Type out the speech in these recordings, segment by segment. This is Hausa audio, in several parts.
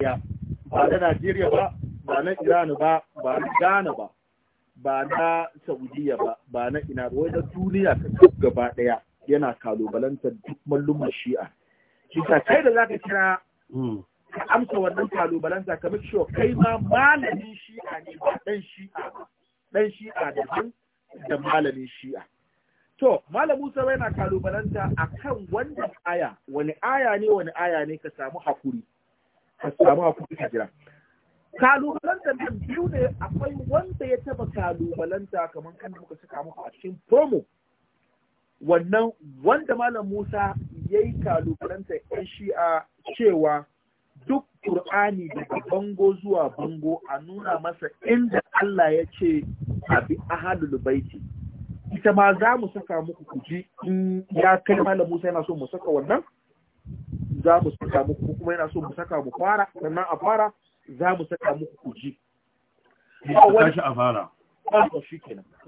gaskiya ba na Najeriya ba ba na Iran ba ba na Ghana ba ba na Saudiya ba ba na ina wai duniya ta duk gaba daya yana kalubalantar duk mallumar shi'a shi ka kai da zaka kira hmm. ka amsa wannan kalubalanta ka make sure kai ma malamin shi'a ne ba dan shi'a ba dan shi'a da jin da malamin shi'a to malam Musa yana kalubalanta akan wanda aya wani aya ne wani aya ne ka samu hakuri ka samu a ka jira biyu ne akwai wanda ya taba kalubalanta kamar kan muka saka muku a cikin promo wannan wanda malam Musa ya yi kalubalanta yan shi'a cewa duk Kur'ani daga bango zuwa bango a nuna masa inda Allah ya ce a bi ahalul baiti ita ma za mu saka muku kuji in ya kai malam Musa yana so mu saka wannan za mu saka muku ko kuma yana so mu saka mu fara sannan a fara za mu saka muku kuji ji. a fara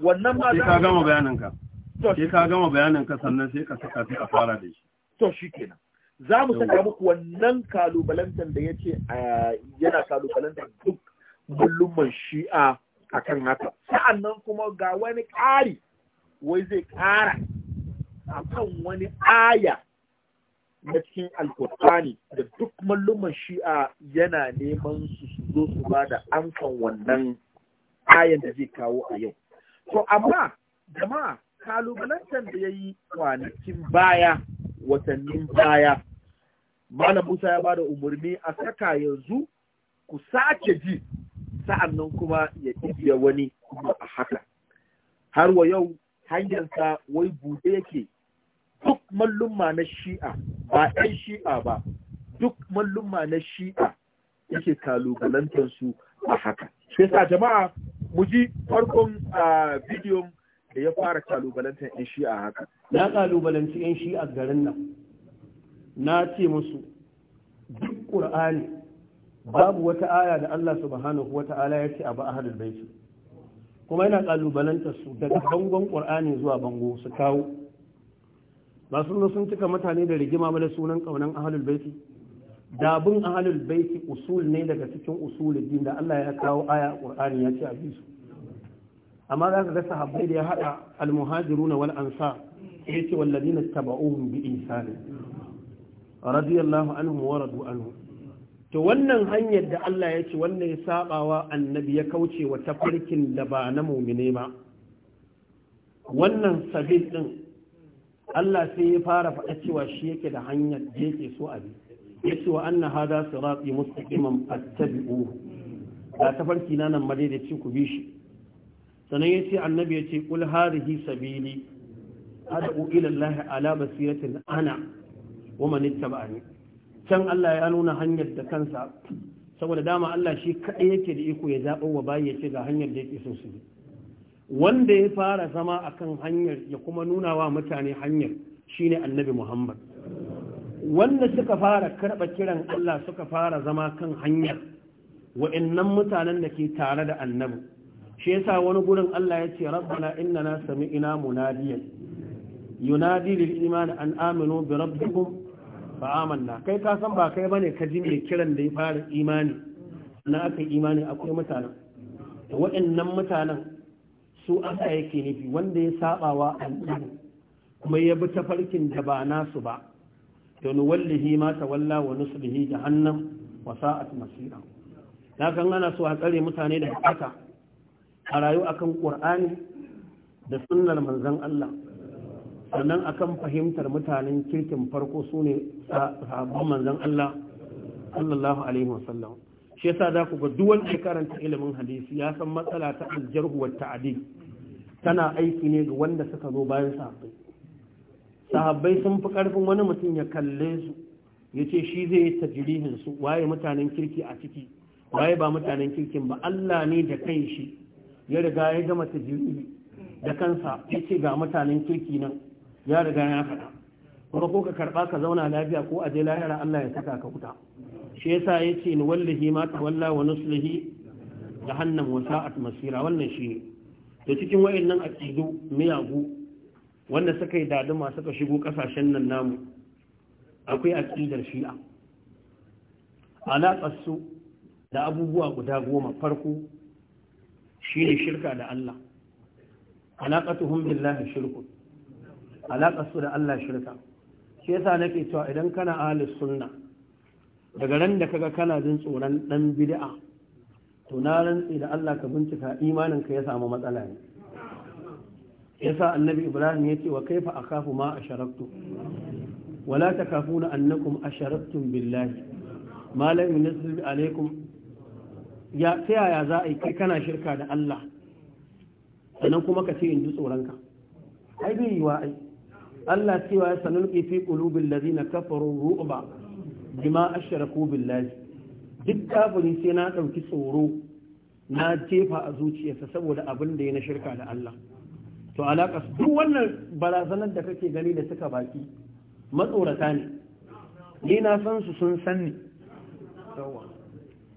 wannan ma ka gama bayanin ka sai ka gama bayanin ka sannan sai ka saka sai a fara da shi to shikenan za mu saka muku wannan kalubalantar da yace yana kalubalantar duk bullumman shi'a akan haka sa'annan kuma ga wani ƙari wai zai ƙara akan wani aya na cikin alkur'ani da duk malluman shi'a yana neman su su zo su ba da amsan wannan ayan da zai kawo a yau to amma jama'a kalubalantar da ya yi kwanakin baya watannin baya malam musa ya ba da umarni a saka yanzu ku sake ji sa'an nan kuma ya ibiya wani kuma a haka har wa yau hanyarsa wai bude yake duk mallumma na shi'a ba 'yan shi'a ba duk mallumma na shi'a yake kalubalantarsu a haka shi sa jama'a mu ji farkon a bidiyon da ya fara kalubalantar 'yan shi'a haka na kalubalanci 'yan shi'a garin nan na ce musu duk ƙur'ani babu wata aya da Allah subhanahu wata'ala ya ce a ba ahlul baiti kuma yana kalubalantar su daga bangon ƙur'ani zuwa bango su kawo ba sun zo sun cika mutane da rigima ba da sunan kaunan ahlul baiti dabun ahlul baiti usul ne daga cikin usuluddin da Allah ya kawo aya Qur'ani ya ce a bisu amma za ka ga sahabbai da ya hada al-muhajiruna wal ansar yace walladina tabauhum bi ihsan radiyallahu anhum wa radu anhu to wannan hanyar da Allah ya ce wannan ya sabawa annabi ya kauce wa tafarkin da ba na mumine ba wannan sabil din Allah sai ya fara faɗa cewa shi yake da hanyar da yake so a bi ce wa anna hada sirati mustaqiman fattabi'uhu da farki na nan mare da ci ku bi shi sanan yace annabi yace kul hadhihi sabili ad'u ila Allah ala basiratin ana wa man ittaba'ani can Allah ya nuna hanyar da kansa saboda dama Allah shi kadai yake da iko ya zaba wa bayi ga hanyar da yake so su bi wanda ya fara zama akan hanyar ya kuma nuna wa mutane hanyar shine annabi muhammad wanda suka fara karɓa kiran allah suka fara zama kan hanyar wa'annan mutanen da ke tare da annabi shi yasa wani gurin allah ya ce rabbana innana sami'ina munadiyan yunadi lil iman an aminu bi rabbikum fa amanna kai ka san ba kai bane ka ji mai kiran da ya fara imani na aka imani akwai mutanen waɗannan mutanen su Allah yake nufi wanda ya sabawa al'umma kuma ya bi tafarkin da ba nasu ba to wallahi ma ta walla wa nusbihi jahannam wa sa'at masira na kan ana so a tsare mutane da haka a rayu akan qur'ani da sunnar manzon Allah sannan akan fahimtar mutanen kirkin farko sune sahabban manzon Allah sallallahu alaihi wasallam shi yasa za ku ga duk wanda ya karanta ilimin hadisi ya san matsala ta aljarhu wa ta'dil tana aiki ne ga wanda suka zo bayan sahabbai sahabbai sun fi karfin wani mutum ya kalle su ya ce shi zai yi tajirihin su waye mutanen kirki a ciki waye ba mutanen kirkin ba Allah ne da kai shi ya riga ya gama tajirihi da kansa ya ce ga mutanen kirki nan ya riga ya faɗa kuma ko ka karɓa ka zauna lafiya ko a je lahira Allah ya saka ka wuta shi yasa yace ni wallahi ma ta walla wa nuslihi jahannam wa sa'at masira wannan shi ne. to cikin wayannan akidu miyagu wanda suka yi daduma suka shigo kasashen nan namu akwai aƙidar shi'a alaƙar su da abubuwa guda goma farko shi ne shirka da Allah alaƙatuhum billahi shirku alaƙarsu da Allah shirka shi yasa nake cewa idan kana ahlus sunna daga ran da kaga kana jin tsoron dan bid'a to na rantsi da Allah ka bincika imanin ka ya samu matsala ne yasa annabi ibrahim ya ce wa kaifa akhafu ma asharaktu wala takafuna annakum asharaktum billahi ma lam yunzil alaikum ya ta yaya za a yi kai kana shirka da Allah sannan kuma ka ce in ji tsoron ka ai bai yi wa ai Allah cewa ya sanulki fi qulubil na kafaru gima ashara ko billahi duk kafuri sai na ɗauki tsoro na jefa a zuciyarsa saboda abin da ya na shirka da Allah to alaƙa duk wannan barazanar da kake gani da suka baki matsorata ne ni na san su sun san ni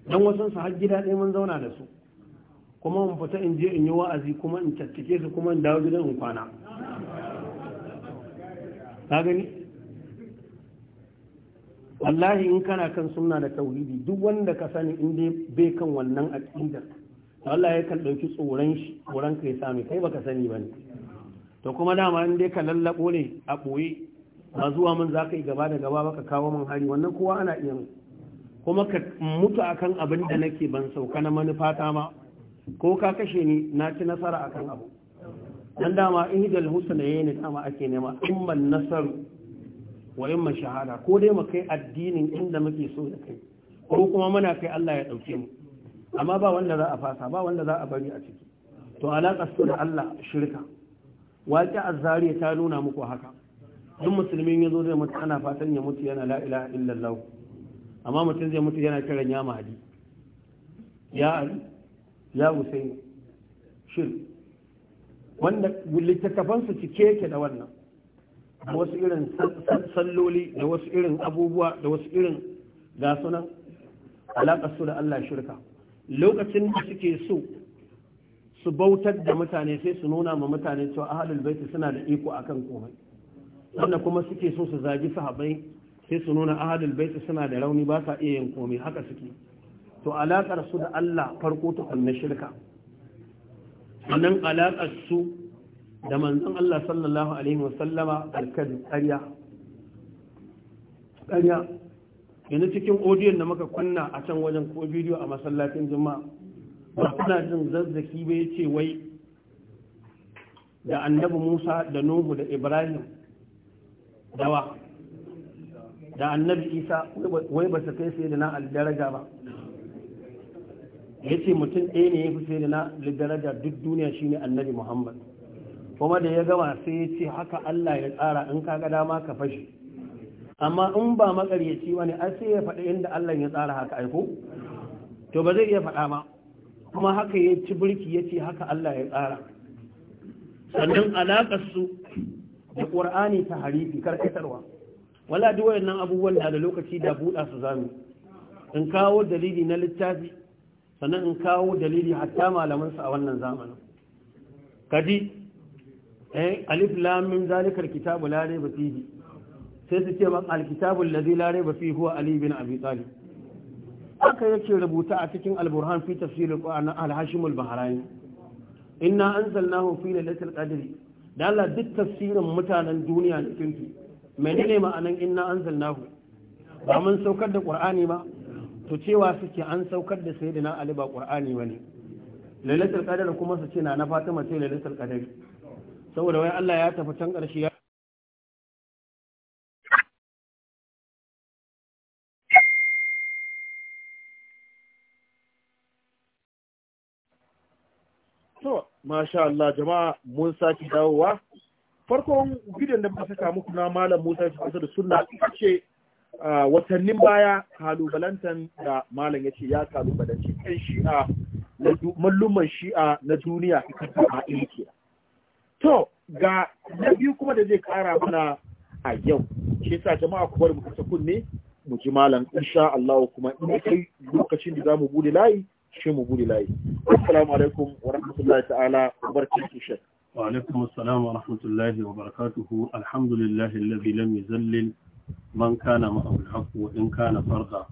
don wasu su har gida ɗaya mun zauna da su kuma mun fita in je in yi wa'azi kuma in cattake su kuma in dawo gidan in kwana ka gani wallahi in kana kan suna da tauhidi duk wanda ka sani in dai bai kan wannan aqidar Allah ya kan dauki tsoron shi tsoron ka ya sami kai baka sani bane to kuma dama in dai ka lallabo ne a boye ba zuwa mun za ka yi gaba da gaba baka kawo mun hari wannan kowa ana iya kuma ka mutu akan abin da nake ban sauka na manufa ta ma ko ka kashe ni na ci nasara akan abu dan dama ihdal husnayn dama ake nema imman nasar wa imman shahada ko dai mu kai addinin inda muke so da kai ko kuma muna kai Allah ya dauke mu amma ba wanda za a fasa ba wanda za a bari a ciki to alaƙar su da Allah shirka waƙi azzariya ta nuna muku haka duk musulmin ya zo zai mutu ana fatan ya mutu yana ilaha illallah amma mutum zai mutu yana kiran ya mahadi ya ali ya husaini shirk wanda littattafansu cike yake da wannan da wasu irin salloli da wasu irin abubuwa da wasu irin ga alaƙar su da Allah shirka lokacin da suke so su bautar da mutane sai su nuna ma mutane cewa ahalul baiti suna da iko akan komai wanda kuma suke so su zagi sahabai sai su nuna ahalul baiti suna da rauni ba sa iya yin komai haka suke to alaƙar su da Allah farko ta na shirka wannan alaƙar su da manzon Allah sallallahu alaihi wasallama alkadu ƙarya ƙarya yanzu cikin odiyon da muka kunna a can wajen ko bidiyo a masallacin juma'a ba kuna jin zazzaki bai ce wai da annabi Musa da Nuhu da Ibrahim dawa da annabi Isa wai ba su kai sai da na daraja ba ya ce mutum ɗaya ne ya fi sai na daraja duk duniya shine annabi muhammad kuma da ya gama sai ya ce haka allah ya tsara in ka ga dama ka fashe. amma in ba makaryaci wani ai sai ya faɗi inda allah ya tsara haka aiko to ba zai iya faɗa ba? kuma haka ya ci birki ya ce haka allah ya tsara sannan alaƙar su da ƙur'ani ta harifi karkatarwa wala duk wayannan abubuwan na da lokaci da buɗa su zamu in kawo dalili na littafi sannan in kawo dalili hatta malamansu a wannan zamanin kaji eh alif lam mim zalikal kitabu la rayba fihi sai su ce man alkitabu allazi la rayba fihi huwa ali bin abi talib aka yake rubuta a cikin alburhan burhan fi tafsir al-qur'an al-hashim al-bahrani inna anzalnahu fi lailatul qadri da duk tafsirin mutanen duniya da kinki menene ma'anan inna anzalnahu ba mun saukar da qur'ani ba to cewa suke an saukar da sai na ali ba Kur'ani wani, lalatar ƙadar kuma su ce na na fatima ce lalatar ƙadar saboda wai Allah ya tafi can ƙarshe ya To, masha Allah jama'a mun sake dawowa. Farkon gidan da muka saka muku na Malam Musa ya da sunna ce watannin baya kalubalantan da malam ya ce ya kalubalanci kan shi'a malluman shi'a na duniya a ke. To, ga na biyu kuma da zai kara mana a yau, shi sa jama'a ku bari mu kunne mu ji malam insha Allah kuma in kai lokacin da zamu bude layi shi mu bude layi. Assalamu alaikum wa rahmatullahi ta'ala wa barakatuhu shek. Wa alaikum assalam wa rahmatullahi wa barakatuhu. Alhamdulillahi alladhi lam yuzallil man kana ma'aul haqq wa in kana farqa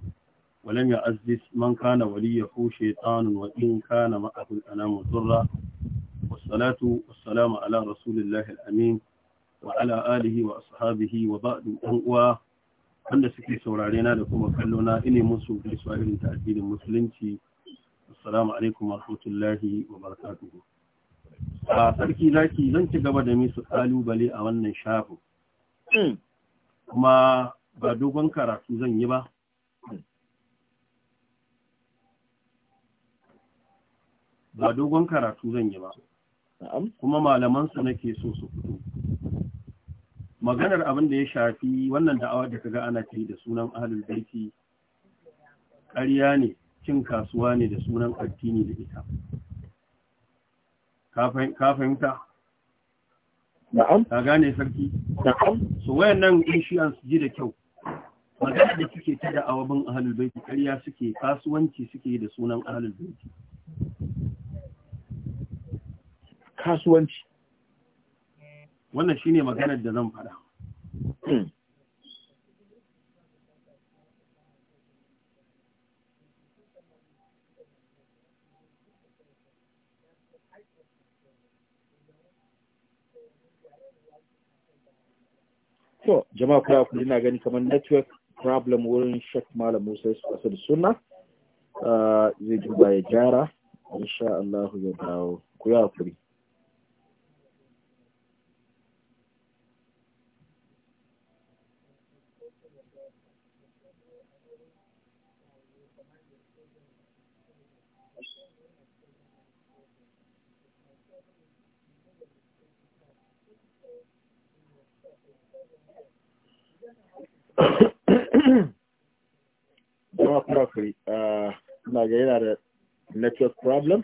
ولم يعزز من كان وليه شيطان وإن كان معه الأنام ضرا والصلاة والسلام على رسول الله الأمين وعلى آله وأصحابه وبعد أنقوى wanda suke saurarena da kuma kallona ine musu gaisuwa irin ta addinin musulunci assalamu alaikum warahmatullahi wabarakatuh a sarki zaki zan ci gaba da misu kalubale a wannan shafin hmm. kuma ba dogon karatu zan yi ba ba dogon karatu zan yi ba kuma malamansu nake so su fito maganar abin da ya shafi wannan da'awa da kaga ana ta da sunan ahalin baiti ƙarya ne cin kasuwa ne da sunan addini da ita ka fahimta na'am ka gane sarki na'am so wayannan in shi an ji da kyau magana da suke ta da awabin ahlul baiti karya suke kasuwanci suke da sunan ahlul baiti kasuwanci wannan shine maganar da zan faɗa hmm. to jama'a kula ku ina gani kamar network problem wurin Sheikh Malam Musa su kasa da sunna ah, zai duba ya gyara insha Allah ya dawo ku ya kuri jama'a kuma kuri na ga yana da network problem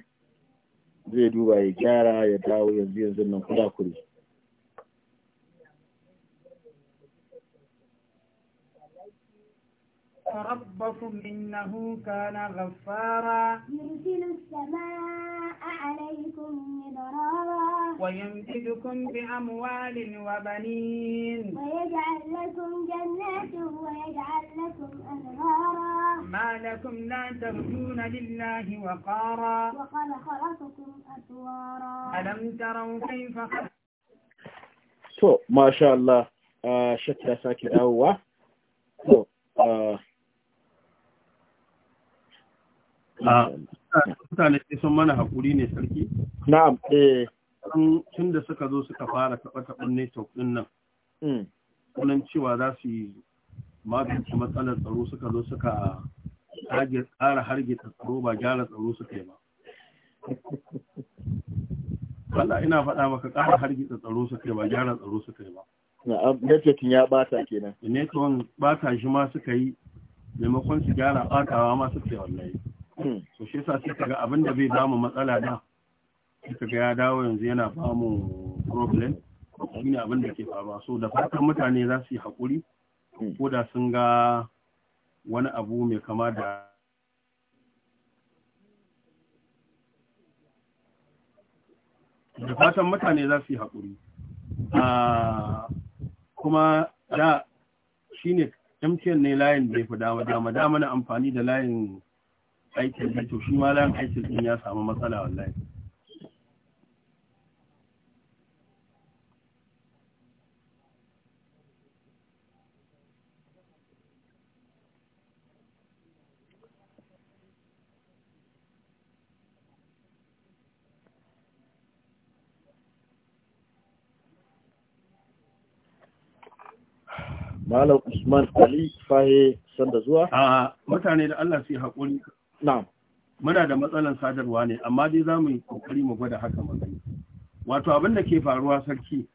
zai duba ya gyara ya dawo yanzu yanzu nan kuma kuri تربصوا إنه كان غفارا يرسل السماء عليكم مدرارا ويمددكم بأموال وبنين ويجعل لكم جنات ويجعل لكم أنهارا ما لكم لا ترجون لله وقارا وقد خلقكم أسوارا ألم تروا كيف خلق ما شاء الله shakka sake dawowa. To, mutane sai sun mana haƙuri ne sarki na'am eh tun da suka zo suka fara taɓa taɓin network ɗin nan hmm. sunan cewa za su yi magance matsalar tsaro suka zo suka ƙara hargita tsaro ba gyara tsaro suka yi ba Wala ina faɗa maka ƙara hargitsa tsaro suka yi ba gyara tsaro suka yi ba. Na'am, networking ya bata kenan. Networking bata shi ma suka yi maimakon su gyara ɓatawa ma suka yi wallahi. to shi yasa sai kaga abin da bai ba mu matsala da sai kaga ya dawo yanzu yana ba mu problem shine abin da ke faruwa so da fatan mutane za su yi hakuri hmm. ko da sun ga wani abu mai kama da da fatan mutane za su yi haƙuri ah, kuma da shi ne mtn ne layin da ya fi dama dama dama na amfani da layin aikin ne shi ma layan aikin din ya samu matsala wallahi Malam Usman Ali Fahe sanda zuwa? A mutane da Allah su yi haƙuri na'am muna da matsalar sadarwa ne amma dai za mu yi kokari mu gwada haka magana wato abin da ke faruwa sarki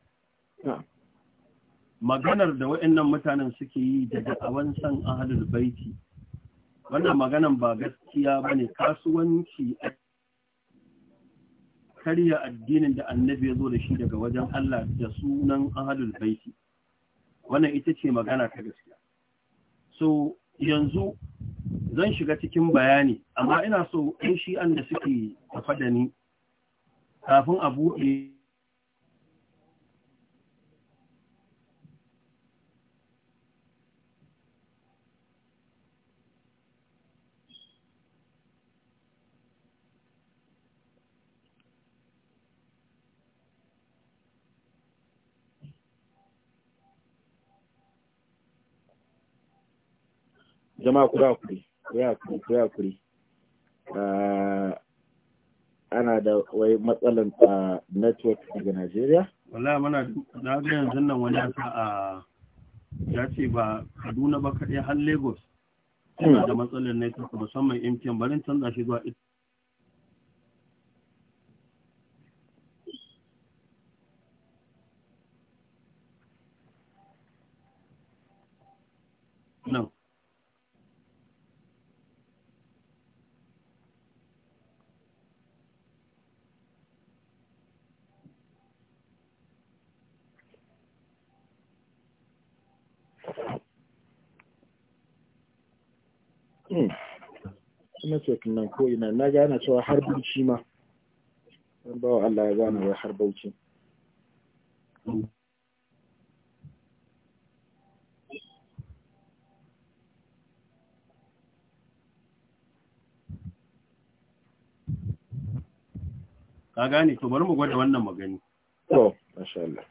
maganar da waɗannan mutanen suke yi daga awan san ahalul baiti wannan maganan ba gaskiya bane kasuwanci karya addinin da annabi ya zo da shi daga wajen Allah da sunan ahalul baiti wannan ita ce magana ta gaskiya so yanzu zan shiga cikin bayani amma ina so ɗan shi'an da suke tafa da ni kafin a buɗe jama'a ku da kuri Ah, ana da wai matsalan a ah, network daga Najeriya wallahi muna na ga yanzu nan wani aka a ah, ya ce ba Kaduna ba kaɗai har Lagos hmm. Ana da matsalar network musamman MTN barin canza shi zuwa network nan ko ina na gane cewa har bauchi ma don bawa Allah ya gane wai har bauchi ka gane to bari mu gwada wannan magani to masha Allah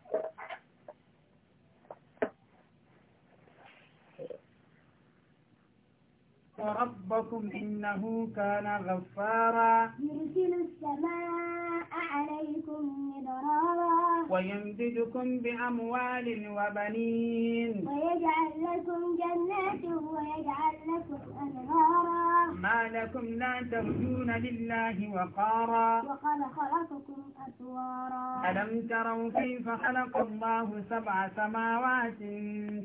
ربكم إنه كان غفارا يرسل السماء عليكم مدرارا ويمددكم بأموال وبنين ويجعل لكم جنات ويجعل لكم أنهارا ما لكم لا ترجون لله وقارا وقد خلقكم أسوارا ألم تروا كيف خلق الله سبع سماوات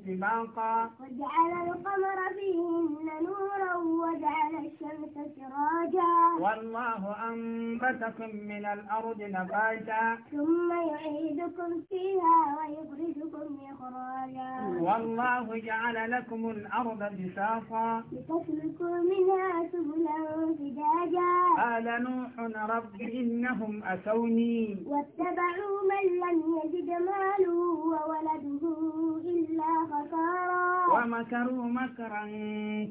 سباقا وجعل القمر فيهن نورا وجعل الشمس سراجا والله أنبتكم من الأرض نباتا ثم يعيدكم فيها ويخرجكم إخراجا والله جعل لكم الأرض بساطا لتسلكوا منها سبلا فجاجا قال نوح رب إنهم أتوني واتبعوا من لم يجد ماله وولده إلا خسارا ومكروا مكرا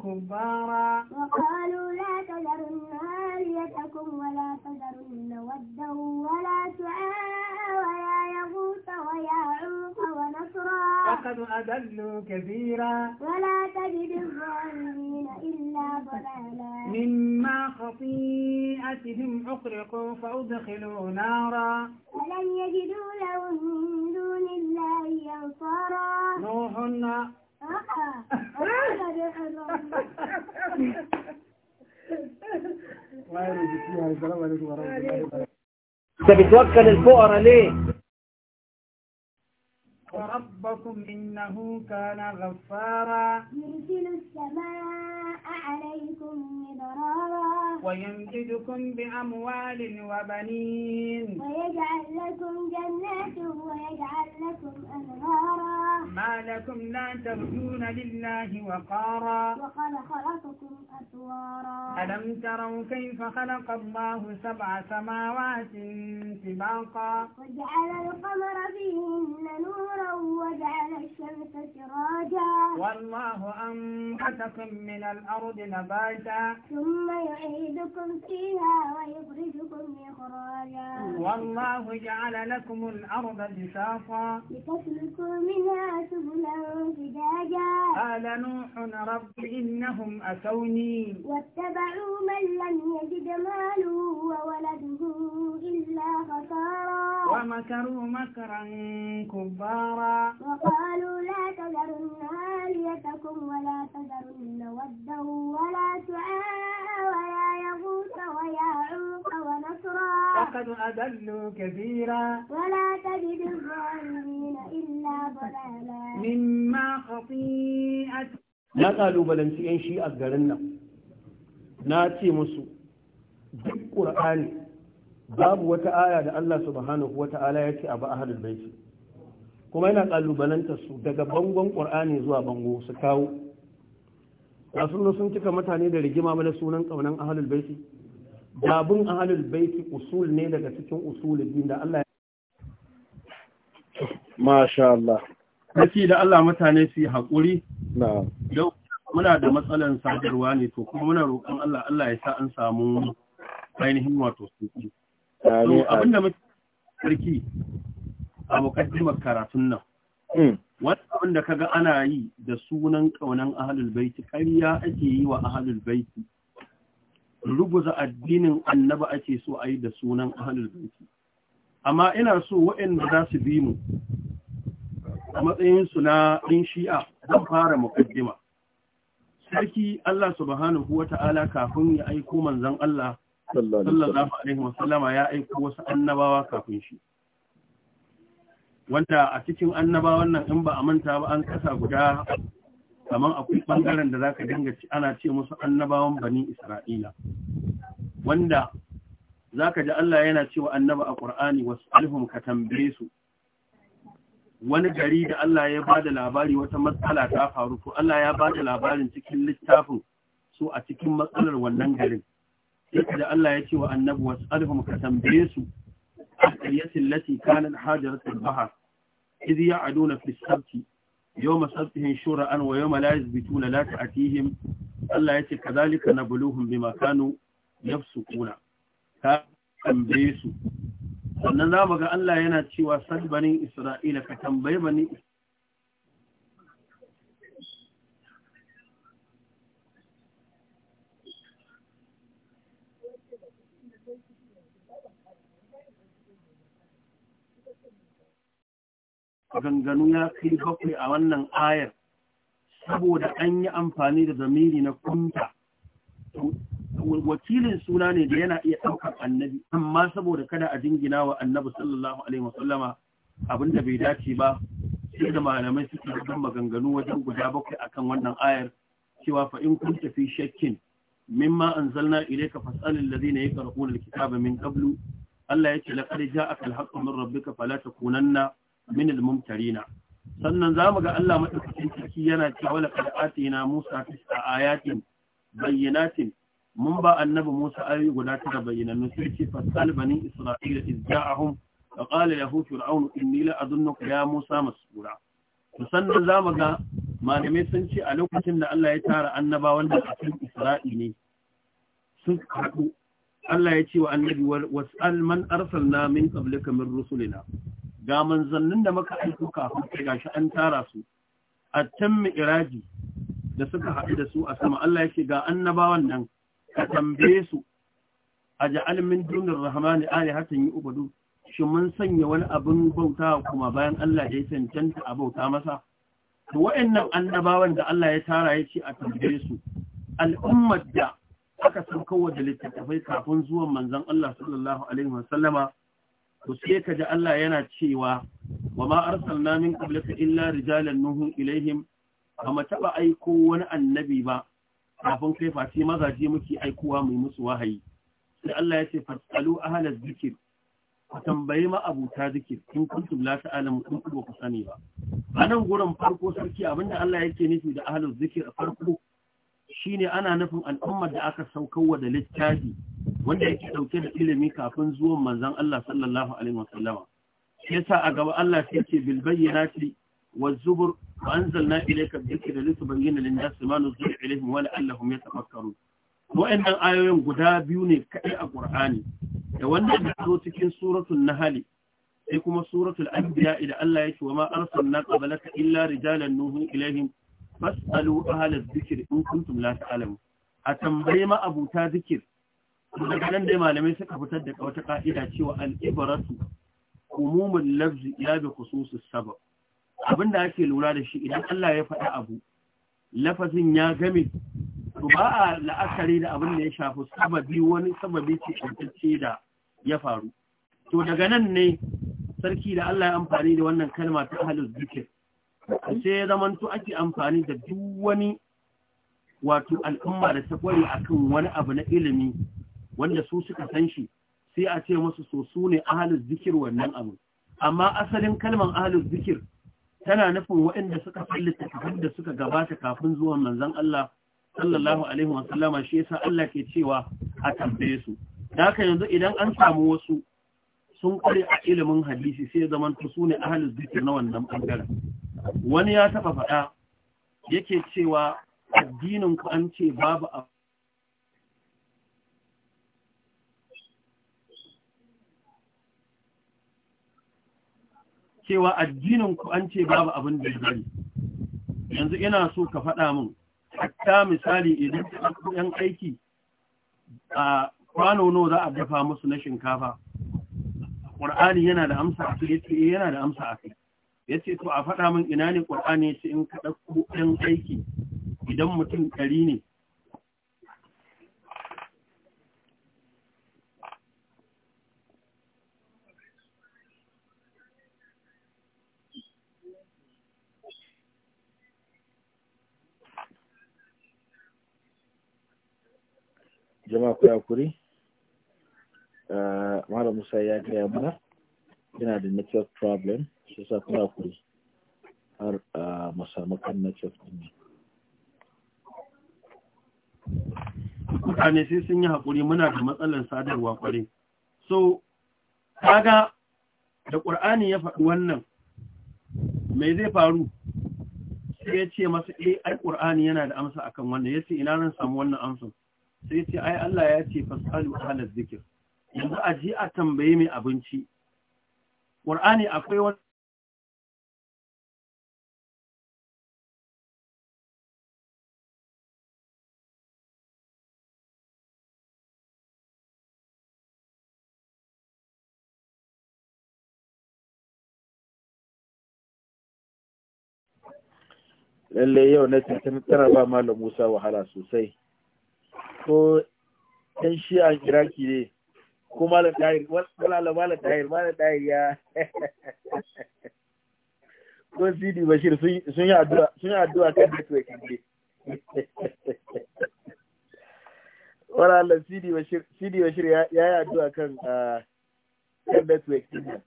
كبارا نارا وقالوا لا تذرن آليتكم ولا تذرن ودا ولا سعاء ولا يغوث ويعوق ونصرا وقد أضلوا كثيرا ولا تجد الظالمين إلا ضلالا مما خطيئتهم أخرقوا فأدخلوا نارا فلن يجدوا لهم من دون الله أنصارا نوح انت آه. طيب، بتوكل الفقراء ليه وربكم إنه كان غفارا يرسل السماء عليكم مدرارا ويمددكم بأموال وبنين ويجعل لكم جنات ويجعل لكم أنهارا ما لكم لا ترجون لله وقارا وقد خلقكم أسوارا ألم تروا كيف خلق الله سبع سماوات سباقا وجعل القمر فيهن نورا وجعل الشمس سراجا والله أنبتكم من الأرض نباتا ثم يعيدكم فيها ويخرجكم إخراجا والله جعل لكم الأرض بساطا لتسلكوا منها سبلا فجاجا قال نوح رب إنهم أتوني واتبعوا من لم يجد ماله وولده إلا خسارا ومكروا مكرا كبارا نارا وقالوا لا تذرن آليتكم ولا تذرن ودا ولا سعاء ولا يغوث ويعوق ونصرا لقد أذلوا كثيرا ولا تجد الظالمين إلا ضلالا مما خطيئة na ƙalubalanci 'yan shi a garin nan na ce musu duk ƙur'ani babu wata aya da Allah subhanahu wa ta'ala ya ce a baiti kuma yana kalubalanta su daga bangon ƙwar'ani zuwa bango su kawo rasulullah sun cika mutane da rigima mana sunan ƙaunar ahlul baiti Dabin ahalul baiti usul ne daga cikin din da Allah ya masha Allah Haki da Allah mutane su yi hakuri na'am yau muna da matsalan sadarwa ne to kuma muna roƙon Allah Allah ya sa an samu ainihin wato suki abinda muke sarki a mukaddimar karatun nan hmm. wani abin da kaga ana yi da sunan kaunan ahalul baiti ƙarya ake yi wa ahalul baiti ruguza addinin annaba ake so a yi da sunan ahalul baiti amma ina so waɗanda za su bi mu a matsayinsu na ɗin shi'a zan fara mukaddima sarki Allah subhanahu wa ta'ala kafin ya aiko manzon Allah sallallahu alaihi wasallama ya aiko wasu annabawa kafin shi wanda a cikin annabawan nan in ba a manta ba an kasa guda kamar akwai bangaren da zaka dinga ci ana ce musu annabawan bani isra'ila wanda zaka ji Allah yana cewa annaba a Qur'ani wasalhum ka tambaye su wani gari da Allah ya bada labari wata matsala ta faru to Allah ya bada labarin cikin littafin su a cikin matsalar wannan garin yadda da Allah ya ce wa annabi wasalhum ka tambaye su ahliyatin lati kanan hajaratul bahar إذ يعدون في السبت يوم سبتهم شرعا ويوم لا يثبتون لا تأتيهم الله يتي كذلك نبلوهم بما كانوا يفسقون ka tambaye su sannan za mu ga Allah yana cewa san banin Isra'ila ka tambaye banin Ganganu ya kai bakwai a wannan ayar saboda an yi amfani da zamiri na kunta wakilin suna ne da yana iya ɗaukar annabi amma saboda kada a jingina wa annabi sallallahu alaihi wasallama abinda bai dace ba sai da malamai suke da maganganu wajen guda bakwai akan wannan ayar cewa fa in kunta fi shakkin mimma anzalna ilayka fas'alil ladina yaqra'una alkitaba min qablu Allah yace laqad ja'aka alhaqqu min rabbika fala takunanna min al-mumtarina sannan zamu ga Allah madaukakin sarki yana cewa laqad atina Musa tis'a ayatin bayyinatin mun ba annabi Musa ayoyi guda tara bayyanannu sai ce fasal bani Isra'ila izja'ahum fa qala lahu fir'aun inni la adunnuka ya Musa masbura to sannan zamu ga malamai sun ce a lokacin da Allah ya tara annabawan a cikin Isra'i ne sun haɗu Allah ya ce wa annabi was'al man arsalna min qablika min rusulina ga manzannin da muka aiko kafin kai gashi an tara su attan iraji da suka haɗu da su a sama Allah yake ga annabawan nan ka tambaye su a ja'al min dunir rahmani alihatan yu'budu shi mun sanya wani abin bauta kuma bayan Allah da ya cancanta a bauta masa to wa'annan annabawan da Allah ya tara ya ce a tambaye su al'ummar da aka san kowa da littattafai kafin zuwan manzon Allah sallallahu alaihi Ku sai ka ji Allah yana cewa wa ma arsalna min qablaka illa rijalan nuhu ilaihim ba mu taba aiko wani annabi ba kafin kai face mazaje muke aikowa mai musu wahayi sai Allah ya ce fasalu ahla zikir ku tambayi ma abuta zikir in kuntum la ta'lamu in ku ba ku sani ba anan gurin farko sarki abinda Allah yake nufi da ahla zikir a farko shine ana nufin al'ummar da aka wa da littafi wanda yake ɗauke da ilimi kafin zuwan manzon Allah sallallahu alaihi wasallama yasa a gaba Allah sai ce bil bayyinati والزبر وأنزلنا إليك الذكر لتبين للناس ما نزل إليهم ولعلهم يتفكرون وإن آيوين guda biyu ne kaɗai a ƙur'ani da wannan da zo cikin suratul nahali sai kuma suratul Anbiya idan Allah yake wa ma arsalna qablaka illa rijalan nuhu ilaihim fas'alu ahlaz zikir in kuntum la alamu. a tambaye ma abuta zikir daga nan dai malamai suka fitar da wata ka'ida cewa al-ibaratu lafzi ya bi khususus sabab abinda ake lura da shi idan Allah ya faɗi abu lafazin ya game to ba a la'akari da abin da ya shafi sababi wani sababi ce kwantacce da ya faru to daga nan ne sarki da Allah ya amfani da wannan kalma ta ahlul zikir sai ya zamanto ake amfani da duk wani wato al'umma da ta kware akan wani abu na ilimi wanda su suka san shi sai a ce musu so su ne ahalus zikir wannan abu amma asalin kalmar ahalus zikir tana nufin waɗanda suka fallita kafin da suka gabata kafin zuwa manzon Allah sallallahu alaihi wa shi yasa Allah ke cewa a tambaye su haka yanzu idan an samu wasu sun kare a ilimin hadisi sai zaman su sune ahalin zikir na wannan bangaren wani ya taba faɗa yake cewa addinin ku an ce babu a cewa addinin ku an ce babu abin da ya yanzu ina so ka faɗa min hatta misali idan ka ɗan aiki a kwano nawa za a dafa musu na shinkafa ƙur'ani yana da amsa a kai yace eh, yana da amsa a kai yace to a faɗa min ina ne ƙur'ani yace in ka ɗauko ɗan aiki idan mutum ɗari ne jama'a ku hakuri Eh, Mara Musa ya gaya mana yana da network problem shi sa kuna kuri har eh, mu samu network din ne. Mutane sai sun yi haƙuri muna da matsalar sadarwa kwarai. So, kaga da ƙur'ani ya faɗi wannan mai zai faru sai ya ce masa eh ai ƙur'ani yana da amsa akan wannan ya ce ina ran samu wannan amsa sai ya ce ai Allah ya ce fasalu halar zikir yanzu a ji a tambaye mai abinci ƙur'ani akwai wani lallai yau na tana ba malam musa wahala sosai ko 'yan shi'an iraki ne ko malam tahir wala malam tahir malam tahir ya ko sidi bashir sun yi addu'a sun yi addu'a kan network ne wala la sidi bashir sidi bashir ya yi addu'a kan ah, kan network ne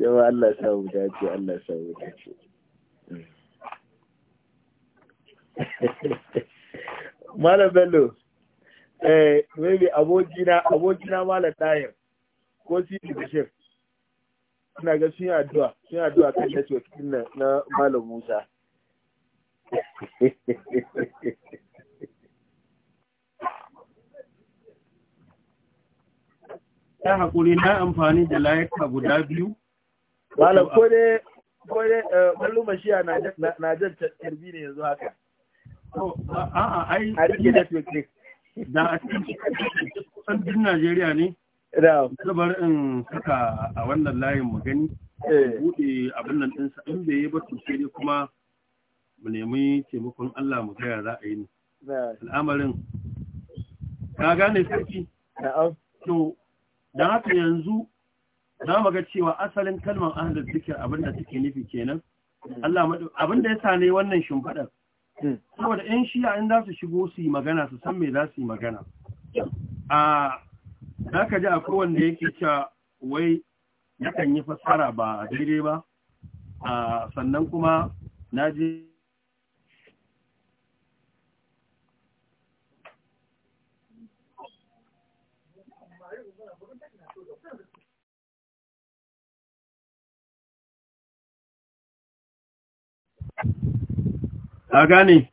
yawa Allah sa mu dace Allah sa mu dace Mala bello eh maybe abokina abokina mala dayar ko sidi shef. ina ga sun yi addu'a sun yi addu'a kan network din nan na malam musa ta haƙuri na amfani da layuka guda biyu? Malam ko dai, ko dai, eh, Mallu Mashiya na jan tarbi ne yanzu haka. Oh, a'a, ai, da a cikin kusan Najeriya ne, zabar in saka a wannan layin mu gani, eh. buɗe abin nan ɗinsa in bai yi ba sosai dai kuma mu nemi taimakon Allah mu gaya za a yi ne. Al'amarin, ka gane sarki? To, don haka yanzu za mu ga cewa asalin kalmar ahalar zikir abin da take nufi kenan. Hmm. Allah abin da ya sa ne wannan shimfiɗar. Hmm. saboda yan shiya in za su shigo su yi magana su san me za su yi magana a za ka ji a wanda yake cewa wai yakan yi fasara ba daidai ba a sannan kuma na je Thank you. a gane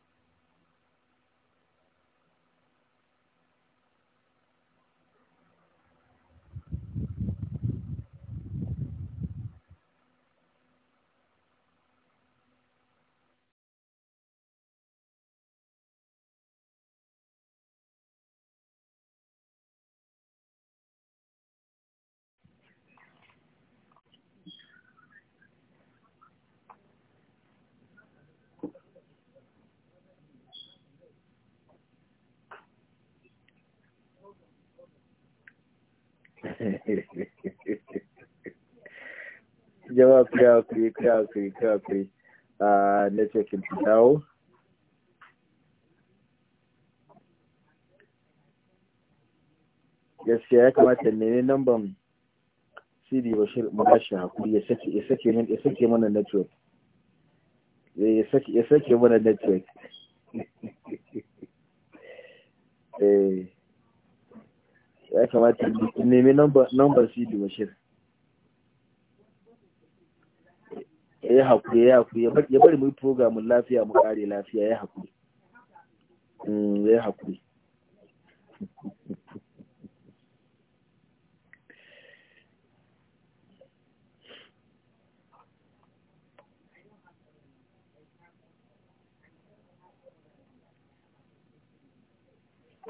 kai hakuri kai hakuri kai hakuri a ah, network ɗin dawo gaskiya ya kamata ne namban sidi bashir magashi hakuri ya sake eh, ya sake ya sake mana network ya sake ya sake mana network eh ya kamata nemi namban sidi bashir ya yi haƙuri ya haƙuri ya bari mai programin lafiya mu kare lafiya ya haƙuri mm, ya haƙuri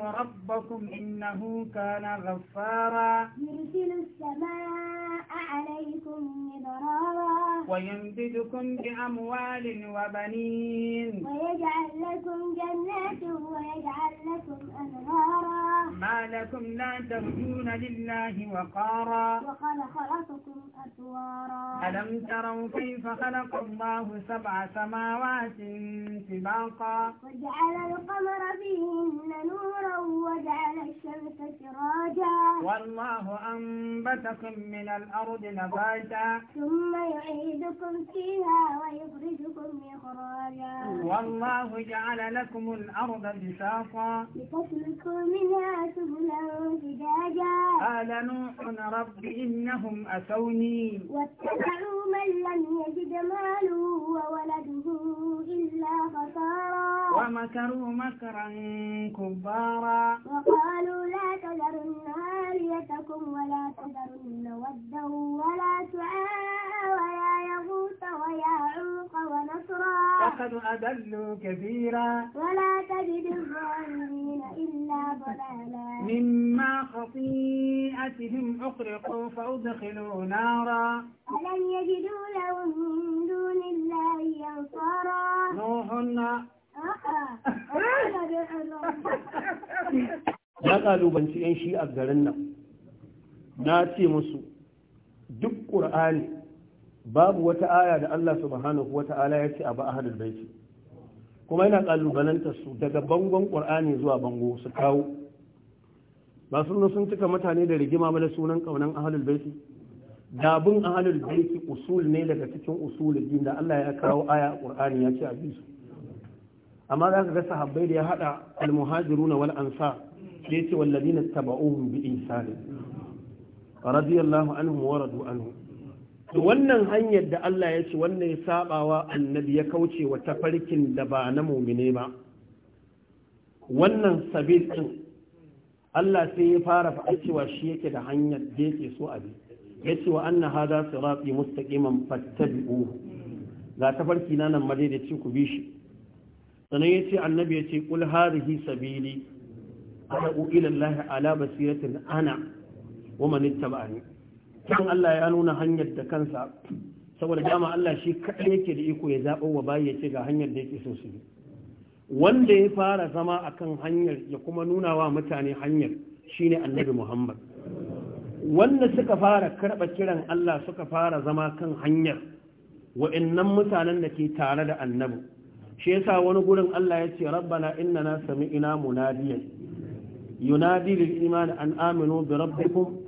ربكم إنه كان غفارا يرسل السماء عليكم مدرارا ويمددكم بأموال وبنين ويجعل لكم جنات ويجعل لكم أنهارا ما لكم لا ترجون لله وقارا وقد خلقكم أسوارا ألم تروا كيف خلق الله سبع سماوات سباقا وجعل القمر فيهن نورا وجعل الشمس سراجا والله أنبتكم من الأرض نباتا ثم يعيدكم فيها ويخرجكم إخراجا والله جعل لكم الأرض بساطا لتسلكوا منها سبلا فجاجا قال نوح رب إنهم أتوني واتبعوا من لم يجد ماله وولده إلا خسارا ومكروا مكرا كبارا نارا وقالوا لا تذرن آليتكم ولا تذرن ودا ولا سعاء ولا يغوث ويعوق ونصرا وقد أضلوا كثيرا ولا تجد الظالمين إلا ضلالا مما خطيئتهم أخرقوا فأدخلوا نارا فلن يجدوا لهم من دون الله أنصارا نوح na ƙalubanci 'yan shi a garin nan na ce musu duk ƙur'ani babu wata aya da Allah subhanahu wa ta'ala ya ce a ba hadar baiti kuma yana kalubalanta su daga bangon ƙur'ani zuwa bango su kawo ba sun sun cika mutane da rigima ba da sunan ƙaunan ahalul baiti dabin ahalul baiti usul ne daga cikin usul din da Allah ya kawo aya a ƙur'ani ya ce a bisu amma za ka ga sahabbai da ya hada almuhajiruna wal ansar da yace walladina tabauhum bi ihsan radiyallahu anhum wa radu anhu to wannan hanyar da Allah ya ce wannan ya sabawa annabi ya kauce wa tafarkin da ba na mu'mine ba wannan sabil din Allah sai ya fara fa'acewa cewa shi yake da hanyar da yake so a bi yace wa anna hadha sirati mustaqiman fattabi'uhu ga tafarki na nan madaidaici ku bi shi sannan ya ce annabi ya ce ƙul harihi sabili ana ƙu'ilan lahi ala basiratin ana wa manin taba'ani kan Allah ya nuna hanyar da kansa saboda dama Allah shi kaɗai yake da iko ya zaɓo wa bayi ya ce ga hanyar da yake so su bi wanda ya fara zama akan hanyar ya kuma nuna wa mutane hanyar shine annabi Muhammad wanda suka fara karɓa kiran Allah suka fara zama kan hanyar wa'annan mutanen da ke tare da annabi shi yasa wani gurin Allah ya ce rabbana innana sami'ina munadiyan yunadi lil iman an aminu bi rabbikum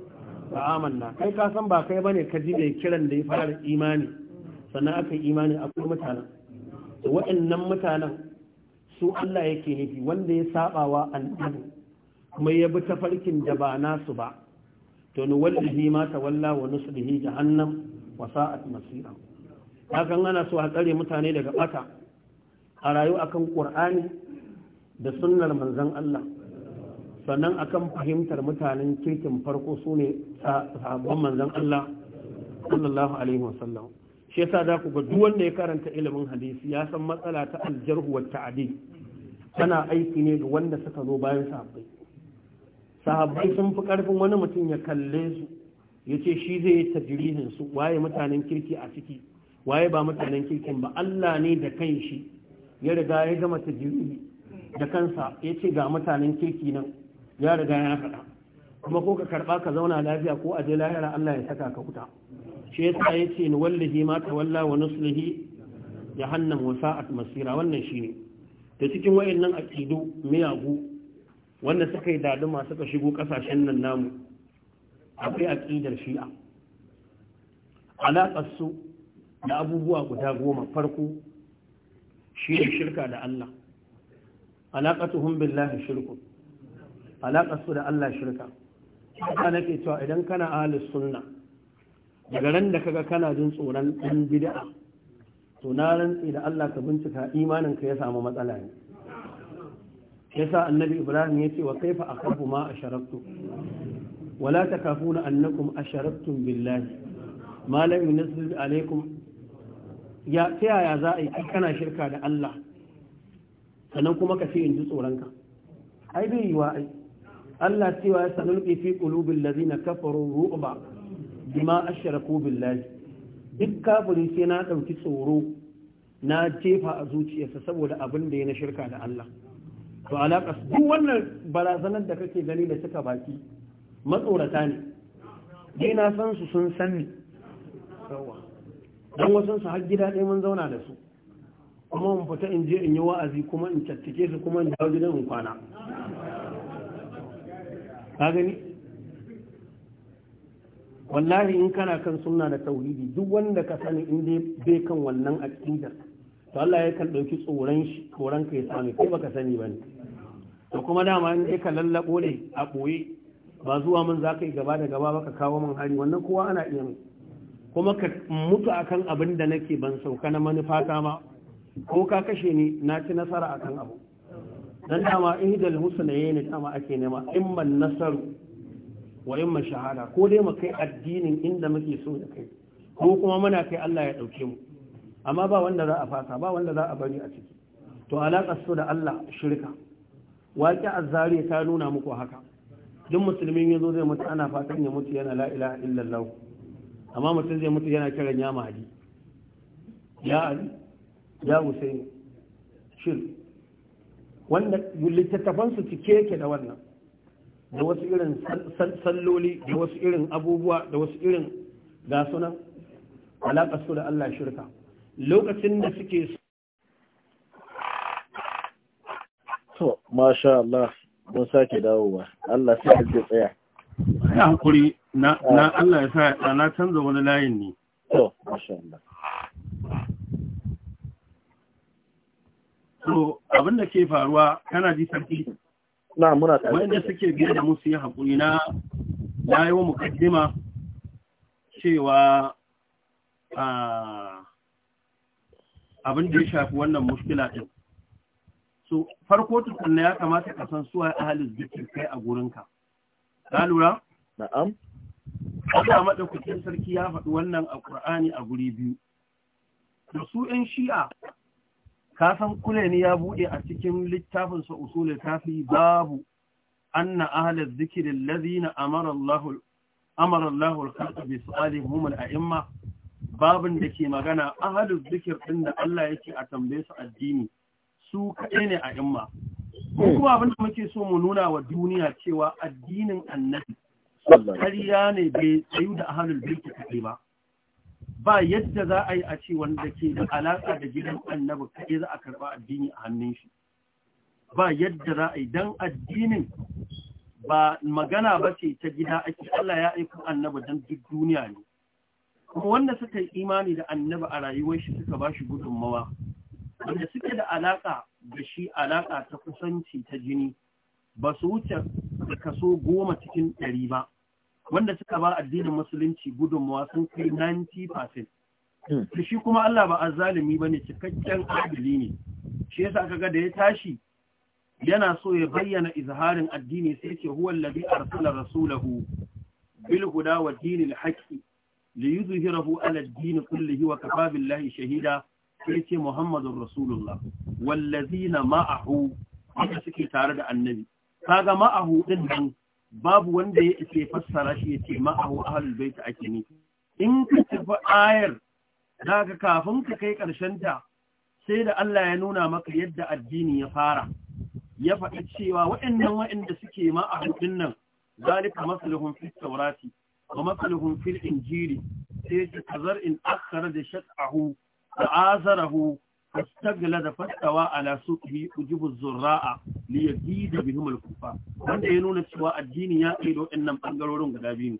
fa amanna kai ka san ba kai bane ka ji da kiran da ya fara imani sannan aka imani a kuma mutanen waɗannan mutanen su Allah yake nufi wanda ya sabawa al'adu kuma ya bi tafarkin da ba nasu ba to ni wallahi ma tawalla wa nuslihi jahannam wa sa'at masira hakan ana so a tsare mutane daga bata a rayu akan ƙur'ani da sunnar Manzan Allah sannan akan fahimtar mutanen kirkin farko su ne sabon Manzan Allah sallallahu alaihi wasallam shi yasa za ku ga duk wanda ya karanta ilimin hadisi ya san matsala ta aljarhu wata adi tana aiki ne ga wanda suka zo bayan sahabbai sahabbai sun fi karfin wani mutum ya kalle su ya ce shi zai yi tajirihin su waye mutanen kirki a ciki waye ba mutanen kirkin ba Allah ne da kan shi ya riga ya gama ta da kansa ya ce ga mutanen kirki nan ya riga ya faɗa kuma ko ka karɓa ka zauna lafiya ko a je lahira Allah ya saka ka wuta shi yasa ya ce ni wallahi ma ta walla wa nuslihi hannun wa sa'at masira wannan shi ne. da cikin nan a kido miyagu wanda suka yi masu ka shigo kasashen nan namu akwai aƙidar shi'a alaƙar su da abubuwa guda goma farko shi ne shirka da Allah alaƙatuhun billahi shirku alaƙarsu da Allah shirka haka nake cewa idan kana ahalis sunna daga ran da kaga kana jin tsoron ɗan bid'a to na rantsi da Allah ka bincika imanin ka ya samu matsala ne yasa annabi ibrahim ya ce wa kaifa akabu ma asharaktu wala takafuna annakum asharaktum billahi ma lam yunzil alaikum ya ta yaya za a yi kana shirka da Allah sannan kuma ka ce in ji tsoronka ai bai yi wa ai Allah cewa ya sanar da fi qulubil ladina kafaru ru'ba bima ko billahi duk kafiri sai na dauki tsoro na jefa a zuciyarsa saboda abin da ya na shirka da Allah to alaƙas. duk wannan barazanar da kake gani da suka baki matsorata ne dai na san su sun san ni don wasan su har gida ɗaya mun zauna da su kuma mun fita in je in yi wa'azi kuma in cattike su kuma in dawo gidan in kwana ka gani wallahi in kana kan sunna da tauhidi duk wanda ka sani in dai bai kan wannan aqida to Allah ya kan dauki tsoron shi tsoron ka ya sami kai baka sani bane to kuma dama in dai ka lallabo ne a boye ba zuwa mun zaka yi gaba da gaba baka kawo mun hari wannan kowa ana iya mai kuma ka mutu akan abin da nake ban sauka na ta ma ko ka kashe ni na ci nasara akan abu dan dama ihdal husnayn ne dama ake nema in man nasaru wa man shahada ko dai mu kai addinin inda muke so da kai ko kuma muna kai Allah ya dauke mu amma ba wanda za a fasa ba wanda za a bari a ciki to alaƙa su da Allah shirka waƙi azzari ta nuna muku haka duk musulmin yazo zai mutu ana fatan ya mutu yana la ilaha illallah amma mutum zai mutu yana kiran ya mahadi ya ali ya husaini shir wanda littattafansu cike ke da wannan da wasu irin salloli da wasu irin abubuwa da wasu irin gasuna alaƙasu su da Allah shirka lokacin da suke so masha Allah mun sake dawowa Allah sai ka tsaya ya hakuri na Allah ya sa ya na canza wani layin ne to masha Allah so abin da ke faruwa kana ji sarki na muna tare wanda suke biya da musu ya hakuri na na yi wa mukaddima cewa abin da ya shafi wannan mushkila ɗin so farko tukunna ya kamata ka san suwa ahalin zikir kai a gurinka ka lura na'am Allah madaukakin sarki ya faɗi wannan a a guri biyu da su ɗan shi'a kasan kule ne ya buɗe a cikin littafin sa ta fi babu anna ahla dhikri allazina amara Allahu amara Allahu al-khalqa bi su'alihim al-a'imma babin da ke magana ahalus zikir ɗin da Allah yake a tambaye su addini su kaɗai ne a imma. Ko kuma abin da muke so mu nuna wa duniya cewa addinin annabi Karya ne bai tsayu da ahalul ta kaɗai ba ba yadda za a yi a ce wanda ke da alaƙa da gidan annabi kaɗai za a karɓa addini a hannun shi ba yadda za a yi don addinin ba magana ba ce ta gida ake Allah ya aiko annabi don duk duniya ne kuma wanda suka yi imani da annabi a rayuwar shi suka ba shi gudunmawa wanda suke da alaƙa da shi alaƙa ta kusanci ta jini ba su wuce da kaso goma cikin ɗari ba wanda suka ba addinin musulunci gudunmawa sun kai 90%. Da hmm. shi kuma Allah ba azalimi ba ne cikakken adali ne, shi yasa aka ga da ya tashi yana so ya bayyana izharin addini sai ce huwa labi arsala rasulahu bil huda wa dinil haqqi li yuzhirahu ala ad-din kullihi wa kafa billahi shahida sai ce muhammadur rasulullah wallazina ma'ahu wanda suke tare da annabi kaga ma'ahu din nan babu wanda ya ce fassara shi ya ce ma'ahu ahlul bait ake ne in ka tafi ayar daga kafin ka kai ƙarshen ta sai da Allah ya nuna maka yadda addini ya fara ya faɗi cewa waɗannan waɗanda suke ma'ahu din nan zalika masaluhum fi tawrati wa masaluhum fil injili sai ka in akhara da shat'ahu da azarahu استغلظ فاستوى على سوقه يجيب الزراء da بهم Kufa, wanda ya nuna cewa addini ya kai da innan bangarorin guda biyu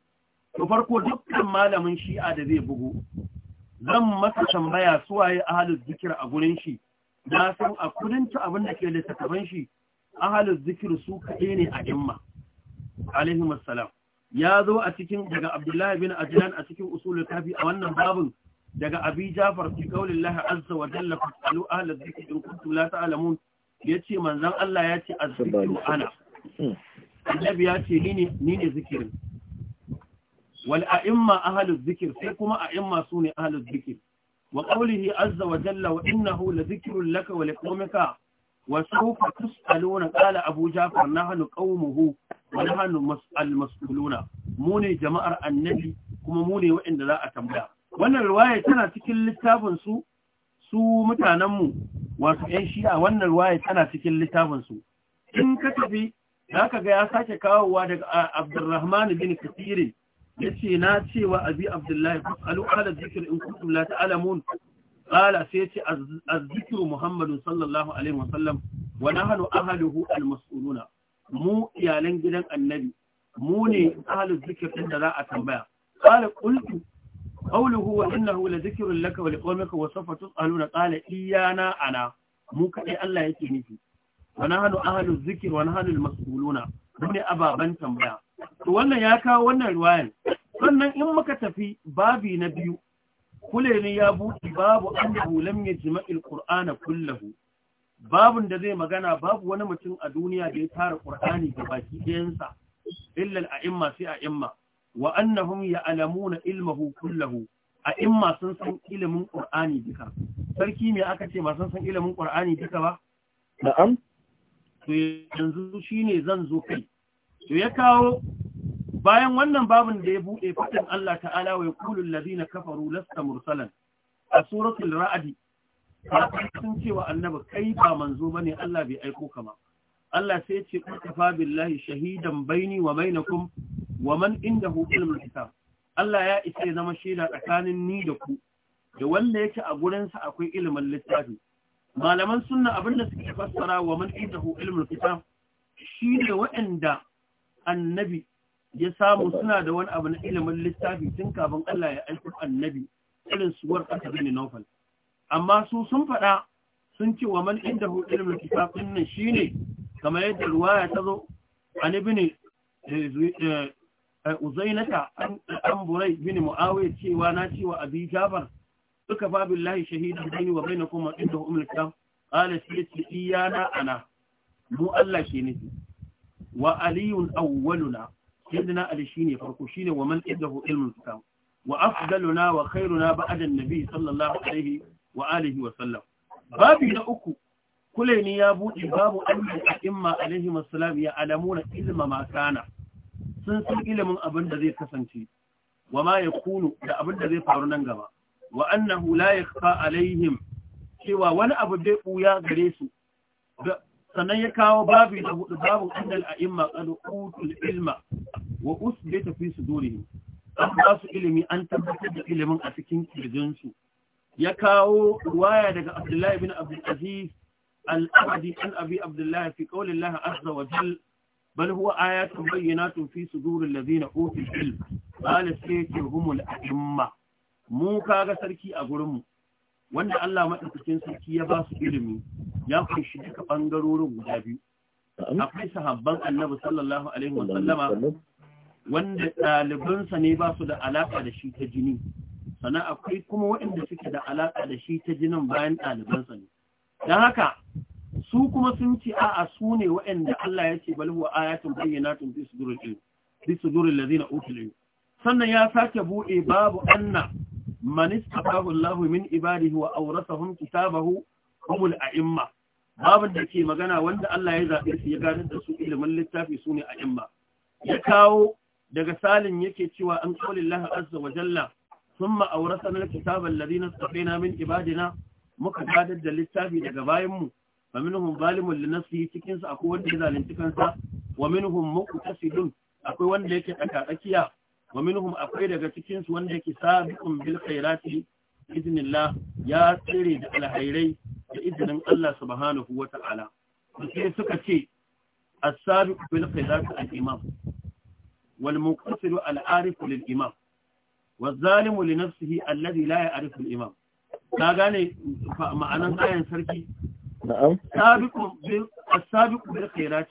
to farko dukkan malamin shi'a da zai bugu zan masa tambaya suwaye ahalus zikir a gurin shi na san a kudinta abin da ke littattafan shi ahalus zikir su kaɗai ne a imma alaihi ya zo a cikin daga abdullahi bin ajlan a cikin usulul kafi a wannan babin daga abi jafar fi kaulin laha azza wa jalla fasalu ahla dhikri in kuntum la ta'lamun yace manzon Allah yace azzikiru ana annabi yace ni ne ni ne zikirin wal a'imma ahlu dhikr sai kuma a'imma sune ahlu dhikr wa qawlihi azza wa jalla wa innahu la dhikrun laka wa liqaumika wa sawfa tus'aluna qala abu jafar nahnu qaumuhu wa nahnu mas'al mas'uluna mu ne jama'ar annabi kuma mu ne waɗanda za a tambaya wannan ruwaya tana cikin littafin su su mutanenmu wasu ‘yan shi'a wannan ruwaya tana cikin littafinsu. In ka tafi, za ka ga ya sake kawowa daga Abdurrahman bin Kasirin, ya ce na cewa abi Abdullahi, alu ala zikir in kuntum la ta'alamun, ƙala sai ce azzikiru Muhammadu sallallahu Alaihi wasallam, wa nahnu hannu almasuluna, mu iyalan gidan annabi, mu ne ahalin zikir ɗin da za a tambaya. Ƙala ƙultu قوله وإنه لذكر لك ولقومك وسوف تسألون قال إيانا أنا مو كأي الله يتنفي ونحن أهل الذكر ونحن المسؤولون من أبا To wannan ya kawo wannan الوان sannan in muka tafi babi na biyu kule ne ya buɗe babu annahu lam yajma'il qur'ana kullahu babun da zai magana babu wani mutum a duniya da ya tara qur'ani ga baki ɗayansa illa a aimma sai a'imma wa annahum ya'lamuna ilmahu kullahu a in sun san ilimin qur'ani duka sarki me aka ce ma sun san ilimin qur'ani duka ba na'am to yanzu shine zan zo kai to ya kawo bayan wannan babin da ya buɗe faɗin Allah ta'ala wa yaqulu allazina kafaru lasta mursalan a suratul ra'd sun ce wa annabi kai ba manzo bane Allah bai aiko kama. ba Allah sai ce kafa billahi shahidan baini wa bainakum wa man indahu ilmul kitab Allah ya isa ya zama shaida tsakanin ni da ku da wanda yake a gurin sa akwai ilimin littafi malaman sunna abinda suke fassara wa man indahu ilmul kitab shi waɗanda annabi ya samu suna da wani abu na ilimin littafi tun kafin Allah ya aiki annabi irin suwar ƙasa bin Amma su sun faɗa sun ce wa man inda hu ilimin kitabin nan kamar yadda ruwaya ta zo an ibn eh, eh, eh, uzailata an burai bin muawiya cewa na cewa abi jafar duka fa billahi shahidan baini wa bainakum wa inda umul kam qala sayyidi iyana mu Allah ke nufi wa aliyun awwaluna sayyidina ali shine farko shine wa man indahu ilmun kam wa afdaluna wa kairuna ba'da nabi sallallahu alaihi wa sallam babi na uku Kuleni ya buɗe babu annan a alaihi masalam ya alamuna ilma makana sun san ilimin abin da zai kasance wa ma kunu da abin da zai faru nan gaba wa annahu la yakfa alaihim cewa wani abu bai buya gare su sannan ya kawo babu da hudu babu annal a'imma qad utul ilma wa usbita fi su an ba su ilimi an tabbatar da ilimin a cikin kirjinsu ya kawo ruwaya daga Abdullahi bin Abdul Aziz الأبدي عن أبي عبد الله في قول الله عز وجل بل هو آيات بينات في صدور الذين أوتوا العلم قال سيتي هم الأئمة mu kaga sarki a gurinmu wanda Allah maɗaukakin sarki ya ba su ilimi ya kunshi duka ɓangarorin guda biyu akwai sahabban annabi sallallahu alaihi wa sallama wanda ɗalibansa ne ba su da alaƙa da shi ta jini sannan kuma waɗanda suke da alaƙa da shi ta jinin bayan ɗalibansa ne don haka su kuma sun ce a'a su ne waɗanda Allah ya ce balhuwa ayatun bayyanatun fi sudurul fi sudurul ladina utul sannan ya sake bude babu anna man istafahu Allah min ibadihi wa awrasahum kitabahu humul a'imma babin da ke magana wanda Allah ya zabe su ya gadar da su ilimin littafi su ne a'imma ya kawo daga salin yake cewa an qaulillahi azza wa jalla thumma awrasana alkitaba alladhina istafayna min ibadina muka gadar da littafi daga bayanmu wa minhum zalimun li nafsihi cikin su akwai wanda ya zalunci kansa wa minhum muqtasidun akwai wanda yake tsakiya? wa minhum akwai daga cikin su wanda yake sabiqun bil khairati idnillah ya tsire da alhairai da izinin Allah subhanahu wata'ala sai suka ce as-sabiq bil khairati al-imam والمقتصر العارف للإمام والظالم لنفسه الذي لا يعرف الإمام na gane ma'anan ayan sarki na'am sabiqu bil asabiqu bil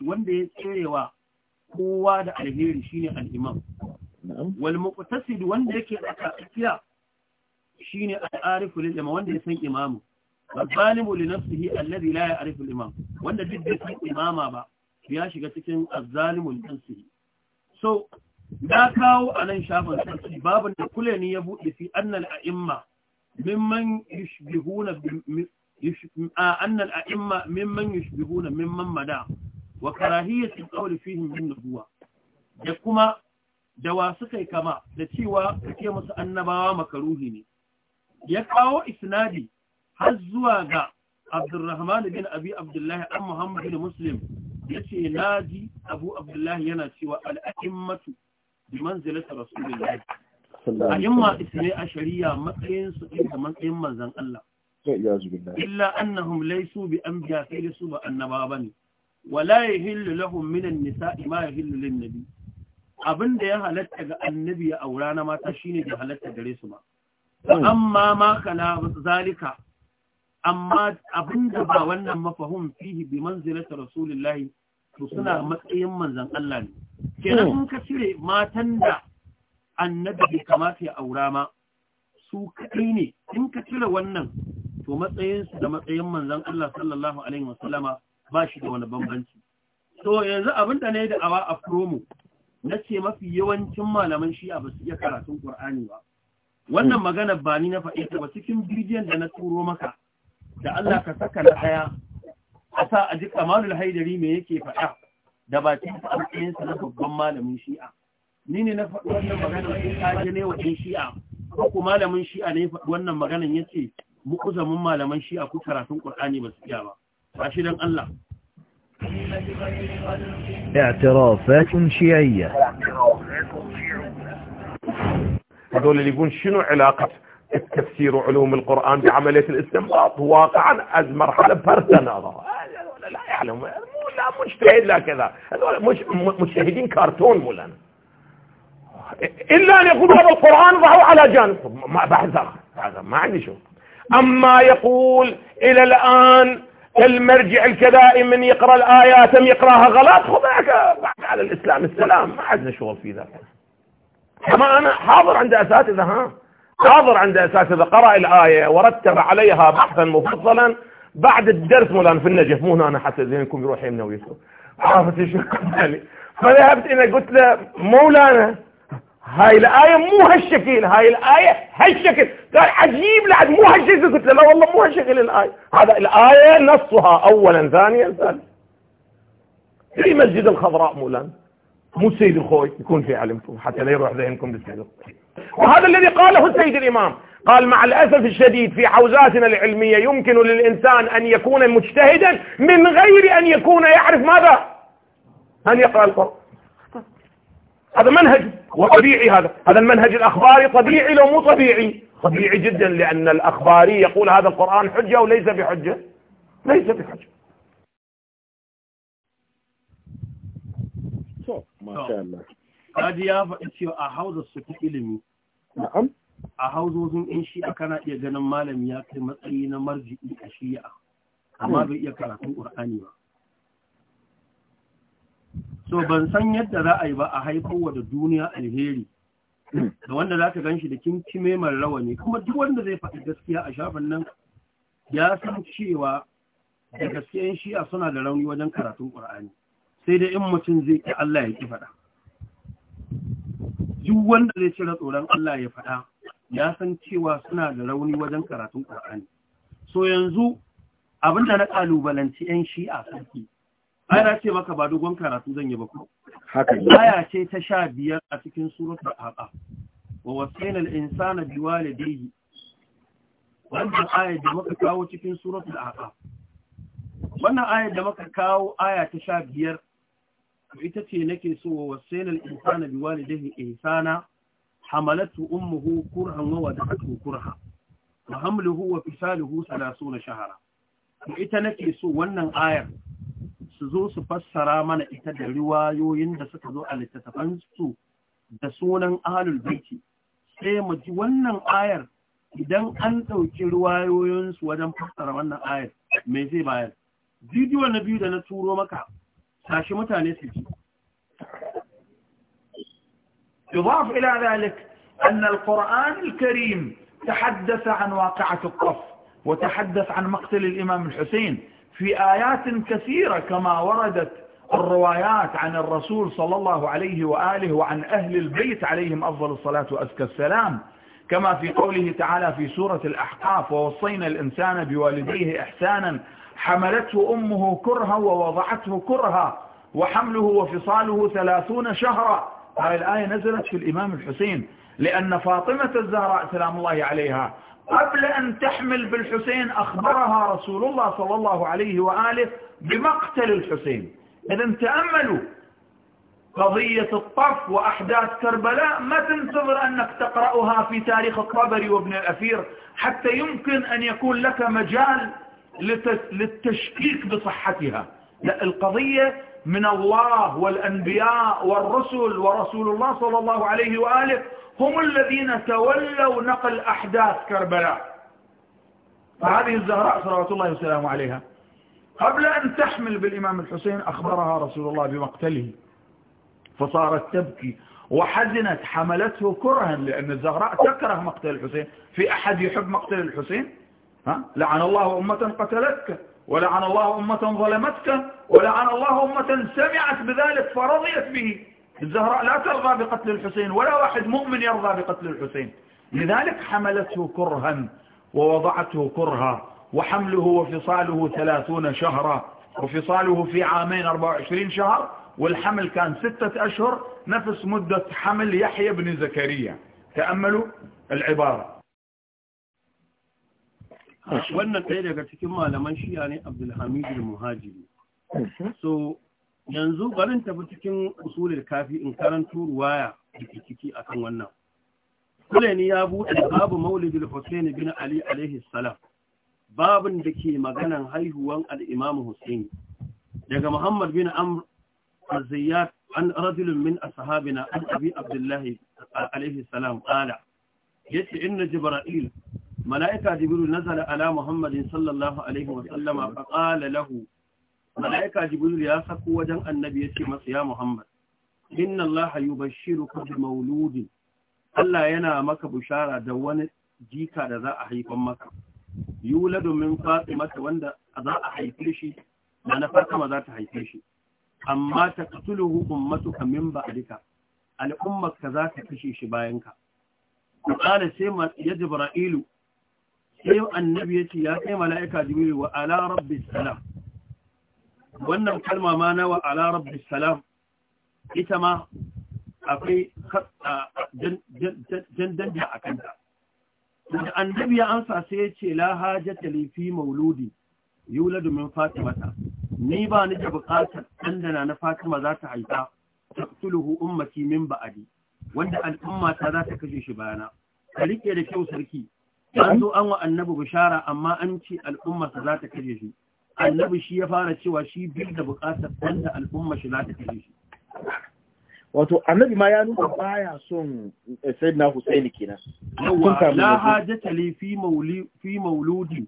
wanda ya tserewa kowa da alheri shine al-imam na'am wal muqtasid wanda yake tsakiya shine al-arifu lil imam wanda ya san imamu zalimu li nafsihi alladhi la ya'rifu al-imam wanda duk bai san imama ba ya shiga cikin azzalimu li nafsihi so na kawo anan shafin sarki babin da kuleni ya buɗe fi annal a'imma mimman yushbihuna أن الأئمة ممن يشبهون ممن مدى وكراهية القول فيهم بالنبوة يكما دواسك كما لتيوا كما سأنبا مكروهني يكاو إسنادي هزوا عبد الرحمن بن أبي عبد الله أم محمد بن مسلم يتي نادي أبو عبد الله يناتي والأئمة بمنزلة رسول الله a imma isne a shari'a matsayin su da matsayin manzan Allah illa annahum laysu bi anbiya sai da su ba annaba bane wala yahillu lahum min an-nisa'i ma yahillu lin-nabi da ya halatta ga annabi ya aura na mata shine da halatta gare su ba hmm. amma ma kana zalika amma abinda ba wannan mafahum fihi bi manzilati rasulillahi to suna hmm. matsayin manzon Allah ne hmm. kenan in ka cire matan da annabi bai kamata ya aura ma su kaɗai ne in ka cire wannan to matsayinsu da matsayin manzan Allah sallallahu alaihi wasallama ba shi da wani bambanci to yanzu abin da na yi da awa a promo na ce mafi yawancin malaman shi'a ba su iya karatun Kur'ani ba wannan magana ba ni na faɗi ta ba cikin bidiyon da na turo maka da Allah ka saka na ɗaya a sa a ji kamalul haidari me yake faɗa da bakin sa a matsayinsa na babban malamin shi'a ni ne na faɗi wannan maganar sai ka ji ne wajen shi'a ko ku malamin shi'a ne faɗi wannan maganar yace mu mu kuzamin malaman shi'a ku karatun qur'ani ba su iya ba ba shi don Allah اعترافات شيعية هذول اللي يقول شنو علاقة التفسير وعلوم القرآن بعملية الاستنباط واقعا از مرحلة برتنارة لا يعلم مو لا مجتهد لا كذا هذول مجتهدين كارتون مولانا إلا أن يقول هذا القرآن ضعه على جانب ما بعد هذا ما عندي شغل أما يقول إلى الآن المرجع الكذائي من يقرأ الآيات ام يقرأها غلط خذك على الإسلام السلام ما عندنا شغل في ذلك كما أنا حاضر عند أساتذة ها حاضر عند أساتذة قرأ الآية ورتب عليها بحثا مفصلا بعد الدرس مولانا في النجف مو هنا أنا حتى زينكم يروح يمنا ويسر عرفت شو فذهبت إلى قلت له مولانا هاي الآية مو هالشكل هاي الآية هالشكل قال عجيب لعد مو هالشكل قلت له لا والله مو هالشكل الآية هذا الآية نصها أولا ثانيا ثالثا في مسجد الخضراء مولان مو سيد الخوي يكون في علمكم حتى لا يروح ذهنكم بالسيد وهذا الذي قاله السيد الإمام قال مع الأسف الشديد في حوزاتنا العلمية يمكن للإنسان أن يكون مجتهدا من غير أن يكون يعرف ماذا أن يقرأ القرآن هذا منهج وطبيعي هذا هذا المنهج الأخباري طبيعي لو مو طبيعي طبيعي جدا لأن الأخباري يقول هذا القرآن حجة وليس بحجة ليس بحجة ما شاء الله قد يابا إتيو أحاوز السكي إلمي نعم أحاوز وزن إنشي أكنا إيجانا مالم ياتي مطلين مرجئي أشياء أما بي في القرآن so ban san yadda za a yi ba a haifowa da duniya alheri da wanda za ka gan shi da kinkime mai rawani kuma duk wanda zai faɗi gaskiya a shafin nan ya san cewa da gaskiyan shi'a suna da rauni wajen karatun ƙur'ani sai dai in mutum zai ki Allah ya ki faɗa duk wanda zai cire tsoron Allah ya faɗa ya san cewa suna da rauni wajen karatun ƙur'ani so yanzu abinda na ƙalubalanci 'yan shi'a sarki ana ce maka ba dogon karatu zan yi ba ko haka aya ce ta sha biyar a cikin suratul aqa wa al insana biwalidayhi wannan aya da muka kawo cikin suratul aqa wannan aya da muka kawo aya ta sha biyar ita ce nake so wa al insana biwalidayhi insana hamalatu ummuhu kurhan wa wadatu kurha wa hamluhu wa fisaluhu 30 shahara ita nake so wannan ayar su zo su fassara mana ita da riwayoyin da suka zo a su da sunan ahlul baiti sai mu ji wannan ayar idan an dauki riwayoyin su wajen fassara wannan ayar me zai bayar bidiyo na biyu da na turo maka tashi mutane su ji يضاف إلى ذلك أن القرآن الكريم تحدث عن واقعة القف وتحدث عن مقتل الإمام الحسين في آيات كثيرة كما وردت الروايات عن الرسول صلى الله عليه وآله وعن أهل البيت عليهم أفضل الصلاة وأزكى السلام كما في قوله تعالى في سورة الأحقاف ووصينا الإنسان بوالديه إحسانا حملته أمه كرها ووضعته كرها وحمله وفصاله ثلاثون شهرا هذه الآية نزلت في الإمام الحسين لأن فاطمة الزهراء سلام الله عليها قبل أن تحمل بالحسين أخبرها رسول الله صلى الله عليه وآله بمقتل الحسين إذا تأملوا قضية الطف وأحداث كربلاء ما تنتظر أنك تقرأها في تاريخ الطبري وابن الأثير حتى يمكن أن يكون لك مجال للتشكيك بصحتها لا القضية من الله والأنبياء والرسل ورسول الله صلى الله عليه وآله هم الذين تولوا نقل أحداث كربلاء فهذه الزهراء صلوات الله وسلامه عليها قبل أن تحمل بالإمام الحسين أخبرها رسول الله بمقتله فصارت تبكي وحزنت حملته كرها لأن الزهراء تكره مقتل الحسين في أحد يحب مقتل الحسين ها؟ لعن الله أمة قتلتك ولعن الله أمة ظلمتك ولعن الله أمة سمعت بذلك فرضيت به الزهراء لا ترضى بقتل الحسين ولا واحد مؤمن يرضى بقتل الحسين لذلك حملته كرها ووضعته كرها وحمله وفصاله ثلاثون شهرا وفصاله في عامين 24 شهر والحمل كان ستة أشهر نفس مدة حمل يحيى بن زكريا تأملوا العبارة wannan ɗaya daga cikin malaman shi'a ne abdulhamidul muhajiri so yanzu barin tafi cikin usulul kafi in karanto ruwaya da ciki akan wannan kuleni ya buɗe babu maulidul husain bin ali alaihi salam babin da ke maganan haihuwan al-imam husaini daga muhammad bin amr az-zayyat an rajulun min ashabina an abi abdullah alaihi salam qala yace inna jibril mala'ika jibiru nazara ala muhammadin sallallahu alaihi wasallama fa qala lahu mala'ika jibiru ya sako wajen annabi ya ce masa ya muhammad inna allaha bashiru bi mauludin Allah yana maka bushara da wani jika da za a haifan maka domin min mata wanda za a haifi shi da na ma za ta haife shi amma ta katuluhu ummatuka min ba'dika al'ummarka za ta kashe shi bayanka qala sai ya jibra'ilu sai annabi ya ce ya kai mala'ika jibril wa ala rabbi salam wannan kalma ma na wa ala rabbi salam ita ma akwai jandanja a kanta da annabi ya ansa sai ya ce la hajjata mauludi yula domin fatimata ni ba ni da buƙatar ɗandana na fatima za ta haifa taqtuluhu ummati min ba'adi wanda al'umma ta za ta kashe shi bayana ka rike da kyau sarki an zo an wa annabi bishara amma an ce al'umma sa za ta kaje shi annabi shi ya fara cewa shi bil da bukatar wanda al'umma shi za ta kaje shi wato annabi ma ya nuna baya son eh, na Husaini kenan yawa la hajata li fi mauli fi mauludi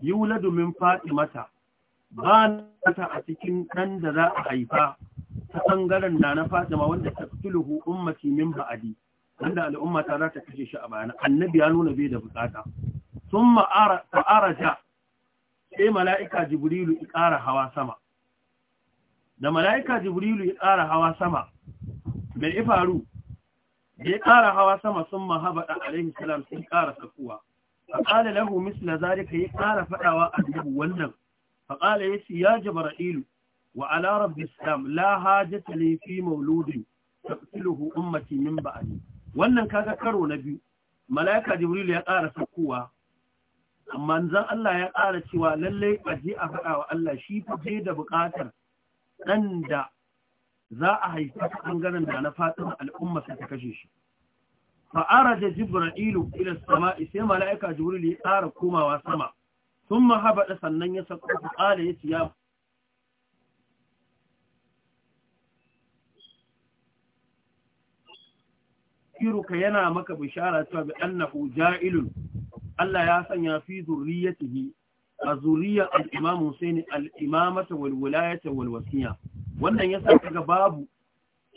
yuladu min fatimata ba ta a cikin dan da za a haifa ta bangaren na na fatima wanda taqtuluhu ummati min ba'adi wanda al'umma ta za ta kashe shi a bayana annabi ya nuna bai da bukata sun ma'araja sai mala'ika jibrilu ya ƙara hawa sama da mala'ika jibrilu ya ƙara hawa sama mai ifaru da ya ƙara hawa sama sun mahaba da alaihi salam sun ƙara sakuwa a ƙala lahu misla zarika ya ƙara faɗawa a dubu wannan a ƙala ya ce ya Bara'ilu wa ala rabbi islam la hajjata ne fi mauludin taɓtiluhu ummati min ba'ani wannan kaga karo na biyu mala'ika jibril ya ƙara saukowa, amma zan Allah ya ƙara cewa lallai a je a faɗa wa Allah shi fa je da buƙatar ɗan da za a haifa ta ɓangaren da na fatan al'umma sai ta kashe shi fa'ara da jibra'ilu ila sama'i sai mala'ika jibril ya kara komawa sama sun mahabaɗa sannan ya sako su ƙara ya ciya yuzkiruka yana maka bishara cewa bi annahu ja'ilun Allah ya sanya fi zurriyatihi a zuriyar al-Imam Hussein al-imamata wal wilayata wal wasiya wannan yasa kaga babu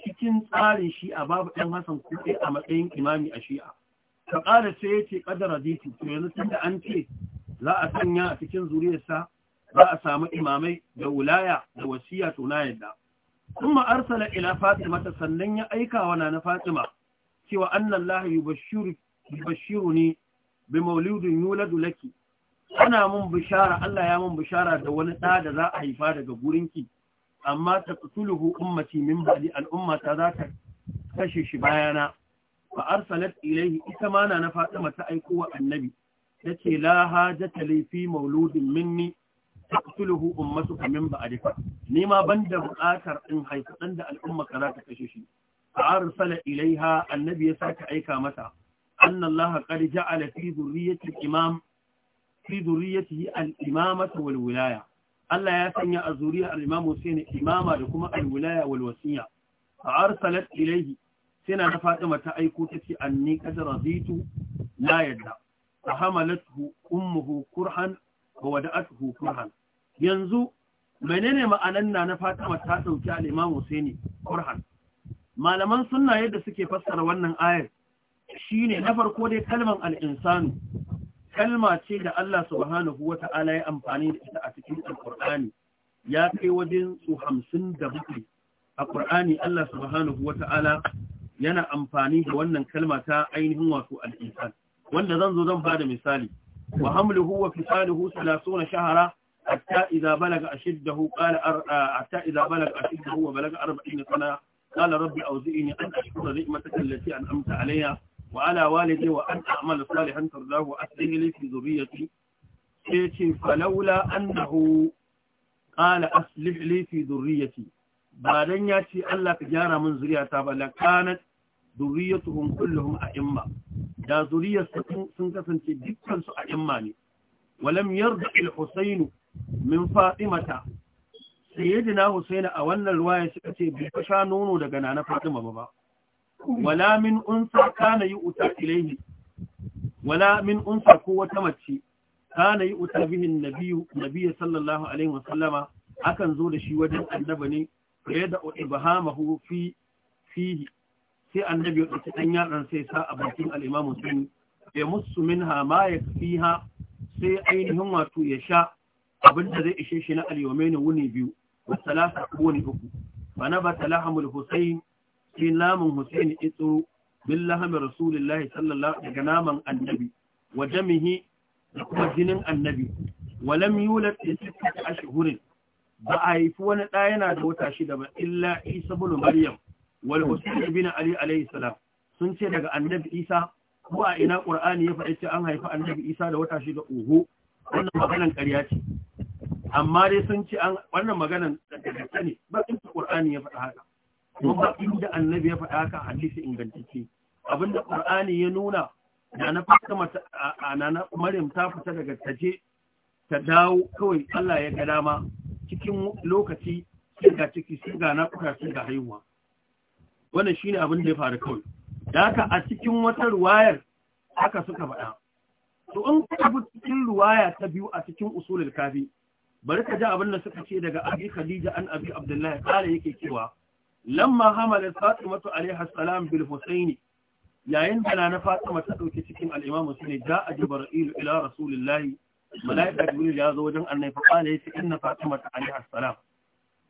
cikin tsarin Shi'a babu dan Hassan kuɗi a matsayin imami a Shi'a ka ƙara sai yace qadara diti to yanzu tunda an ce za a sanya a cikin zuriyarsa za a samu imamai da wilaya da wasiya to na yadda kuma arsala ila Fatima sannan ya aika wa na Fatima cewa annallaha yubashshiru ne, bi maulidin yuladu laki ana mun bishara Allah ya mun bishara da wani ɗa da za a haifa daga gurinki amma ta tsuluhu ummati min ba'di al'umma ta za ta kashe shi bayana fa arsalat ilayhi ita ma na Fatima ta aiko wa annabi tace la hajata li fi mauludin minni taqtuluhu ummatuka min ba'dika ni ma banda buƙatar in haifa dan da al'umma ka za ta kashe shi arsala ilaiha annabi ya sake aika mata Annallaha, Allah qad ja'ala fi dhurriyyati imam fi dhurriyyatihi al-imamata wal wilaya Allah ya sanya a zuriyar al-imam Hussein imama da kuma al-wilaya wal wasiya arsalat ilaihi sai na Fatima ta aiko ta ce anni qad raditu la yadda fahamalatu ummuhu kurhan wa wada'atuhu kurhan yanzu menene ma'anan na na Fatima ta dauki al-imam Hussein kurhan malaman sunna yadda suke fassara wannan ayar Shi ne na farko dai kalman al'insanu. kalma ce da Allah subhanahu wata'ala ya amfani da ita a cikin alqur'ani ya kai wajen su 57 a qur'ani Allah subhanahu wata'ala yana amfani da wannan kalma ta ainihin wasu al'insan. wanda zan zo zan ba da misali wa hamluhu wa fisaluhu 30 shahara hatta idza balaga ashiddahu qala hatta idza balaga ashiddahu wa balaga 40 sana قال ربي أوزئني أن أشكر نعمتك التي أنعمت عليها وعلى والدي وأن أعمل صالحا ترضاه وأسلح لي في ذريتي سيتي فلولا أنه قال أسلح لي في ذريتي بعدين ياتي الله كجارة من ذريتها بل كانت ذريتهم كلهم أئمة دا ذرية سنكسن تدكا سأئماني ولم يرضع الحسين من فاطمة sayyidina Husaini a wannan ruwaya suka ce bai fa sha nono daga nana Fatima ba wala min unsa kana yi uta ilaihi wala min unsa ko wata mace kana yi uta bihin nabiyyu nabiyyu sallallahu alaihi wasallama akan zo da shi wajen annaba ne da ibhamahu fi fihi sai annabi ya ɗauki ɗan yaran sai sa a bakin al'imamu sun ya musu minha ma ya ha sai ainihin wato ya sha abin zai ishe shi na aliyomai na wuni biyu wasalasa kone uku fa na bata lahamul husain sai namun husain ya tsoro bin lahamin rasulullahi sallallahu daga naman annabi wa jamihi da kuma jinin annabi walam yulat da suka ashhurin ba a haifi wani ɗa yana da wata shida ba illa isa maryam wal sun ce daga annabi isa ko a ina qur'ani ya faɗi ce an haifi annabi isa da wata shida oho wannan maganan ƙarya ce amma dai sun ci an wannan maganan da ne ta Qur'ani ya faɗa haka kuma ba inda annabi ya faɗa haka hadisi ingantacce abinda Qur'ani ya nuna da na fata mata anana Maryam ta fita daga taje ta dawo kawai Allah ya ga dama cikin lokaci sai ga ciki sai ga na kuka sai ga haihuwa wannan shine abin da ya faru kawai da haka a cikin wata ruwayar haka suka faɗa to in ka bi cikin ruwaya ta biyu a cikin usulul kafi bari ka ji abin da suka ce daga abi khadija an abi abdullahi kare yake cewa lamma hamalat fatimatu alaiha salam bil husaini yayin da na fatima ta dauke cikin al-imamu sunni ja'a jibril ila rasulullahi malaika jibril ya zo wajen annabi fa yace inna fatima ta alaiha salam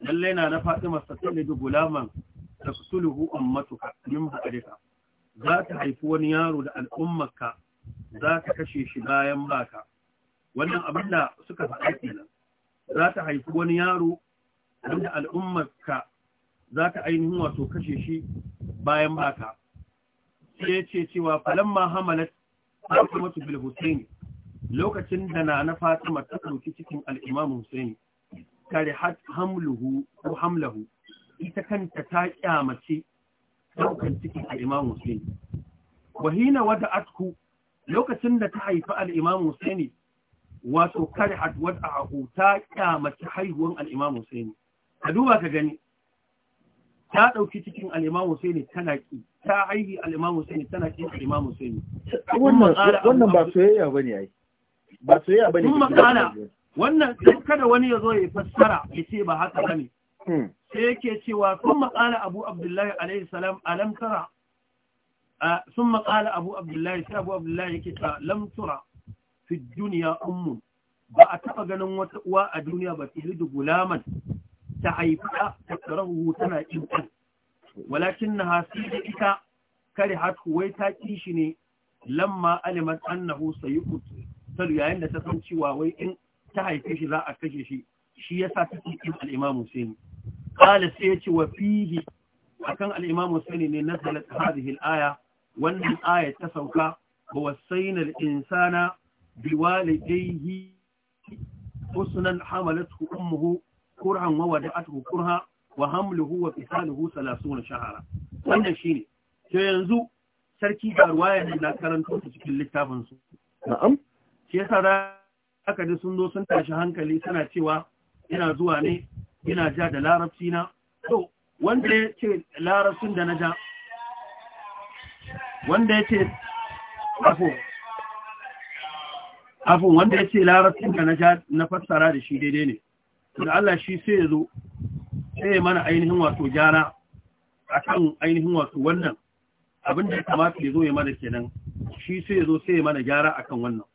lalle na na fatima sa sai da gulaman tafsuluhu ummatuka min hadika za ta haifi wani yaro da al'ummarka za ta kashe shi bayan baka wannan abin da suka faɗa kenan za ta haifi wani yaro wanda al'ummarka za ta ainihin wato kashe shi bayan baka sai ce cewa falamma hamalat fatimatu bil hussein lokacin da na na fatima ta cikin al'imam husaini kare hamluhu ko hamlahu ita kanta ta kyamace ɗaukar cikin al'imam husaini wahina wada atku lokacin da ta haifi al'imam husaini wato kare haduwar a haku ta kyamaci haihuwar al'imam Hussein. Ka duba ka gani, ta ɗauki cikin al'imam Hussein tana ki, ta haihi al'imam Hussein tana ki al'imam Hussein. Wannan ba soyayya ba ne ai. Ba soyayya ba ne. Kuma makala, wannan kada wani ya zo ya fassara ya ce ba haka ba ne. Hmm. Sai yake cewa sun maƙala Abu Abdullahi alaihi salam alam tara. Sun maƙala Abu Abdullahi sai Abu Abdullahi yake ta lam fi duniya ummu ba a taɓa ganin wata uwa a duniya ba ta yi gulaman ta haifi ta tsarahu tana ƙinƙin walakin na hasi da ita kare hatu wai ta ƙi shi ne lamma aliman annahu sayi salu yayin da ta san cewa wai in ta haife shi za a kashe shi shi yasa ta ƙin al Hussein qala sai ya ce wa fihi akan al Hussein ne nazalat hadhihi al-aya wannan aya ta sauka wa wasaina al-insana biwalidayhi husnan hamalathu ummuhu kurhan wa wada'athu kurha wa hamluhu wa fisaluhu 30 shahara wannan shine to yanzu sarki da ruwaya ne na karanto cikin littafin su na'am shi da aka ji sun zo sun tashi hankali suna cewa ina zuwa ne ina ja da larabci na wanda ya ce larabcin da na ja wanda ya ce afin wanda ya ce larabcin da na fassara da shi daidai ne da Allah shi sai ya zo sai mana ainihin wato jana a kan ainihin wato wannan abin da ya kamata ya zo ya mana kenan shi sai ya zo sai mana gyara a kan wannan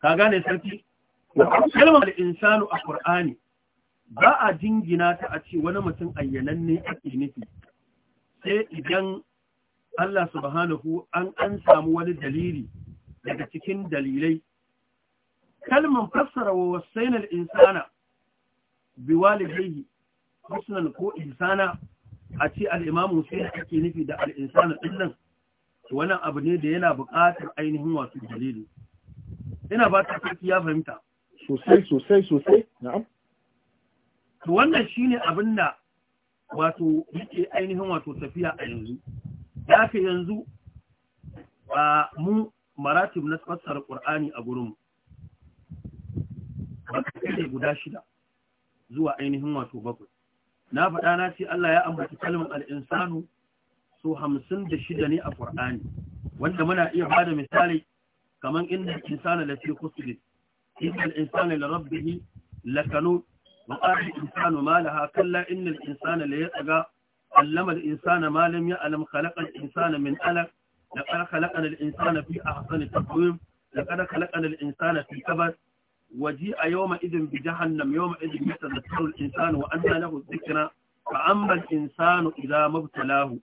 ka gane sarki kalmar insanu a Kur'ani ba a jingina ta a ce wani mutum ayyananne ake nufi sai idan Allah subhanahu an an samu wani dalili daga cikin dalilai kalman fassara wa wasainal insana biwalidaihi husnan ko insana a ce al'imamu sai ake nufi da al'insana ɗin nan wannan abu ne da yana buƙatar ainihin wasu dalili ina ba ta kai ya fahimta sosai sosai sosai na'am to wannan shine abin da wato yake ainihin wato tafiya a yanzu ya yanzu a mu maratib na fassara qur'ani a gurinmu. ne guda shida zuwa ainihin wato bakwai na faɗa na ce Allah ya ambaci kalmar al'insanu su hamsin da shida ne a ƙwar'ani wanda muna iya ba da misali kamar inda insana da fi kusurin inda al'insana da rabbihi lakano wa ƙari insanu ma laha kalla inda al'insana da ya tsaga allama al'insana ma lam ya alam khalaƙar insana min alaq da ƙar khalaƙar al'insana fi a hasanin tafiyin da ƙar khalaƙar al'insana fi kabas وجيء يومئذ بجهنم يومئذ يتذكر الإنسان وأنى له الذكرى فأما الإنسان إذا ما ابتلاه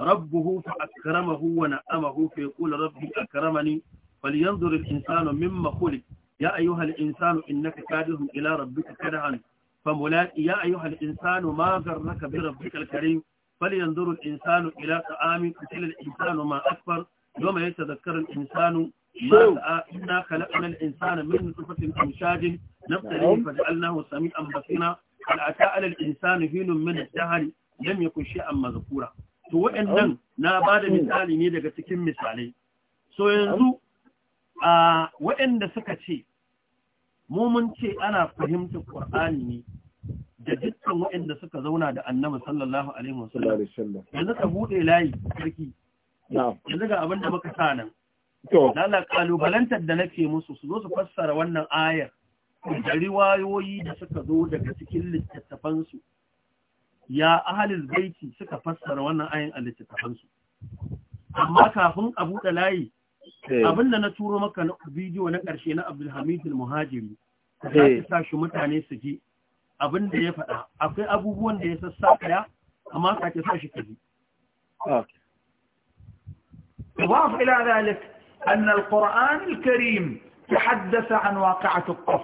ربه فأكرمه ونعمه فيقول ربي أكرمني فلينظر الإنسان مما خلق يا أيها الإنسان إنك كادح إلى ربك كدحا فملاك يا أيها الإنسان ما غرك بربك الكريم فلينظر الإنسان إلى طعامك قتل الإنسان ما أكبر يوم يتذكر الإنسان إنا خلقنا الإنسان من نطفة أمشاج نبتليه sami'an سميعا بصيرا هل أتى على الإنسان حين من الدهر لم يكن شيئا مذكورا to waɗannan na bada misali ne daga cikin misalai so yanzu a waɗanda suka ce mu mun ce ana fahimtar Qur'ani ne da dukkan waɗanda suka zauna da Annabi sallallahu alaihi wasallam yanzu ka bude layi sarki yanzu ga abin da muka sa nan Lala kalubalantar da nake musu su zo su fassara wannan ayar da riwayoyi da suka zo daga cikin littattafansu. Ya ahalis baiti suka fassara wannan ayin a littattafansu. Amma kafin a buɗe layi, eh. abin da na turo maka na bidiyo na ƙarshe na Abdulhamid Muhajiri, za eh. sa shi mutane su ji abin da ya faɗa. Akwai abubuwan da ya sassa ɗaya, amma ka ke sa shi ka ji. Wa ila أن القرآن الكريم تحدث عن واقعة الطف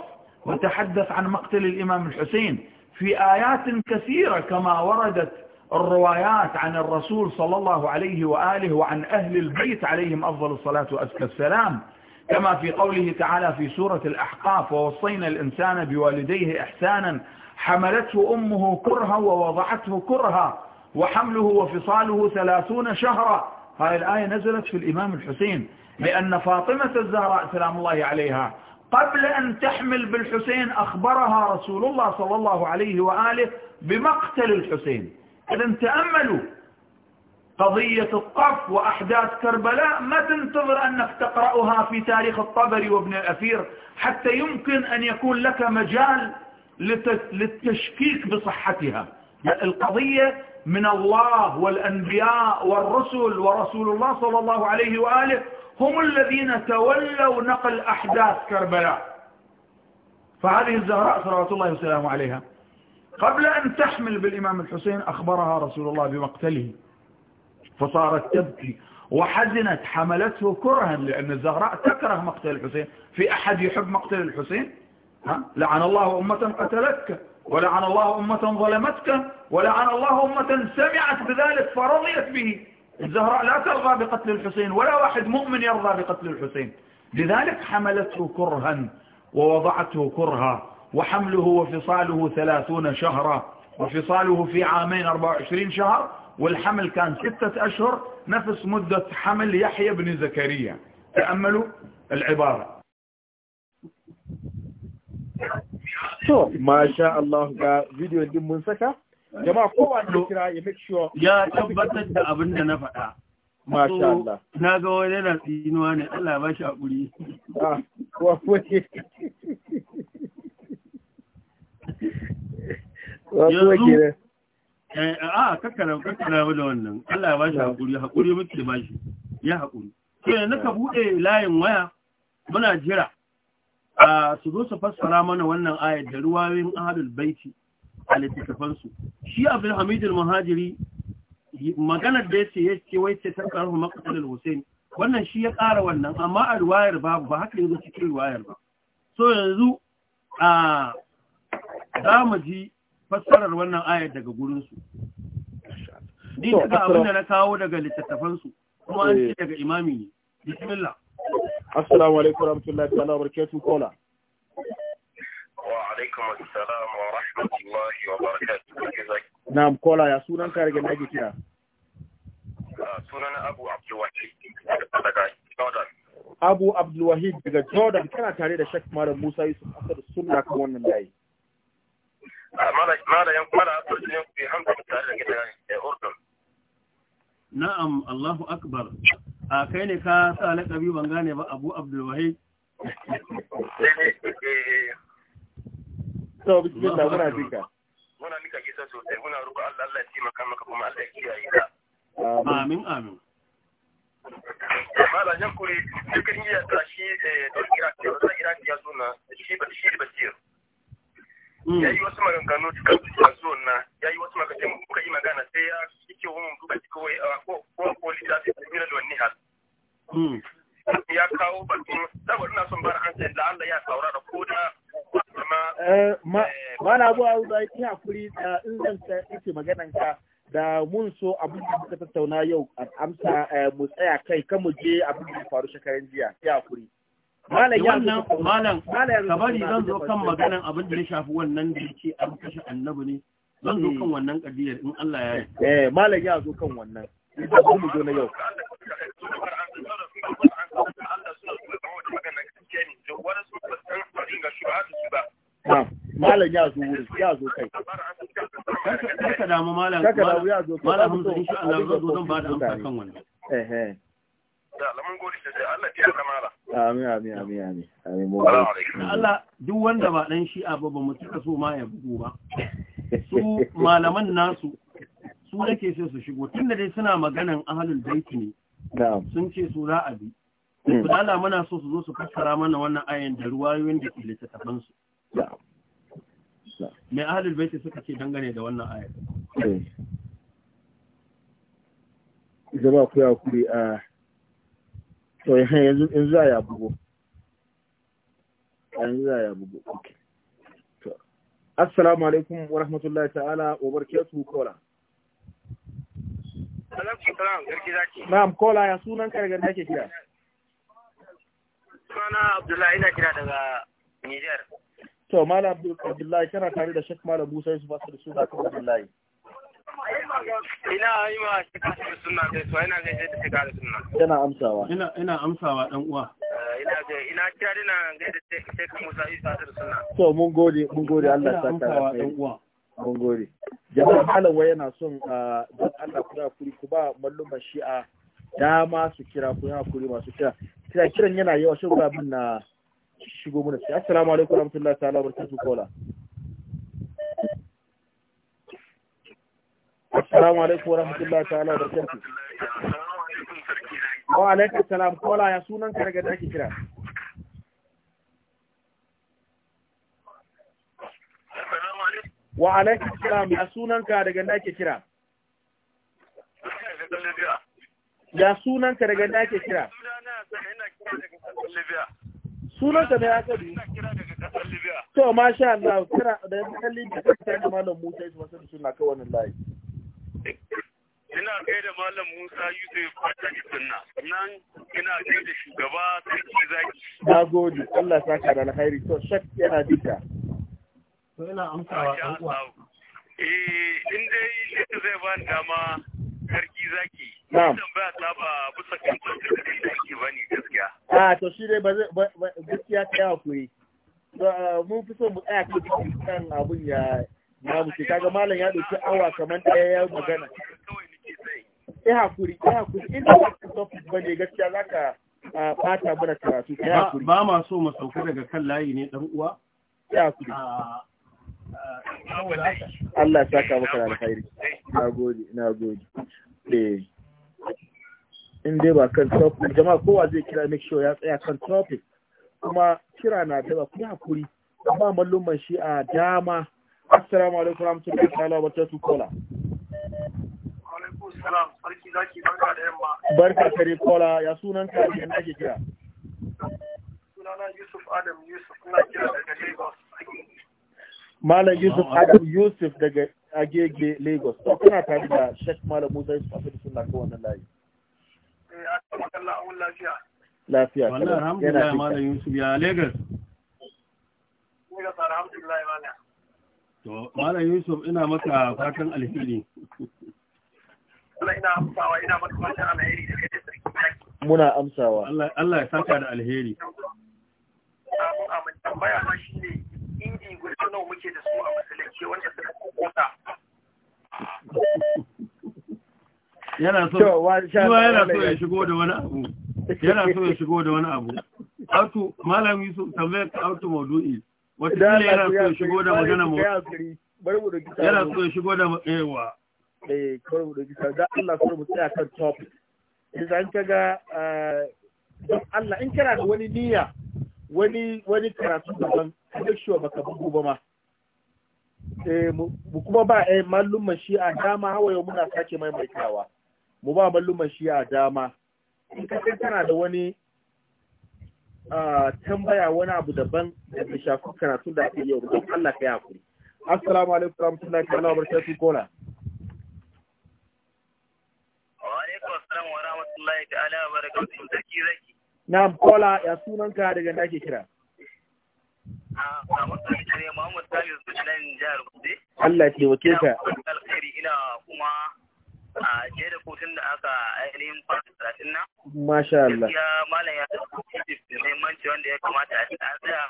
وتحدث عن مقتل الإمام الحسين في آيات كثيرة كما وردت الروايات عن الرسول صلى الله عليه وآله وعن أهل البيت عليهم أفضل الصلاة وأزكى السلام كما في قوله تعالى في سورة الأحقاف ووصينا الإنسان بوالديه إحسانا حملته أمه كرها ووضعته كرها وحمله وفصاله ثلاثون شهرا هذه الآية نزلت في الإمام الحسين لأن فاطمة الزهراء سلام الله عليها قبل أن تحمل بالحسين أخبرها رسول الله صلى الله عليه وآله بمقتل الحسين إذا تأملوا قضية الطف وأحداث كربلاء ما تنتظر أنك تقرأها في تاريخ الطبري وابن الأثير حتى يمكن أن يكون لك مجال للتشكيك بصحتها القضية من الله والأنبياء والرسل ورسول الله صلى الله عليه وآله هم الذين تولوا نقل أحداث كربلاء فهذه الزهراء صلوات الله وسلامه عليها قبل أن تحمل بالإمام الحسين أخبرها رسول الله بمقتله فصارت تبكي وحزنت حملته كرها لأن الزهراء تكره مقتل الحسين في أحد يحب مقتل الحسين ها؟ لعن الله أمة قتلتك ولعن الله أمة ظلمتك ولعن الله أمة سمعت بذلك فرضيت به الزهراء لا ترضى بقتل الحسين ولا واحد مؤمن يرضى بقتل الحسين لذلك حملته كرها ووضعته كرها وحمله وفصاله ثلاثون شهرا وفصاله في عامين 24 شهر والحمل كان ستة أشهر نفس مدة حمل يحيى بن زكريا تأملوا العبارة ما شاء الله فيديو دي منسكة jama'a kowa ne kira ya make sure ya tabbatar da abin da na faɗa masha Allah na ga wani yana tsinuwa ne Allah ya bashi hakuri ah wa kuwa yanzu a eh, ah, kakkara kakkara da wannan Allah ya bashi ah. hakuri hakuri muke bashi ya hakuri to yanzu ka ah. bude layin waya muna jira a su zo su fassara mana wannan ayat da ruwayoyin ahlul baiti a littattafansu shi abin hamidul mahajiri maganar da ya ce ya ce wai ce ta ƙarfi makasarar hussein wannan shi ya ƙara wannan amma a ruwayar ba ba haka yanzu cikin ruwayar ba so yanzu a za mu ji fassarar wannan ayar daga gurinsu ni daga abin da na kawo daga littattafansu kuma an ce eh. daga imami ne bismillah assalamu alaikum warahmatullahi ta'ala barakatuh kola alaikum assalam wa rahmatullahi wa barakatuh na'am kola ya sunan ka rage nake kira sunan abu abdulwahid daga jordan abu abdulwahid daga jordan kana tare da shek malam musa yusuf asadu sunna kan wannan layi mala yan mala ne ku hamsa tare da gidan urdun na'am allahu akbar a kai ne ka sa lakabi ban gane ba abu abdulwahid to bismillah muna jinka muna nika gisa sosai muna roƙo Allah Allah ya taimaka maka kuma Allah ya kiyaye ka amin amin mala yan kuri dukkan iya tashi da Iraki da Iraki ya zo na shi ba shi ba shi ya yi wasu maganganu suka a zuwan na ya yi wasu maganganu muka yi magana sai ya kike wani duka cikin wai ko ko ko littafi da mira da wani hal ya kawo batun saboda ina son bara da Allah ya saurara ko da ma eh, eh, na hakuri da eh, in zan ta ita maganan ka da mun so abin da muka tattauna yau a amsa mu tsaya kai kan mu je abin da faru shekarun jiya ya hakuri malam ya malam kabari zan zo kan maganan abin da ya shafi wannan da yake an kashe annabi ne zan zo kan wannan kadiyar in Allah ya yi eh malam ya zo kan wannan idan mu zo na yau wani su ba san abin ga shuwa su ba malam ya zo wuri ya zo kai kaka damu malam kaka damu ya zo kai malam hamsa insha Allah zan zo zan ba da amsa kan wannan eh eh da alamun gode da Allah ya yarda malam amin amin amin amin amin mu Allah duk wanda ba dan shi'a ba ba mu tuka so ma ya bugu ba su malaman nasu su nake sai su shigo tunda dai suna maganan ahlul bait ne sun ce su za a bi Mm. Allah muna so su zo su fassara mana wannan ayin da ruwayoyin da ke littattafansu. Mai ahalul baiti suka ce dangane da wannan ayan. Zama eh. ku ya kuri a to yanzu in za ya bugo. Yanzu za ya bugo. Assalamu alaikum wa rahmatullahi ta'ala wa barakatuhu kola. Alaikum salam, garki zaki. Na'am kola ya sunan kargar da ke kira. sunana Abdullahi ina kira daga Niger. To Malam Abdullahi kana tare da Sheikh Malam Musa Yusuf Asad Sunna Abdullahi. Ina yi ma shi Asad ina gaishe da suna. Yana amsawa. Ina ina amsawa dan uwa. Eh, ina ga kira dina da Sheikh Musa Yusuf Asad suna To mun gode mun gode Allah ya dan uwa. Mun gode. Jama'a yana son ah, Allah ku kuri ku ba Shi'a dama su kira ko ya kuri masu kira kira kiran yana yawa shi ruwa bin na shigo mana sai assalamu alaikum warahmatullahi ta'ala barkatu kola assalamu alaikum warahmatullahi ta'ala barkatu wa alaikum salam kola ya sunan ka daga take kira wa alaikum salam ya sunan ka daga take kira sunan ka daga da ke kira? Sunan daga kasar libya To, sha Allah, kira da kasar Libya ta kira da Malam Musa Yusuf wasu suna kai wannan layi. Ina kai da Malam Musa Yusuf fata da sunna, sannan ina kai da shugaba sarki zaki. Na gode, Allah sa ka da alkhairi, to shak yana dika. To ina amsawa ɗan uwa. Eh, in dai zai ba dama sarki zaki. Na'am. Tambaya ta ba bisa kan tattalin da ake bane gaskiya. Ah to shi dai ba gaskiya ta yawa kuri. Mun fi so mu tsaya kan kan abun ya na mu kaga malam ya dauki awa kamar ɗaya ya magana. Eh hakuri, eh hakuri. In ba ka topic bane gaskiya zaka fata mana karatu ta yakuri. Ba ma so mu sauka daga kan layi ne dan uwa. Ya hakuri. Allah ya saka maka alkhairi. Na gode, na gode. Eh. in dai ba kan topic jama'a kowa zai kira make sure ya tsaya kan topic kuma kira na da ba ku hakuri amma malluman shi a dama assalamu alaikum warahmatullahi ta'ala wa barakatuh kola barka kare kola ya sunan ka ne ke kira sunana Yusuf Adam Yusuf ina kira daga Lagos Malam Yusuf Adam Yusuf daga agege lagos to kuna tare da shek malam musa yusuf afid suna ka wannan layi eh, lafiya wallahi alhamdulillah malam yusuf ya lagos lagos alhamdulillah malam to malam yusuf ina maka fatan alheri ina amsawa ina maka fatan alheri da daga muna amsawa Allah ya saka da alheri amin tambaya ma shine guda muke da su a musulunci wanda suka yana so yana so ya shigo da wani abu yana so ya shigo da wani abu Autu, malam yusuf tambayar ka auto maudu'i wata yana so eh, ya shigo da magana mu yana so ya shigo da yawa eh kawai mu dauki da Allah kawai mu tsaya kan topic idan kaga eh, don Allah in kana da wani niyya wani wani karatu daban kada shi wa baka bugu ba ma eh mu kuma ba eh malluman a dama hawa yau muna sake kawa mu ba malluman a dama in ka san kana da wani tambaya wani abu daban da bai shafi karatun da ake yau don Allah ka yi hakuri assalamu alaikum warahmatullahi ta'ala wabarakatuh kola wa alaikum assalam wa rahmatullahi ta'ala wa barakatuh zaki zaki Na kola ya sunanka daga da ake kira. Ah, Allah ke wake ka. ina kuma a ah, je da kotun da aka ainihin fata talatin na. Masha Allah. Ya malam ya da muhimmanci wanda ya kamata a cikin an tsaya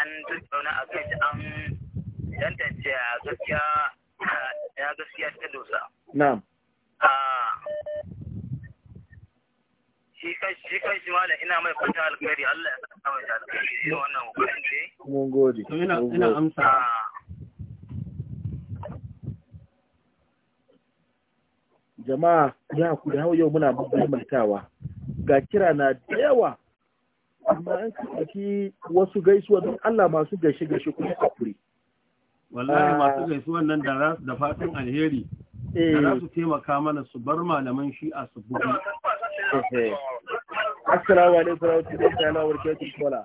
an tattauna a kai an tantance gaskiya ya gaskiya ta dosa. Na'am. Ah, shi kan shi kan shi malam ina mai fata alkhairi Allah ya saka mai alkhairi irin wannan kokarin da mun gode ina ina amsa jama'a ya ku da hau, yau muna bambantawa ga kira na da yawa amma an kaki wasu gaisuwa don Allah masu gaishe gaishe kuma hakuri wallahi ah. masu gaisuwan nan da da fatan alheri da eh. za su taimaka mana su bar malaman shi'a su bugu assalamu alaikum rahmatullahi ta'ala wa barakatuh kola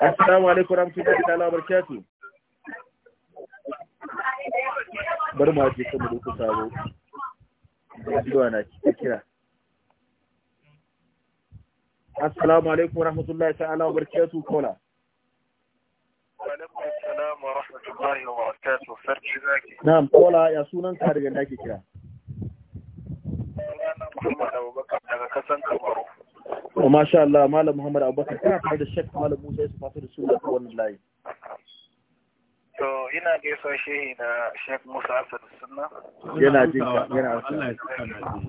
assalamu alaikum rahmatullahi ta'ala wa bar ma ce kuma da sabo zuwa na cikin kira assalamu alaikum rahmatullahi ta'ala wa barakatuh kola Na'am, kola ya sunan ka daga da kira. daga Kamaru. Wa oh, masha Allah Malam Muhammad Abubakar kana tare da Sheikh Malam Musa Yusuf Fasu da Sunna ta wannan layi. To ina gaisuwa shehi da Sheikh Musa Asad Sunna. Yana jin ka yana Allah ya saka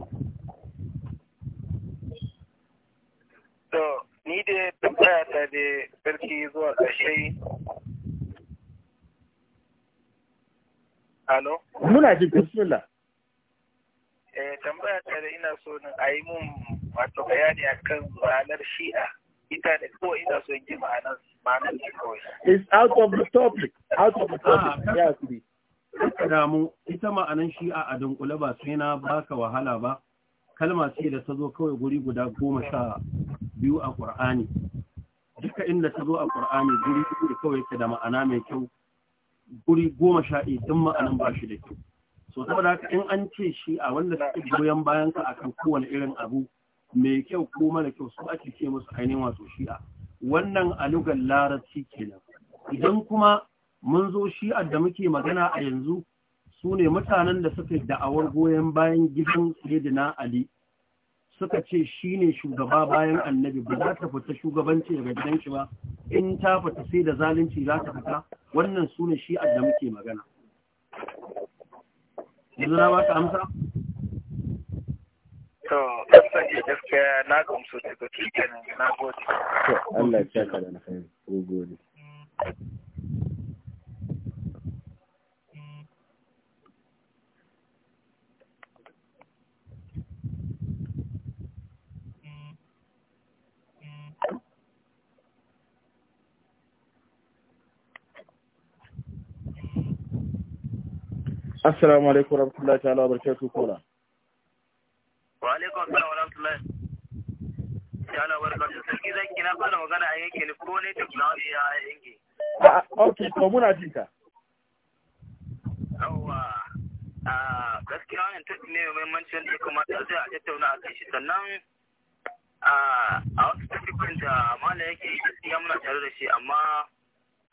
To ni da tambaya ta da sarki zuwa ga shehi Alo? Muna jin bismillah. eh tambaya ta da ina so a yi mun wato bayani akan ma'anar shi'a ita da ko ina so in ji ma'anar ma'anar shi kawai it's out of the topic out of the topic ah, yes be damu ita ma'anar shi'a a dunkule ba sai na baka wahala ba kalma ce da ta zo kawai guri guda goma sha biyu a ƙur'ani duka inda ta zo a ƙur'ani guri kawai ke da ma'ana mai kyau guri goma sha ɗin duk ma'anan ba shi da kyau so saboda haka in an ce shi a wanda suke goyon bayan ka akan kowane irin abu mai kyau ko mara kyau su ake ce musu ainihin wato shi'a wannan alugar larabci kenan idan kuma mun zo shi'a da muke magana a yanzu su ne mutanen da suka da'awar goyon bayan gidan sayyidina ali suka ce shi ne shugaba bayan annabi ba za ta fita shugabanci daga gidan shi ba in ta fita sai da zalunci za ta fita wannan su ne shi'a da muke magana yanzu na ba ka amsa to kasance gaskiya na gamsu daga cikin na gode to Allah ya saka da na fahimta gode assalamu alaikum wa rahmatullahi ta'ala wabarakatuh kola wa alaikum assalam rahmatullahi ta'ala wabarakatuh sarki zaki na fara magana a yanke ne ko ne technology ya yanke a okay to muna jin ka yawa a gaskiya wannan tafi ne mai mancin da kuma ta sai a tattauna shi sannan a wasu tafikin da mala yake gaskiya muna tare da shi amma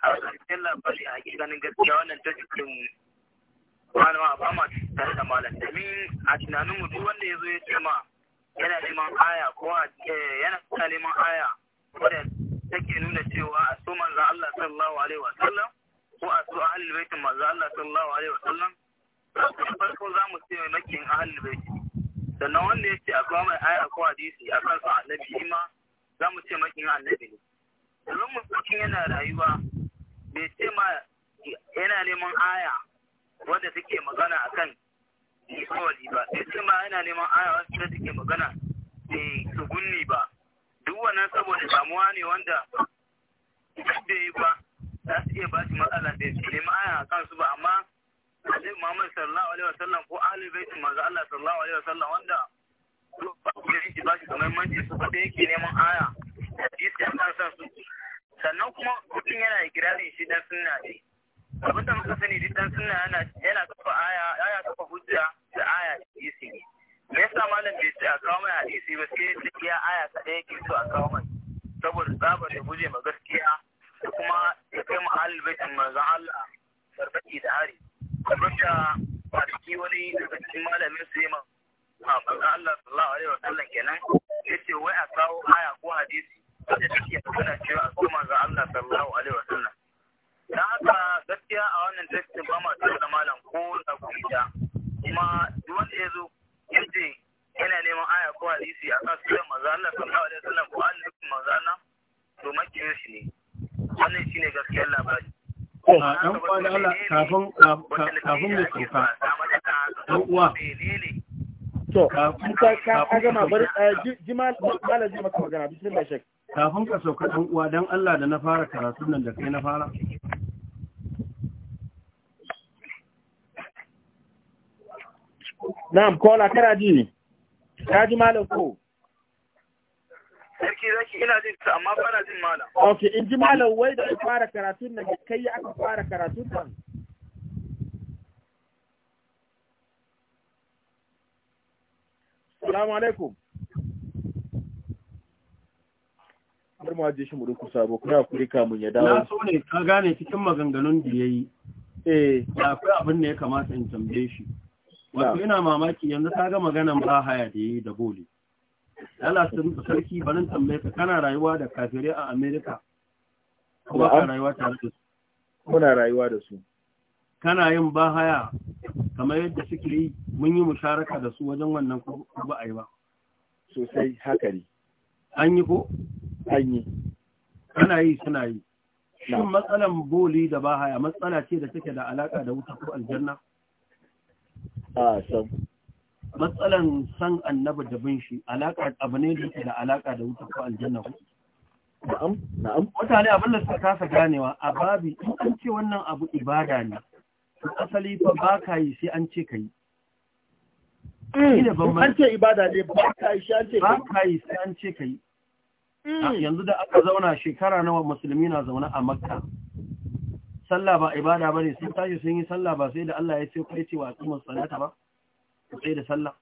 a cikin labari a ganin gaskiya wannan tafikin malama ba ma tare da malam domin a tunanin mu duk wanda ya zo ya ce ma yana neman aya ko a eh, yana ta neman aya wadda take nuna cewa a so manzo Allah sallallahu alaihi wa sallam ko a so ahlul baitin manzo Allah sallallahu alaihi wa sallam farko za mu ce makin ahlul baiti sannan wanda ya ce a kawo mai aya ko hadisi a kan sa annabi ma za mu ce makin annabi ne domin mutum yana rayuwa bai ce ma yana neman aya wanda suke magana akan kawali ba sai ce ba yana neman aya wanda suke magana su gunni ba duk wannan saboda samuwa ne wanda da yi ba za su iya ba shi matsala da su neman aya a kansu ba amma Alaihi Muhammad sallallahu alaihi wasallam ko Ahlul Baitin manzo Allah sallallahu alaihi wasallam wanda Ubangiji ba shi kamar manci su ba da yake neman aya a kansa su sannan kuma mutum yana ikirarin shi dan sunna ne abin da muka sani duk dan yana yana kafa aya yana kafa hujja da aya hadisi ne me yasa malam bai ce a kawo mai hadisi ba sai ya ce ya aya kaɗai ke so a kawo mai saboda tsabar da guje ma gaskiya da kuma ya kai mu ahlul baitin manzon Allah farfaki da hari abin da ciki wani daga cikin malamin su yi ma manzon Allah sallallahu alaihi wa sallam kenan ya ce wai a kawo aya ko hadisi wanda take nuna cewa a kuma manzon Allah sallallahu alaihi wa sallam Na haka gaskiya a wannan testin ba ma tare da malam ko da kuma kuma duk wanda ya zo yace yana neman aya ko hadisi a kan sunan manzo Allah sallallahu alaihi wasallam ko annabi manzo Allah to makiyo shi ne wannan shine gaskiyar labari ɗan uwa Allah kafin mu tsufa ɗan uwa to ka gama bari eh, ji malam maka magana bismillah shek kafin ka sauka ɗan uwa don Allah da na fara karatun nan da kai na fara Na'am kola kana ji ne ka ji malam ko Sarki zaki ina jin ta amma fara jin malam Okay in ji malam wai da fara karatun nan da kai aka fara karatun nan Salamu alaikum. Har ma je shi mu rukusa sabo, kuna kuri kamun ya dawo. Na so ne ka gane cikin maganganun da yayi. Eh, ya akwai abin da ya kamata in tambaye shi. Wato ina mamaki yanzu ka ga maganan ba haya da yayi da boli. Allah sun sarki barin tambaye ka kana rayuwa da kafirai a America. Kuma ka rayuwa tare da su. Kuna rayuwa da su. kana yin bahaya kamar yadda suke yi mun yi musharaka da su wajen wannan ko ba a yi ba sosai haka ne an yi ko an yi kana yi suna yi shin matsalan boli da bahaya matsala ce da take da alaka da wuta ko aljanna a san matsalan san annabi da bin shi alaka abu ne da yake da alaka da wuta ko aljanna ko na'am na'am mutane abin da suka kasa ganewa a babi in an ce wannan abu ibada ne asali fa ba ka yi sai an ce ka yi mm. an ce ibada ne ba ka yi sai an ce ba ka yi sai an ce ka yi mm. ah, yanzu da aka zauna shekara nawa musulmi na zaune a makka sallah ba ibada ba ne sun tashi sun yi sallah ba sai da Allah ya ce kai ce wa kuma salata ba sai da sallah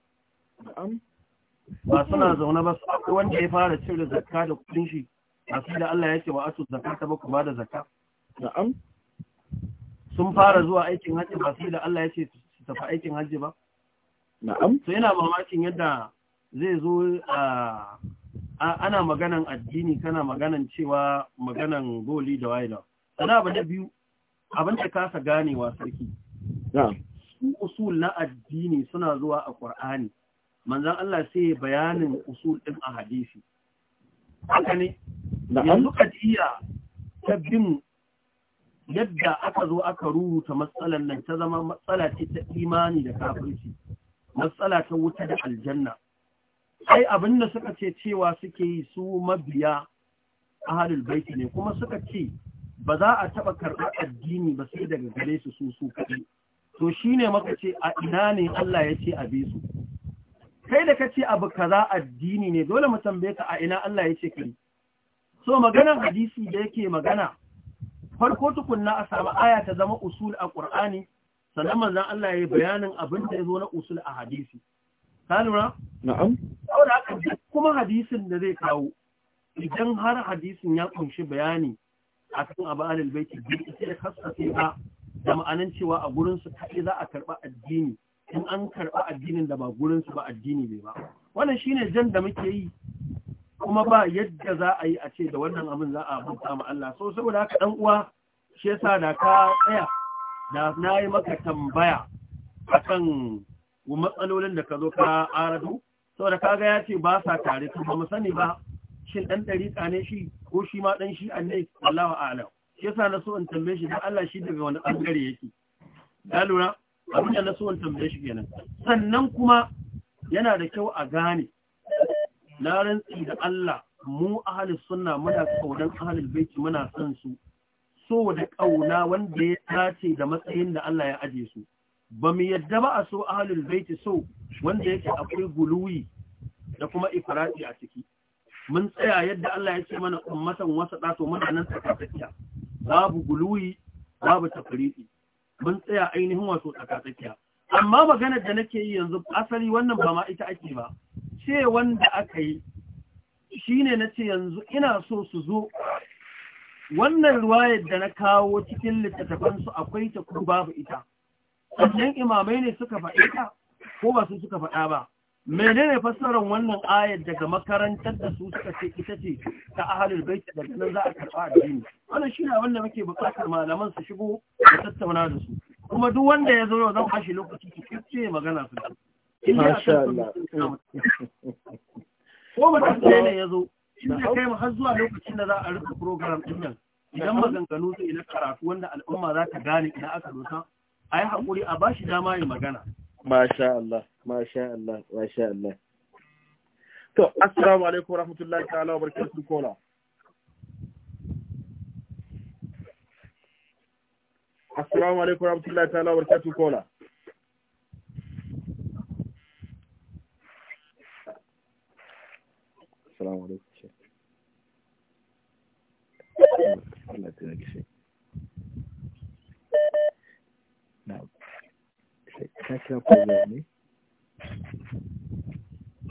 ba suna zaune ba su akwai wanda ya fara cire zakka da kudin shi ba sai da Allah ya ce wa asu zakata ba ku ba da zakka na'am sun fara zuwa aikin hajji ba su da Allah ya ce su tafi aikin hajji ba na'am so yana mamakin yadda zai zo a ana maganan addini kana maganan cewa maganan goli da waila sana abu da biyu abin da kasa ganewa sarki su usul na addini suna zuwa a ƙur'ani manzan Allah sai bayanin usul ɗin a hadisi haka ne yanzu ka ta bin yadda aka zo aka rubuta matsalan nan ta zama matsala ce ta imani da kafirci matsala ta wuta da aljanna sai abin da suka ce cewa suke yi su mabiya a ahalul baiti ne kuma suka ce ba za a taba karɓar addini ba sai daga gare su su su kaɗai to shi ne maka ce a ina ne Allah ya ce a bi su kai da ka ce abu kaza addini ne dole mu tambaye ka a ina Allah ya ce kai so maganar hadisi da yake magana farko tukunna a samu aya ta zama usul a ƙur'ani sannan manzan Allah ya yi bayanin abin da ya zo na usul a hadisi ka lura na'am saboda haka kuma hadisin da zai kawo idan har hadisin ya kunshi bayani akan abu alal baiti bin ita da kasafi ba da ma'anan cewa a gurin su za a karba addini in an karɓa addinin da ba gurinsu su ba addini bai ba wannan shine jan da muke yi kuma ba yadda za a yi a ce da wannan abin za a bauta ma Allah so saboda haka dan uwa shi yasa da ka tsaya da na yi maka tambaya akan matsalolin da ka zo ka aradu saboda kaga ya ce ba sa tare to ba mu sani ba shin dan dariƙa ne shi ko shi ma dan shi annai Allahu a'lam shi yasa na so in tambaye shi dan Allah shi daga wani bangare yake ya lura abin da na so in tambaye shi kenan sannan kuma yana da kyau a gane na rantsi da Allah mu ahalin sunna muna kaunan ahalin baiti muna san su so da kauna wanda ya tace da matsayin da Allah ya aje su ba mu yadda ba a so ahalin baiti so wanda yake akwai guluwi da kuma ifrati a ciki mun tsaya yadda Allah ya ce mana ummatan wasa to muna nan tsakatsakiya babu guluwi babu tafriqi mun tsaya ainihin wato tsakiya. amma maganar da nake yi yanzu asali wannan ba ma ita ake ba ce wanda aka yi shi ne na ce yanzu ina so su zo wannan ruwayar da na kawo cikin littattafansu akwai ta kuma babu ita sannan imamai ne suka faɗi ta ko ba su suka faɗa ba menene fassarar wannan ayar daga makarantar da su suka ce ita ce ta ahalin bai da nan za a karɓa addini wannan shine wanda muke buƙatar malaman su shigo da tattauna da su kuma duk wanda ya zo zan bashi lokaci ki ce magana su Masha Allah. Ko mutum ɗaya ne ya zo, inda kai mu har zuwa lokacin da za a rufe program ɗin nan. Idan maganganu su ina karatu wanda al'umma za ta gane idan aka rusa, a yi haƙuri a bashi dama ya magana. Masha Allah, Masha Allah, Masha Allah. To, Assalamu alaikum rahmatullahi ta'ala wa barakatuhu kola. Assalamu alaikum rahmatullahi ta'ala wa barakatuhu kola. Assalamu alaikum. Allah taimake shi. Na, ka kira program ne?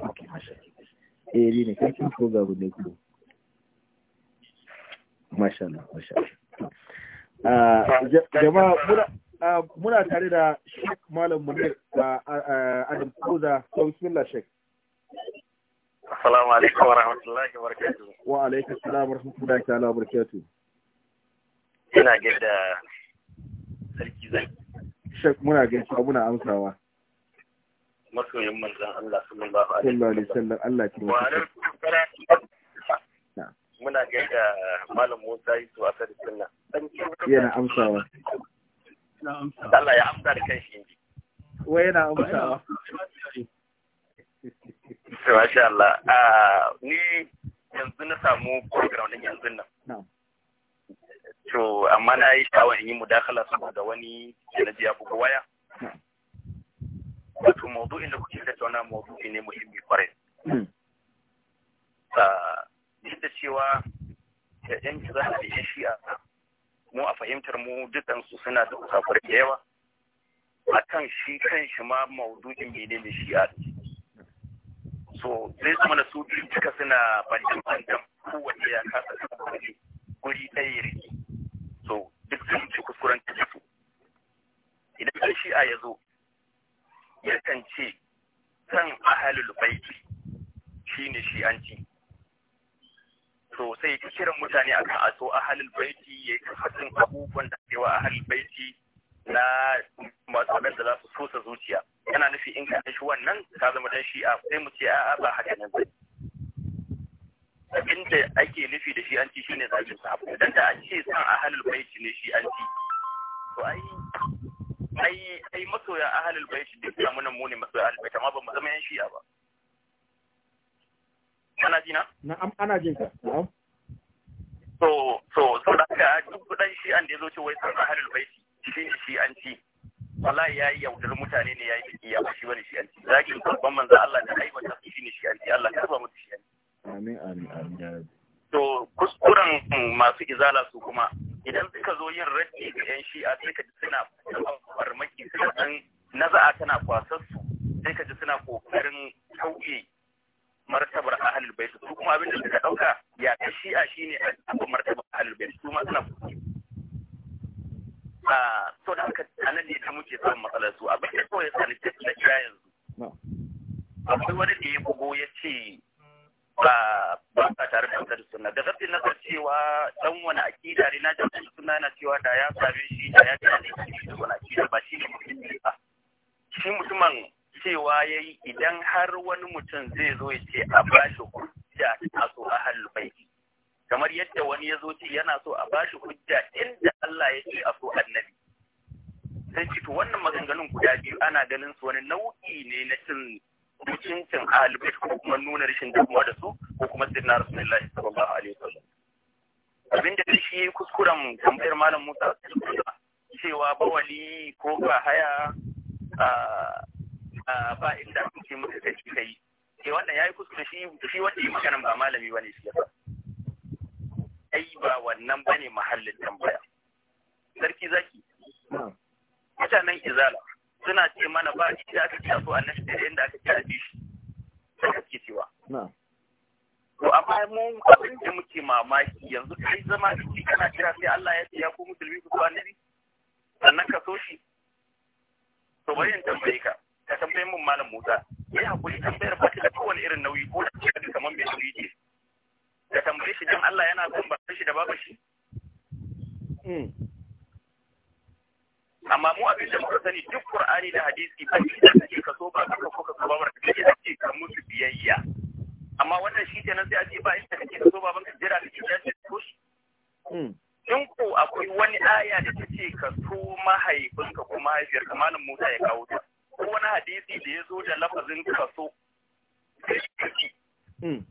Ok, masha. Eh, ni ne, ka kira program ne ku. Masha Allah, masha ah, Jama'a, ah, muna tare da Sheikh Malam Munir ah, Assalamu alaikum wa rahmatullahi wa barakatuhu. Wa alaikum salam wa rahmatullahi ta'ala wa barakatuhu. Ina gaida sarki zai. Shek muna gaisa muna amsawa. Masoyin manzon Allah sallallahu alaihi wa sallam. Allah ki mutunta. Muna gaida Malam Musa Yusuf Asad Sunna. Yana amsawa. Allah ya amsa da kai shi. Wai yana amsawa. Wa sha Allah. Ah, ni yanzu na samu program din yanzu nan. To, amma na yi shawar in yi sama da wani yanaji ya buga waya. Wato, maudu'in da kuke tattauna maudu'i ne muhimmi kwarai. Hmm. Ah, duk da cewa da ‘yan za a yi a? mu a fahimtar mu dukansu suna da kusakurai da yawa. Akan shi kan shi ma maudu'in ne ne shi'a ne. so zai zama na su biyu duka suna banjan banjan kowanne ya kasa kamfani guri ɗaya riki so duk sun ci kuskuren su idan ɗan shi'a ya zo yakan ce san ahalul baiti ne shi'anci so sai ta kiran mutane akan a halin ahalul baiti ya yi abubuwan da a ahalul baiti na masu abin da za su sosa zuciya yana nufi in ka shi wannan ka zama dan shi'a sai mu ce a'a ba haka nan ba abinda ake nufi da shi an ci shine zagin sahabbai dan da an ce san ahlul bait ne shi an ci to ai ai ai masoya ahlul bait duk da mun mu ne masoya ahlul bait amma ba mu zama yan shi'a ba kana ji na na'am ana jin ka na'am so so so da ka duk dan shi'an da yazo ce wai san ahlul bait shi ne shi an ci wallahi yayi yaudar mutane ne yayi biki ba shi wani shi anti zaki babban manzo Allah da aiwata shi ne shi anti Allah ka ba mu shi anti amin amin amin ya to kuskuren masu izala su kuma idan suka zo yin raddi ga yan shi'a sai ka ji suna farmaki suna dan naza'a tana kwasar su sai ka ji suna kokarin tauye martabar ahlul bait su kuma abin da suka dauka ya ta shi'a shine abin martabar ahlul bait su ma suna kokarin Ah, to da haka a ne ta muke samun matsalar su abin da kawai sani ta na kira yanzu akwai wani da ya bugo ya ce ba ba ka tare da amsar suna da zafi na cewa dan wani akida ne na jami'in suna na cewa da ya sabi shi da ya gane shi da wani akida ba shi ne mutum ba shi mutumin cewa ya yi idan har wani mutum zai zo ya ce a bashi hujja ta so a halbai kamar yadda wani ya zo ce yana so a bashi hujja inda Allah ya ce a so annabi sai ce to wannan maganganun guda biyu ana ganin su wani nau'i ne na cin mutuncin alibai ko kuma nuna rashin damuwa da su ko kuma sirna rasulullahi sallallahu alaihi wasallam abin da shi kuskuren tambayar malam Musa cewa bawali ko ba haya ba inda kuke mutunta shi kai sai eh, wannan yayi kuskure shi shi wanda yi magana ba malami bane shi yasa ai ba wannan ba ne mahallin tambaya sarki zaki mutanen izala suna ce mana ba da aka ce so annabi da inda aka ce a bi shi suke cewa to amma mu abin da muke mamaki yanzu kai zama ciki kana kira sai Allah ya ce ya ku musulmi ku ko annabi sannan ka so shi to bari in tambaye ka ka tambaye mun malam Musa ya hakuri tambayar ba ta kowane irin nauyi ko da kamar bai nauyi ce da tambaye shi don Allah yana son baban shi da babu shi hmm. amma mu abin da muka sani duk Kur'ani da hadisi ba shi da kake kaso ba kaka ko kaso ba wanda kake kake kan musu biyayya amma wannan shi kenan sai a ce ba inda kake kaso ba ban ka jira shi da shi ko shi in hmm. ko akwai wani aya da ta ce ka so mahaifinka ko mahaifiyar ka malam Musa ya kawo ta ko wani hadisi da ya zo da lafazin ka so hmm.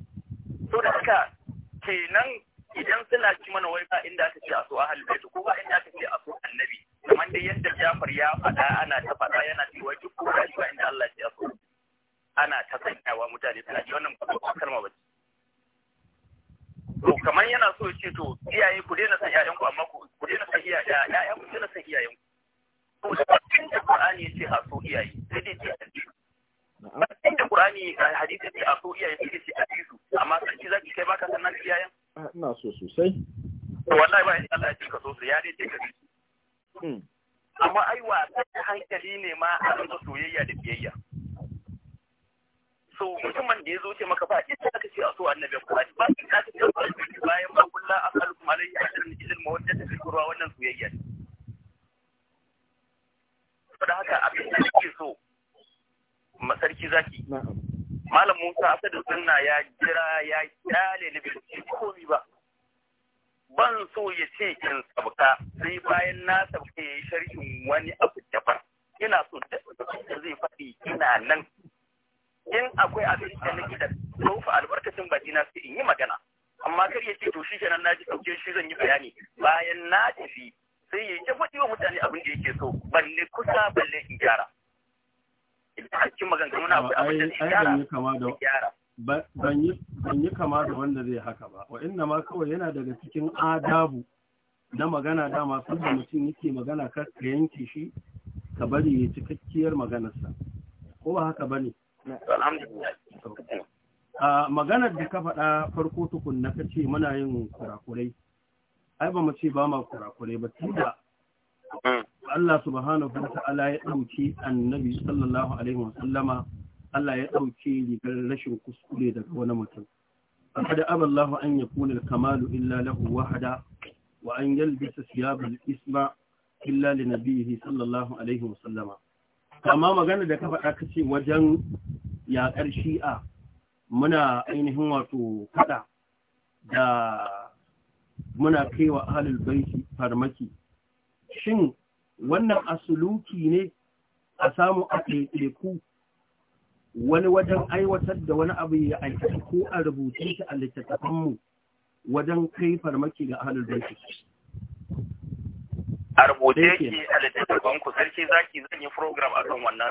so da haka kenan idan suna ci mana wai ba inda aka ce a so ahal baitu ko ba inda aka ce a so annabi kamar dai yadda Jafar ya faɗa ana ta faɗa yana cewa duk ko da ba inda Allah ya so ana ta sanyawa mutane suna ci wannan ba kalma ba to kamar yana so ya ce to iyaye ku daina san iyayen ku amma ku daina san iyaye ya ku daina san iyayen ku to da cikin Qur'ani yace ha so iyaye sai dai ce Bakin da Qur'ani ga hadisi ce a so iyayen suke shi a su amma sarki zaki kai baka sannan iyayen. Ah, ina so sosai. Wallahi ba Allah ya ce so su ya dai ce ka su. Hmm. Amma Aiwa wasan hankali ne ma a rinka soyayya da biyayya. So mutumin da ya zo ce maka ba ita aka ce a so annabin Qur'ani ba ita aka ce bayan ba kullu asalukum alayhi ajran ilal mawaddati fil qurwa wannan soyayya. Saboda haka abin da nake so masarki zaki malam musa asadu sunna ya jira ya kyale libirci komi ba ban so ya ce in sabka sai bayan na sabka ya yi sharhin wani abu daban ina so da zai faɗi ina nan in akwai abin da nake da tofa albarkacin na sai in yi magana amma kar ya ce to shi kenan na ji ɗauke shi zan yi bayani bayan na tafi sai ya ta faɗi wa mutane abin da yake so balle kusa balle in gyara a cikin maganganu na abin da gyara ban yi kama da wanda zai haka ba wa inna ma kawai yana daga cikin adabu na magana dama sun da mutum yake magana ka yanke shi ka bari ya cikakkiyar maganarsa ko ba haka bane a maganar da ka faɗa farko tukun na ka ce muna yin kurakurai ai ba mu ce ba ma kurakurai ba tunda Allah subhanahu wa ta'ala ya ɗauki annabi sallallahu alaihi wasallama Allah ya ɗauki rigar rashin kuskure daga wani mutum. Kada aballahu an ya kuna kamalu illa lahu wahada wa an yalbisa siyabul isma illa li nabiyhi sallallahu alaihi wasallama. Amma magana da ka faɗa kace wajen yaƙar shi'a muna ainihin wato faɗa da muna kaiwa ahlul baiti farmaki shin wannan asuluki ne a samu a ɗaiɗaiku wani wajen aiwatar da wani abu ya aikata ko a rubuce shi a littattafanmu wajen kai farmaki ga ahalul baiti a rubuce yake a littattafan ku sarki zaki zan a da na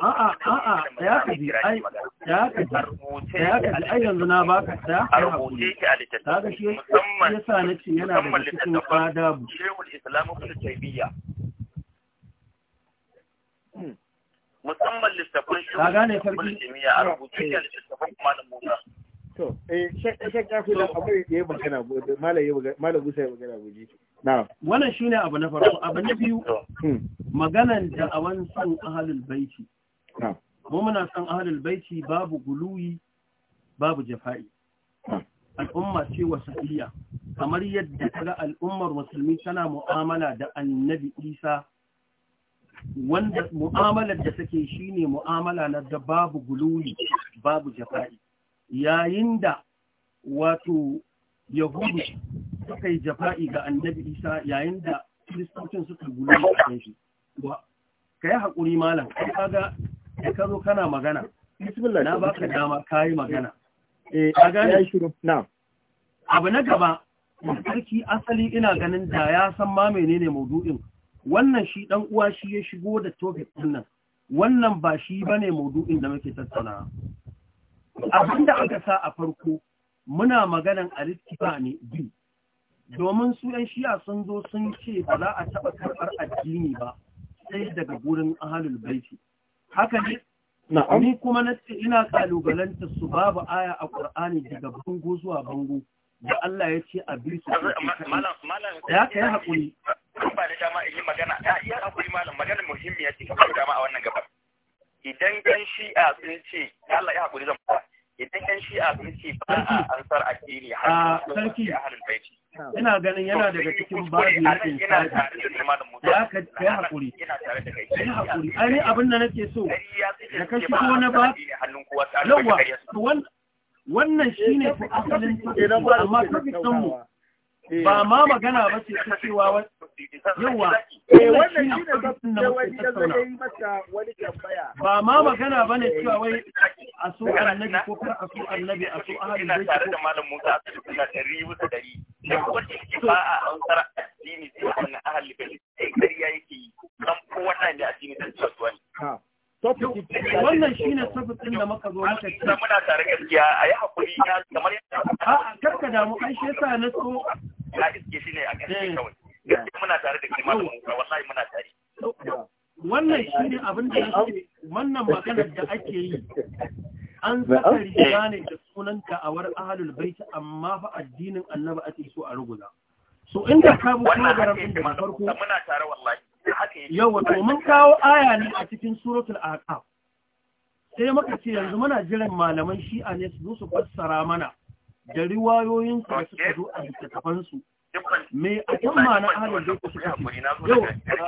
a'a ka ai ya ya ai yana da cikin shehul islam ibn hmm. musamman a ah, rubuce a eh. malam Musa to eh shek fi da ya magana magana ya magana guji wannan shi ne abu na farko abu na biyu hmm. maganan da wani son ahlul baiti mu muna son ahlul baiti babu guluyi babu jafa'i al'umma ce iya, kamar yadda kaga al'ummar musulmi tana mu'amala da annabi Isa wanda mu'amalar da take ne mu'amala na da babu guluyi babu jafa'i yayin da wato yahudu suka yi jafa'i ga annabi isa yayin da kiristocin suka gudu a kan shi ka yi haƙuri malam ka ga da ka kana magana na ba ka dama ka yi magana eh, a gane abu na gaba sarki asali ina ganin da ya san ma menene maudu'in wannan shi dan uwa shi ya shigo da topic nan wannan ba shi bane maudu'in da muke tattauna abinda aka sa a farko muna maganan alittifa ne biyu domin su ɗan shiya sun zo sun ce ba za a taɓa karɓar addini ba sai daga gurin ahalul baiti haka ne ni kuma na ce ina kalubalanta su babu aya a ƙur'ani daga bango zuwa bango da Allah ya ce a bisu ya ka yi haƙuri ba da dama in yi magana ya iya haƙuri malam magana muhimmiya ce kamar dama a wannan gaba. idan ɗan shi'a sun ce Allah ya haƙuri zan fara idan yan shi'a sun ce ba a ansar addini har ah, sarki ina ganin yana daga cikin babu na insani da aka kai hakuri kai hakuri ai abin da nake so da ka ko na ba yawa wannan shine asalin amma kafin mu Eh. ba ma magana ba ce ta cewa eh, wani yawa ba ma magana ba ne cewa wai a so annabi ko kar a so annabi a so ahalin zai tare da malam Musa a cikin suna ɗari bisa dari da wanda ke ba a hausar addini sai wannan ahalin bai sai kariya yake yi kan kowa da addini da cewa ne Eh, wannan shi ne sufis ɗin da muka zo muka ce. Muna tare gaskiya a yi haƙuri na kamar yadda. A'a karka damu an shi yasa na so. Na iske shi ne a ƙarshe eh. kawai. muna tare da kima da wallahi muna tare. Wannan shi ne abin da ake wannan maganar da ake yi. An saka riga ne da sunan ka'awar ahalul baiti amma fa addinin annaba ake so a ruguza. So inda ka bu kuma da rabin da farko. Muna tare wallahi. yawa to mun kawo aya ne a cikin suratul aqaf sai muka ce yanzu muna jiran malaman shi'a ne su zo su fassara mana da riwayoyin su suka zo a littattafan su me a kan mana ahlul bait suka ce yau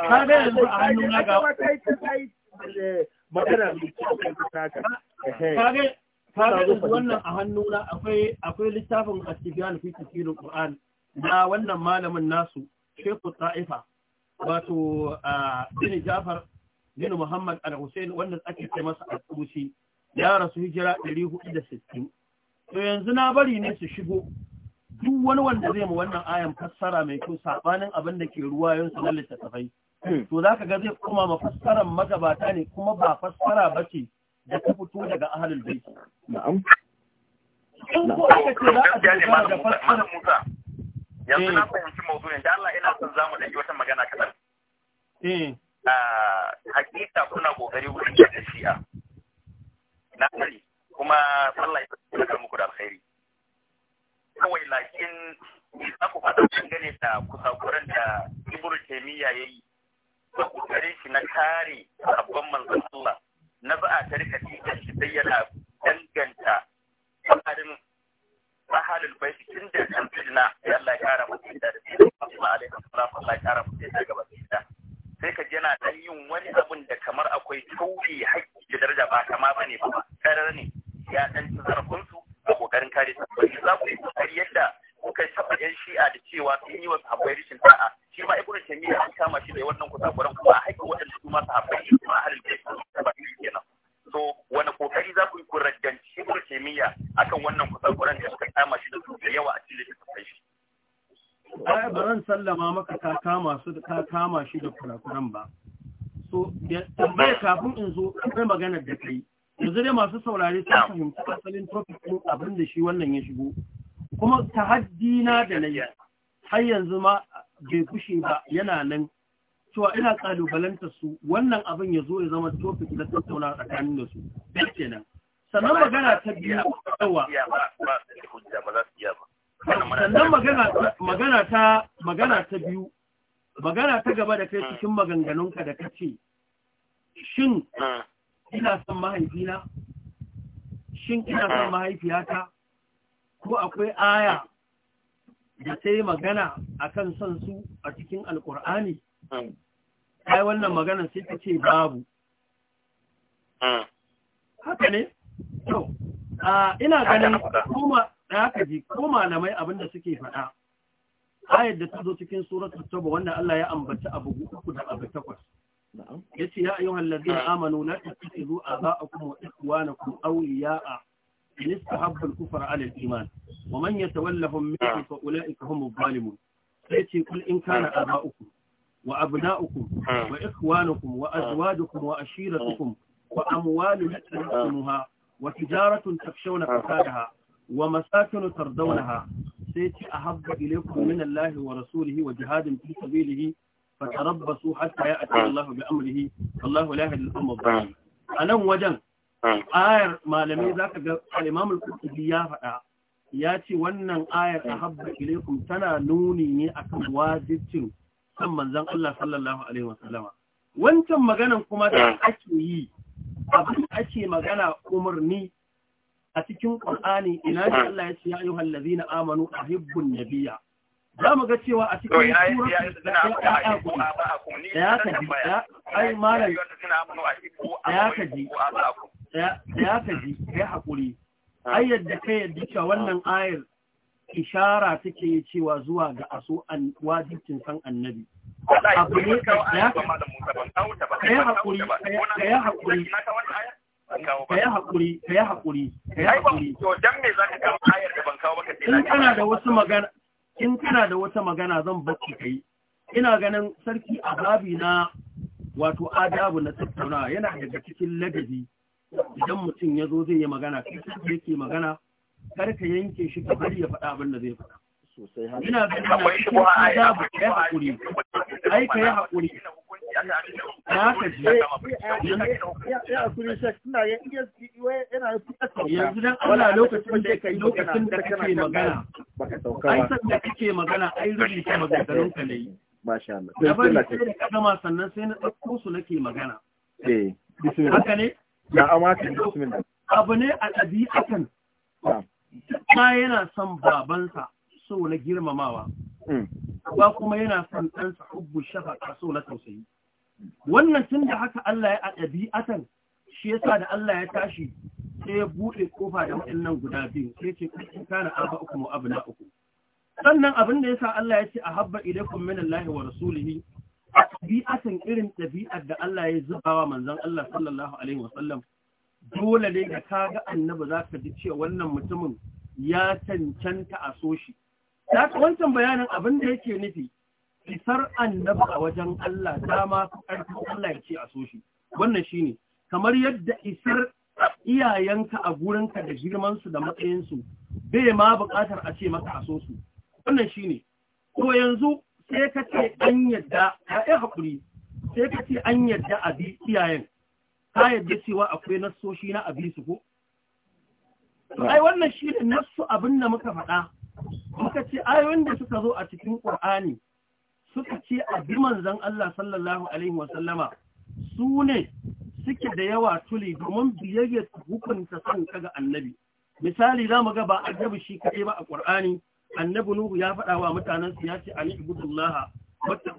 ka ga yanzu a hannun na ga magana mai kyau ka ga wannan a na akwai akwai littafin Astibiyan fi tafsirul Qur'an na wannan malamin nasu Sheikh Ta'ifa wato bin Jafar bin Muhammad al-Hussein wannan ake ce masa al-Qusi ya rasu hijira 460 to yanzu na bari ne su shigo duk wani wanda zai mu wannan ayan fassara mai kyau sabanin abin da ke ruwa, yansu na littattafai to zaka ga zai kuma ma fassaran magabata ne kuma ba fassara bace da ta fito daga ahlul bait na'am ko aka ce za a dogara da fassara yanzu eh. na fahimci mazu da Allah ina son za mu da wata magana kaɗan. Eh. Ah, hakika kuna kokari wurin da shi'a. Na sani kuma Allah ya saka muku da alkhairi. Kawai lakin za ku faɗa gane da kusakuran da Ibn Kemiya ya yi. Ba kokarin shi na kare sabon manzon Allah na ba a tarkaci da shi bayyana danganta al'adun ahalul baiti tun da kan fitna ya Allah ya kara masa gida da sai Fatima alaihi salam Allah ya kara masa gida gaba gida sai ka yana dan yin wani abun da kamar akwai tauri haƙƙi da daraja ba kama bane ba karar ne ya dan ci zarafin a kokarin kare su ba za ku yi kokari yadda kuka taɓa yan shi'a da cewa sun yi wa sahabbai rishin da'a shi ma taymiya an kama shi da wannan kuma a haƙƙi waɗanda su ma sahabbai su ma ahalul baiti ba kenan so wani kokari za ku yi ku rajjanci ibnu kimiyya akan wannan kusakuran da suka kama shi da su da yawa a cikin littafin shi ai zan sallama maka ka kama su ka kama shi da kurakuran ba so tambaya kafin in zo akwai maganar da kai yanzu dai masu saurare sun fahimci asalin topic din abin da shi wannan ya shigo kuma ta haddina da na nayi har yanzu ma bai kushe ba yana nan cewa ina kalubalantar su wannan abin ya zo ya zama topic na tattauna tsakanin da su dan kenan sannan magana ta biyu yawa sannan magana ta magana ta biyu magana ta gaba da kai cikin maganganunka da kace shin ina son mahaifina shin ina son mahaifiyata ko akwai aya da ta yi magana akan son su a cikin alkur'ani mm. kai wannan magana sai ka ce babu hmm. haka ne to ina ganin kuma da haka ji ko malamai abinda suke faɗa ayar da ta zo cikin suratul tauba wanda Allah ya ambaci abu uku da abu takwas yace ya ayyuhal ladina hmm. amanu la tattakhidhu aba'akum wa ikhwanakum awliya'a in istahabbu al kufar 'ala alal iman wa manya yatawallahum minkum fa ulaika hum adh-dhalimun yace kul in kana hmm. uku وأبناؤكم وإخوانكم وأزواجكم وأشيرتكم وأموال تحرقونها وتجارة تخشون فسادها ومساكن ترضونها سيتي أحب إليكم من الله ورسوله وجهاد في سبيله فتربصوا حتى يأتي الله بأمره الله لا يهدي الأمر الضالين أنا وجن آير ما لم ذاك الإمام القرطبي يا فدا ياتي wannan ayar ahabba ilaykum tana nuni ne akan wajibcin kan manzon Allah sallallahu alaihi wasallama wancan maganan kuma da ake yi abin ake magana umarni a cikin Qur'ani ina ne Allah ya ce ya ayyuhal ladina amanu ahibbun nabiyya za mu ga cewa a cikin surar da ya ka ai malam ya ka ji ya ka ji ya haƙuri ai yadda ka yadda cewa wannan ayar ishara take cewa zuwa ga aso an wajibcin san annabi abu ne ka ya hakuri ka yi hakuri ka yi hakuri, ka yi hakuri. in kana da wasu magana in kana da wata magana zan bacci kai ina ganin sarki a babi na wato adabu na tattauna yana daga cikin ladabi idan mutum ya zo zai yi magana kai yake magana kar ka yanke shi ka bari ya faɗa abin da zai faɗa ina ganin na cikin adabu ya haƙuri ai e e, e ka yi haƙuri na ka ji ya haƙuri shek suna yanzu dan Allah lokacin da yi lokacin da kake magana ai san da kake magana ai rubuta maganganun ka ne masha da bari sai ka gama sannan sai na ɗauko su nake magana eh haka ne na amata bismillah abu ne a ɗabi'atan ta yana son babansa so na girmamawa hmm. ba kuma yana son ɗansa hubbu shafaka so na tausayi wannan tun da haka Allah ya ɗabi'atan shi yasa da Allah ya tashi sai ya buɗe kofa da waɗannan guda biyu sai ce kun kana aba uku mu abu na uku sannan abin da yasa Allah ya ce a habba ilaikum min Allah wa rasulihi ɗabi'atan irin ɗabi'ar da Allah ya zubawa manzon Allah sallallahu alaihi wa sallam dole ne ga kaga annabi za ka ji cewa wannan mutumin ya cancanta a so shi ka wancan bayanin abin da yake nufi isar annabi a wajen Allah dama ƙarfi Allah ya ce a so shi wannan kamar yadda isar iyayenka a gurinka da girmansu da matsayinsu bai ma buƙatar a ce maka a so su wannan ne to yanzu sai ka ce an yadda ya haƙuri sai ka ce an yadda a bi iyayen ta yadda cewa akwai nassoshi na abin su ko? Ai wannan shi ne nassu abin da muka faɗa, muka ce ayoyin da suka zo a cikin Ƙur'ani suka ce a zan manzan Allah sallallahu Alaihi wasallama su ne suke da yawa tuli domin biyayya hukunta son kaga annabi. Misali za mu ga ba jabi shi kaɗai ba a Ƙur'ani, annabi Nuhu ya faɗa wa mutanen su ya ce a ni ibudullaha wata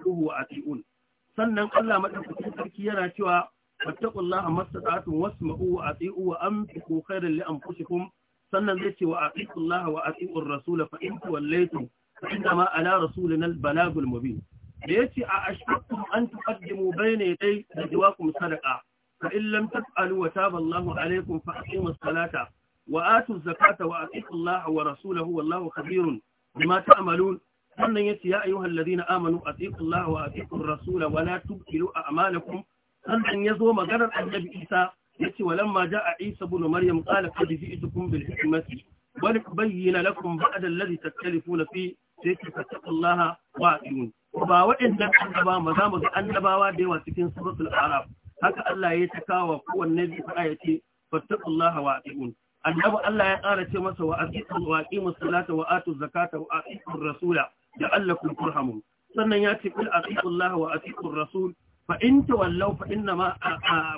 Sannan Allah maɗaukakin sarki yana cewa fattaqullaha mastata'tum wasma'u wa ati'u wa anfiqu khairan li anfusikum sannan zai ce wa atiqullaha wa ati'ur rasula fa in tawallaytum fa inma ala rasulina al-balagul mubin da yace a ashfakum an tuqaddimu bayna yaday najwaakum sadaqa fa in lam taf'alu wa taba Allahu alaykum fa aqimus salata wa atu zakata wa atiqullaha wa rasulahu wallahu khabirun bima ta'malun sannan yace ya ayyuhal ladina amanu atiqullaha wa atiqur rasula wa la tubtilu a'malakum sannan ya zo maganar annabi isa ya ce walamma ja a isa bunu maryam qala qad ji'tukum bil hikmati wa bayyana lakum ba'da alladhi tattalifuna fi sai ki fattaqullaha wa atiyun ba waɗannan annaba ma za mu ga annabawa da yawa cikin suratul arab haka Allah ya ta kawo kowanne bi fa ya ce fattaqullaha wa atiyun Allah ya ƙara ce masa wa atiqul wa salata wa atuz zakata wa da rasula la'allakum turhamun sannan ya ce kul atiqullaha wa atiqur rasul fa in tawallaw fa inna ma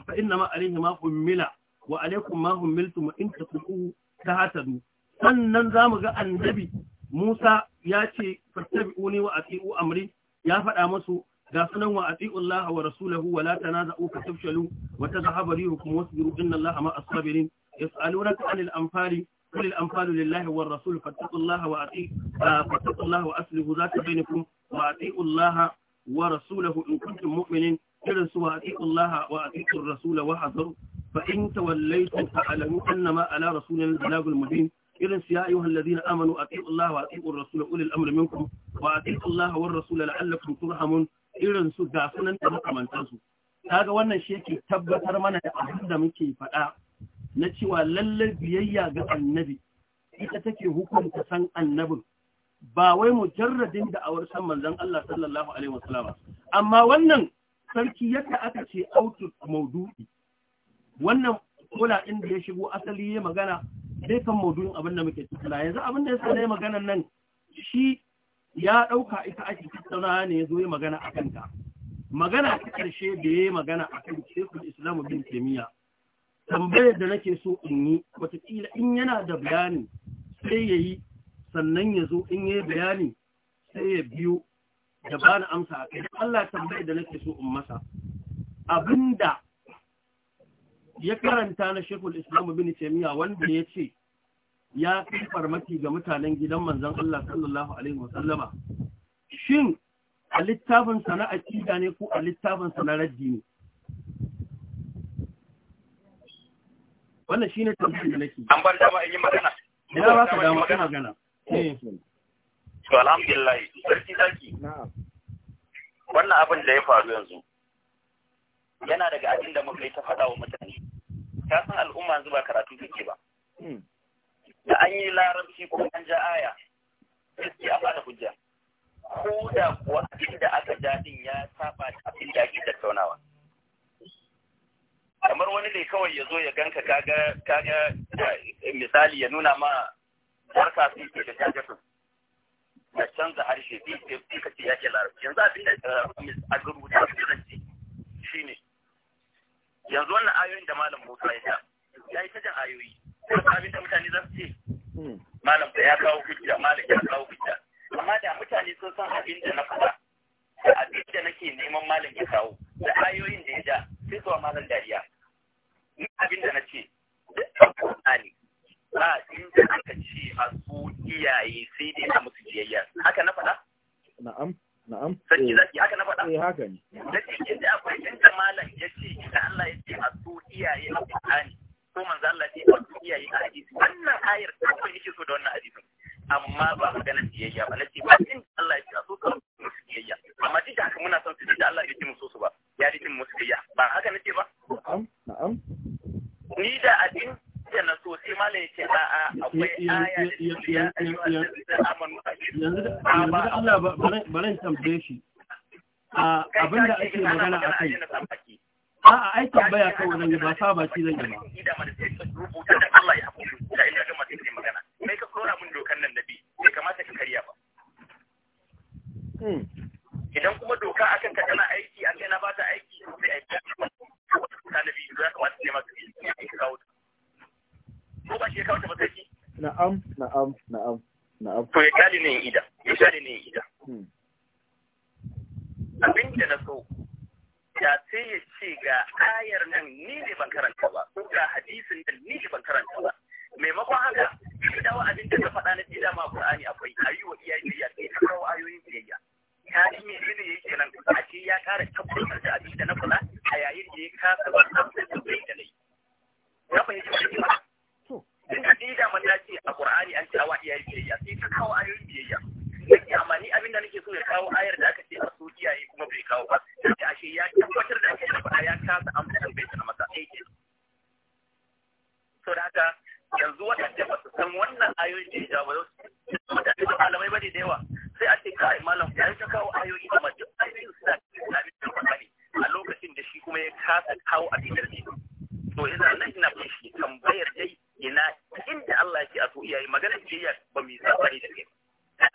fa inna ma alayhi ma ummila sannan zamu ga annabi Musa ya ce fattabi'uni wa ati'u amri ya faɗa musu ga sunan wa ati'u Allah wa rasulahu wa la tanaza'u fa tafshalu wa tadhhabu rihukum wasbiru inna Allah ma'a sabirin yas'alunaka 'anil anfali قل الأنفال لله والرسول فاتقوا الله وأطيعوا فاتقوا الله وأصلحوا ذات بينكم وأطيعوا الله wa rasulahu in kuntum mu'minin irin su wa atiqullaha wa atiqur rasula wa hazaru fa in tawallaytum fa'lamu annama ala rasulina al-balagul mubin irin su ya ayyuha alladhina amanu atiqullaha wa atiqur rasula ulil amri minkum wa atiqullaha war rasula la'allakum turhamun irin su ga sunan da makamantan su kaga wannan shi yake tabbatar mana da abin da muke faɗa na cewa lallai biyayya ga annabi ita take hukunta san annabin ba wai mujarradin da awar san manzon Allah sallallahu alaihi wasallam amma wannan sarki yadda aka ce autu maudu'i wannan kola da ya shigo asali ya magana dai kan maudu'in abin da muke tsala yanzu abin da ya sa maganan nan shi ya ɗauka ita ake tsara ne yazo zo ya magana a kanta magana ta karshe da ya yi magana a shekul islam bin taimiyya tambayar da nake so in yi watakila in yana da bayani sai yayi sannan ya zo in yi bayani sai ya biyo da ba na amsa a kai Allah tambaye da nake so in masa abinda ya karanta na shekul islam bin taimiyya wanda ya ce ya fi farmaki ga mutanen gidan manzan, Allah sallallahu alaihi wasallama shin a littafin sana akida ne ko a littafin sana raddi ne wannan shine tambayar da nake an ba dama in yi magana ina ba ka dama kana gana? Eh. to alhamdulillah sarki wannan abin da ya faru yanzu yana daga abin da muka yi ta faɗa wa mutane ka san al'umma yanzu ba karatu take ba hmm. da an yi larabci ko an ja aya sai a fara hujja ko da kuwa abin da aka ja din ya saba da abin da ake tattaunawa kamar wani ne kawai ya zo ya ganka kaga kaga misali ya nuna ma harka fi ke da jajatu da canza harshe fi ke fi ka ce yake larabci yanzu abin da eh, a rubuta su zance shi ne yanzu wannan ayoyin da malam musa ya ta ya yi ta jan ayoyi wasu abin da mutane za su ce hmm. malam da ya kawo hujja malam ya kawo hujja amma da mutane sun san abin da na faɗa da abin da nake neman malam ya kawo da ayoyin da ya ja sai zuwa malam dariya ni abin da na ce duk ɗan ne ba inda aka ce a su iyaye sai dai a musu biyayya haka na faɗa na'am na'am sarki eh, zaki haka na faɗa eh haka ne dace inda akwai inda malam yace idan Allah ya ce a su iyaye a Qur'ani ko manzo Allah ya ce a su iyaye a hadisi wannan ayar kawai yake so da wannan hadisin amma ba maganar biyayya ba ce ba in Allah ya ce a su ka musu biyayya amma duk da haka muna son su da Allah ya yake musu su ba ya ji musu jiyayya ba haka ce ba na'am na'am ni da abin sai a yanzu da barin tambaye shi a abin da ake magana a kai a a ai tambaya kawai zan yi ba sa ba ci zan yi ba ba idan kuma doka akan ka tana aiki a kai na ba ta aiki sai aiki ta nabi za ka wata ne maka aiki kawo ko ba shi ya kawo ta mataki na'am na'am na'am na'am to ya kyale ne ida ya kyale ne ida abin da na so ya sai ya ce ga ayar nan ni ne ban karanta ba ko ga hadisin da ni ne ban karanta ba maimakon haka shi dawo abin da ta faɗa na ce dama Qur'ani akwai a yi wa iyaye biyayya sai ka kawo ayoyin biyayya ya yi mai ne ya ke nan a ce ya kare tabbatar da abin da na kula a yayin da ya kasa ba da bai da lai na fahimci ba duk aqida man dace a Qur'ani an cewa awa iyaye biyayya sai ka kawo ayoyin biyayya nake amma ni abin da nake so ya kawo ayar da aka ce a so iyaye kuma bai kawo ba sai ashe ya tabbatar da ake faɗa ya kasa amsa tambayar na masa aiki to da yanzu waɗanda ba su san wannan ayoyin da ya ba mutane da malamai bane da yawa sai a ce kai malam ya ta kawo ayoyi da mace ayoyin suna cikin abin da ba ne a lokacin da shi kuma ya kasa kawo abin da ne to ina nan ina shi tambayar dai ina inda Allah yake a so iyaye magana ya ba mu sabani da kai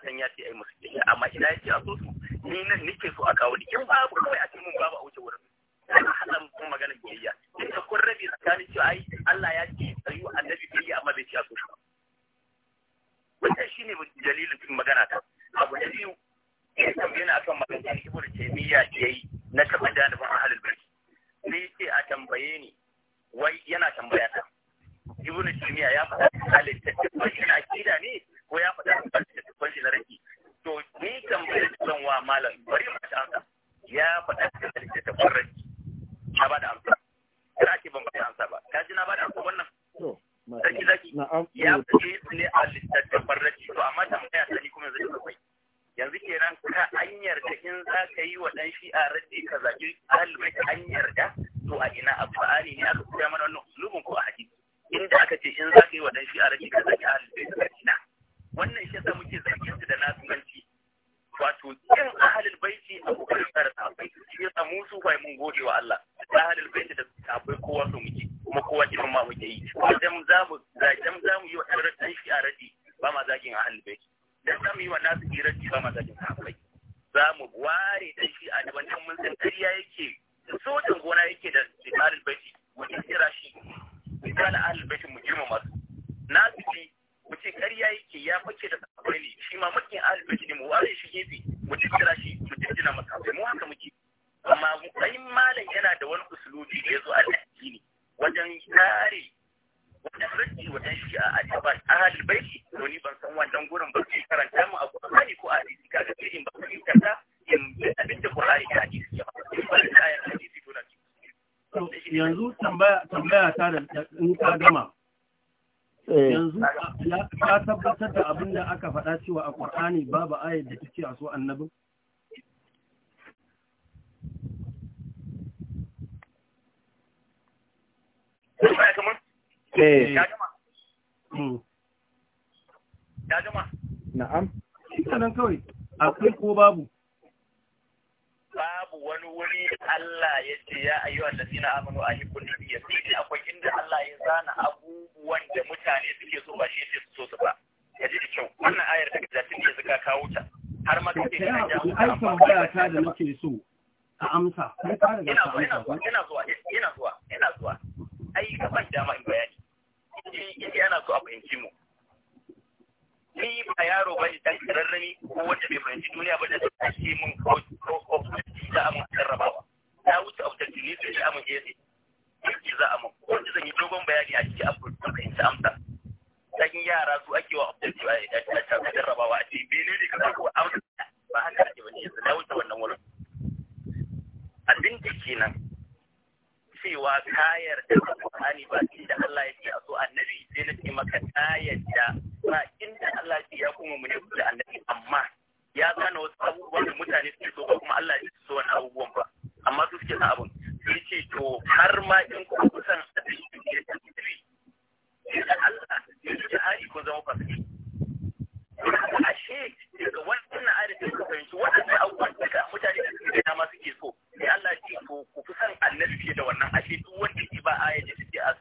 san ya ce ai musu biyayya amma ina yake a so su ni nan nake so a kawo ni in babu kawai a cikin babu a wuce wurin sai hada mu magana In inda kun rabi tsakanin cewa ai Allah ya ce tsayu annabi biyayya amma bai ce a so shi wannan shine dalilin magana ta abu na biyu ya tambayi ni akan magana ibnu taymiya yi na tabbata da ba ahlul bai ni ce a tambaye ni wai yana tambaya ta ibnu taymiya ya faɗa da littattafan shi na akida ne ko ya faɗa da littattafan shi na raki to ni tambayar zan wa malam bari mu ta ya faɗa a littattafan raki na ba da amsa ka ce ban bada amsa ba ka ji na ba da amsa wannan sarki zaki ya faɗi ne a littattafan raki to amma tambaya ta ni kuma zai akwai yanzu kenan ka hanyar da in za ka yi wa ɗan a raddi ka zaɓi ka hanyar da? to a ina a ne aka kuma mana wannan usulubin ko a hadisi inda aka ce in za ka yi wa dan a rashi ka zaki ahalin bai da na wannan shi yasa muke zargin su da nasubanci wato yin halin baiti a kokarin tsara Akwai shi yasa mu su kai mun gode wa Allah da halin baiti da akwai kowa so muke kuma kowa kiran ma muke yi idan za mu idan za mu yi wa ɗan dan shi'a rashi ba ma zagin halin baiti dan za mu yi wa nasu rashi ba ma zagin sahabbai za mu ware dan shi'a da wannan mun san kariya yake sojan gona yake da ahalin baiti wajen kira shi kana ahlul baitin mu girma masu nazifi mu ce ƙarya yake ya fake da sahabbai ne shi ma makin ahlul baitin mu ware shi gefe mu tattara shi mu tattara masa mu haka muke amma ai malam yana da wani usulubi da ya zo ne. wajen kare wajen rikki wajen shi a ajaba ahlul baiti to ni ban san wannan gurin ba sai karanta mu a Qur'ani ko a hadisi kaga in ba sai kaza in abin da Qur'ani ya hadisi ya ba yanzu tambaya tambaya ta da tabbatar da abin da aka faɗa cewa a ƙwar'ani babu ayar da take a so annabin? Eh. Ya hmm. Na'am. Ikanan kawai, akwai ko babu? Babu wani wuri Allah ya ce ya ayyuwa da sina Aminu a hibun ya sai akwai inda Allah ya zana abubuwan da mutane suke so ba shi ce su so su ba. ka ji da kyau wannan ayar da da ne yanzu kawo ta har ma kake kana ja ai tambaya ta da nake so a amsa kai ka riga ka amsa ina zuwa ina zuwa ina zuwa ai ka ban dama in bayani in ana so a fahimci mu ni ba yaro ba ne dan kararrami ko wanda bai fahimci duniya ba da ta tashi min ko ko da amin jarrabawa na wuce objective ne sai amin je eh, sai eh, za a mun ko zan yi dogon bayani a cikin abu da fahimci amsa matakin yara su ake wa objective a jarrabawa a ce bene ne ka sako amsa ba haka ake wani yanzu na wuce wannan wurin abin da ke nan cewa kayar yarda da Qur'ani ba da Allah ya ce a so annabi sai na ce maka ka yarda ba inda Allah ya ce ya kuma mu ne da annabi amma ya gane wasu abubuwan da mutane suke so ba kuma Allah ya ce so wani abubuwan ba amma su suke sa abun sai ce to har ma in ku kusan abin da ke da Allah yanzu jihadi kun zama fasiki ashe daga wannan ayat da kuka fahimci waɗannan abubuwan daga mutane da suke da ma suke so sai Allah ya ce ko ku fi san annabi fiye da wannan ashe duk wanda ke ba ayat da take a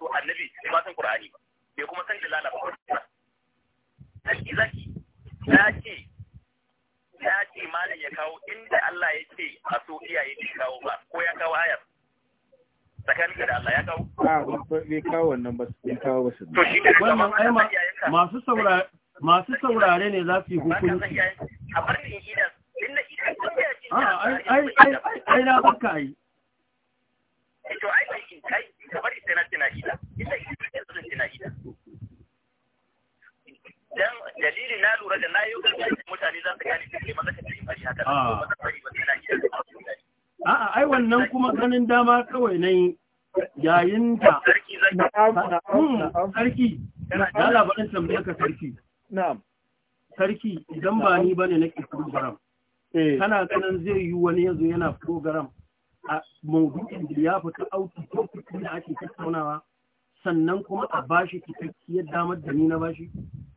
so annabi bai ma san Qur'ani ba bai kuma san dalala ba sarki zaki ya ce ya ce malam ya kawo inda Allah ya ce a so iyaye bai kawo ba ko ya kawo ayar tsakanin da Allah ya kawo? bai kawo wannan ba kawo ba su. To shi da wannan ai masu saurare masu saurare ne za su yi hukunci. A bar ni na ya ji. Ah, ai ai ai ai na baka ai. Eh, to ai ai kai ka na tana ida. tana ida. Dan dalili na lura da na yi mutane za su gane ne maza ka tsaye bari haka. Ah. Ba za A'a, ai wannan kuma ganin dama kawai na yi yayin da sarki, ya labarin tambayar ka sarki. Sarki, idan ba ni ba ne nake program. Eh. Kana ganin zai yi wani yanzu yana program a maudu'in da ya fita auki ko da ake tattaunawa. sannan kuma a bashi cikakkiyar damar da ni na bashi?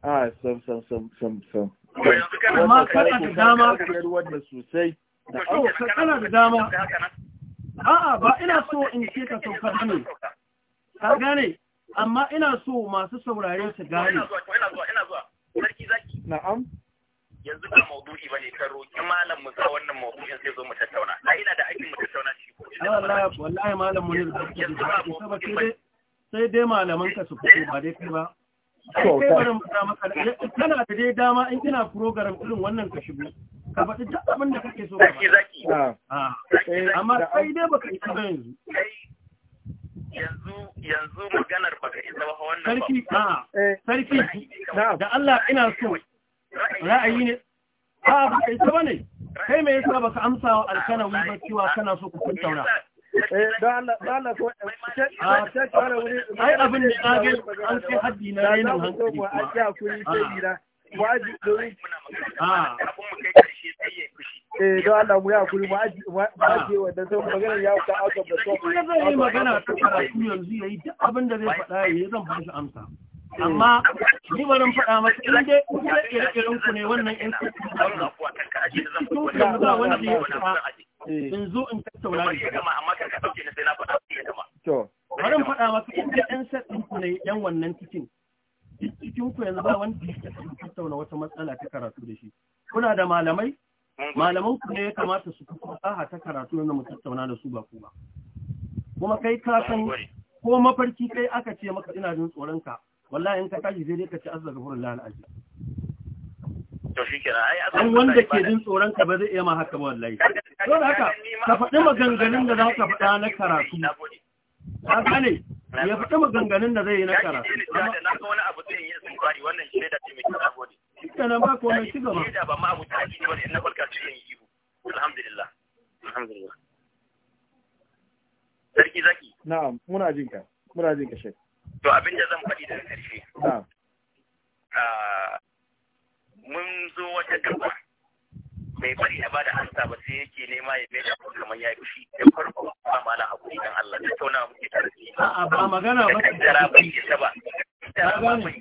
A, ah, sam, sam, sam, sam, sam. Amma kana da dama. Kana da sosai. Oh, kana da dama a'a ba ina so in ce ka saukar hannu ka gane amma ina so masu saurare su gane na'am yanzu ba maudu'i ba ne kan roƙi malam mu sa wannan maudu'in sai zo mu tattauna a ina da aikin mu tattauna shi ko wallahi wallahi malam mu ne da kake saboda sai sai dai malaman ka su fito ba dai kai ba kai barin maka kana da dai dama in kina program irin wannan ka shigo ka faɗi duk abin da kake so ka faɗi. Ah. Ah. Amma sai dai baka isa ba yanzu. Yanzu yanzu maganar baka isa ba wannan ba. Sarki a ah, eh. sarki da Allah ina so ra'ayi ne a baka isa ba ne. Kai me yasa baka amsa wa alkanawi ba cewa kana so ku kuntauna. Eh, Ai abin da tsagen an sai haddi na yanin hankali. Wajibi domin. hayye eh don Allah mu ya kuri mu aji mu aji wanda sai magana ya ka aka ba so in zai yi magana ta karatu yanzu yayi duk abin da zai faɗa yayi zan ba shi amsa amma ni barin nan faɗa maka in dai in dai ire-iren ku ne wannan in ku ku da za wanda ya faɗa in zo in tattauna da shi gama amma ka dauke ni sai na faɗa ya gama to bari in faɗa maka in dai ɗan sadin ku ne ɗan wannan cikin cikin ku yanzu ba wanda ya tattauna wata matsala ta karatu da shi kuna da malamai malaman ku ne ya kamata su kuma saha ta karatu na mu tattauna da su ba ku ba kuma kai ka san ko mafarki kai aka ce maka ina jin tsoron ka wallahi in ka tashi zai ka ci azza gafurul lahi alazim to shikenan ai azza wanda ke jin tsoron ka ba zai iya ma haka ba wallahi don haka ka faɗi maganganun da za ka faɗa na karatu ka gane ya faɗi maganganun da zai yi na karatu na ga wani abu zai yi sun fari wannan shaida ce mai kira gode Shikenan ba ko komai ci gaba. Da ba ma abu ta ji wani na farka cikin ihu. Alhamdulillah. Alhamdulillah. Sarki zaki. Na'am, muna jin ka. Muna jin ka shek. To abin da zan faɗi daga ƙarshe. Na'am. Ah, mun zo wata gaba bai bari ya bada ansa ba sai yake nema ya mai da kamar yayi fushi da farko ba mala hakuri dan Allah da tauna muke tare a'a ba magana ba ta ba ta ba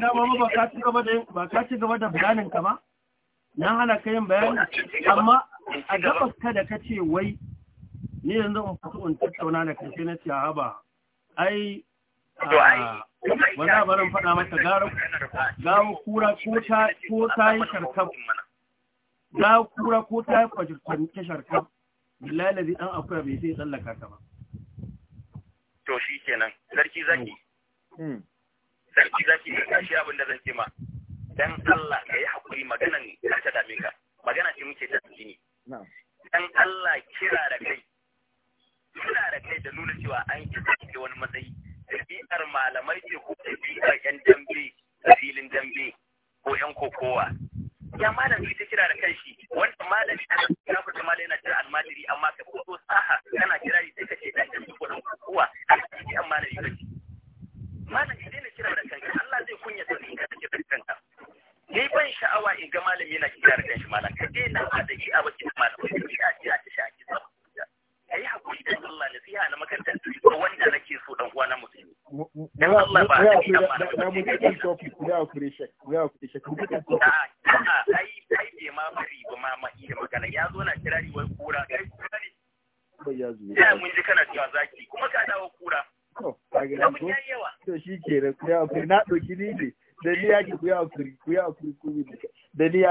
ka dama ba ka ci gaba da ba ka ci gaba da bayanin ka ba na hana ka yin bayani amma a gaba ka da ka ce wai ni yanzu in fito in tattauna da kai sai na ce haba ai wanda barin faɗa maka gara gara kura ko ta ko ta yi sharkab gara kura ko ta yi kwajirtan ta sharkab billahi lazi dan akwai bai sai tsallaka ta ba to shi kenan sarki zaki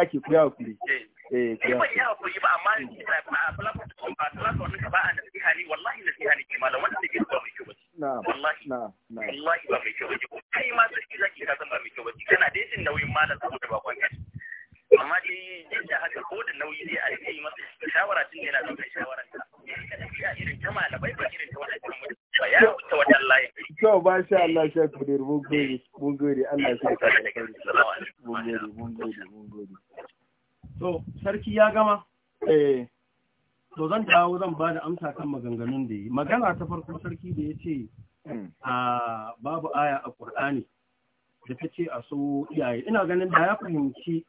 ake ku Eh, ku ba amma a platform ba ba a nasiha ne wallahi nasiha ne ba mai kyau bace. ba ba da yin nauyin malam saboda ba ko da nauyi dai a rike yi masa shawara tun yana Ya ba ba ya ba sha Allah sha mun Allah sha sarki ya gama? Eh. To zan dawo zan ba da amsa kan maganganun da yi. Magana ta farko sarki da ya ce hmm. a babu aya a Ƙur'ani da ta ce a so iyaye. Ina ganin da ya fahimci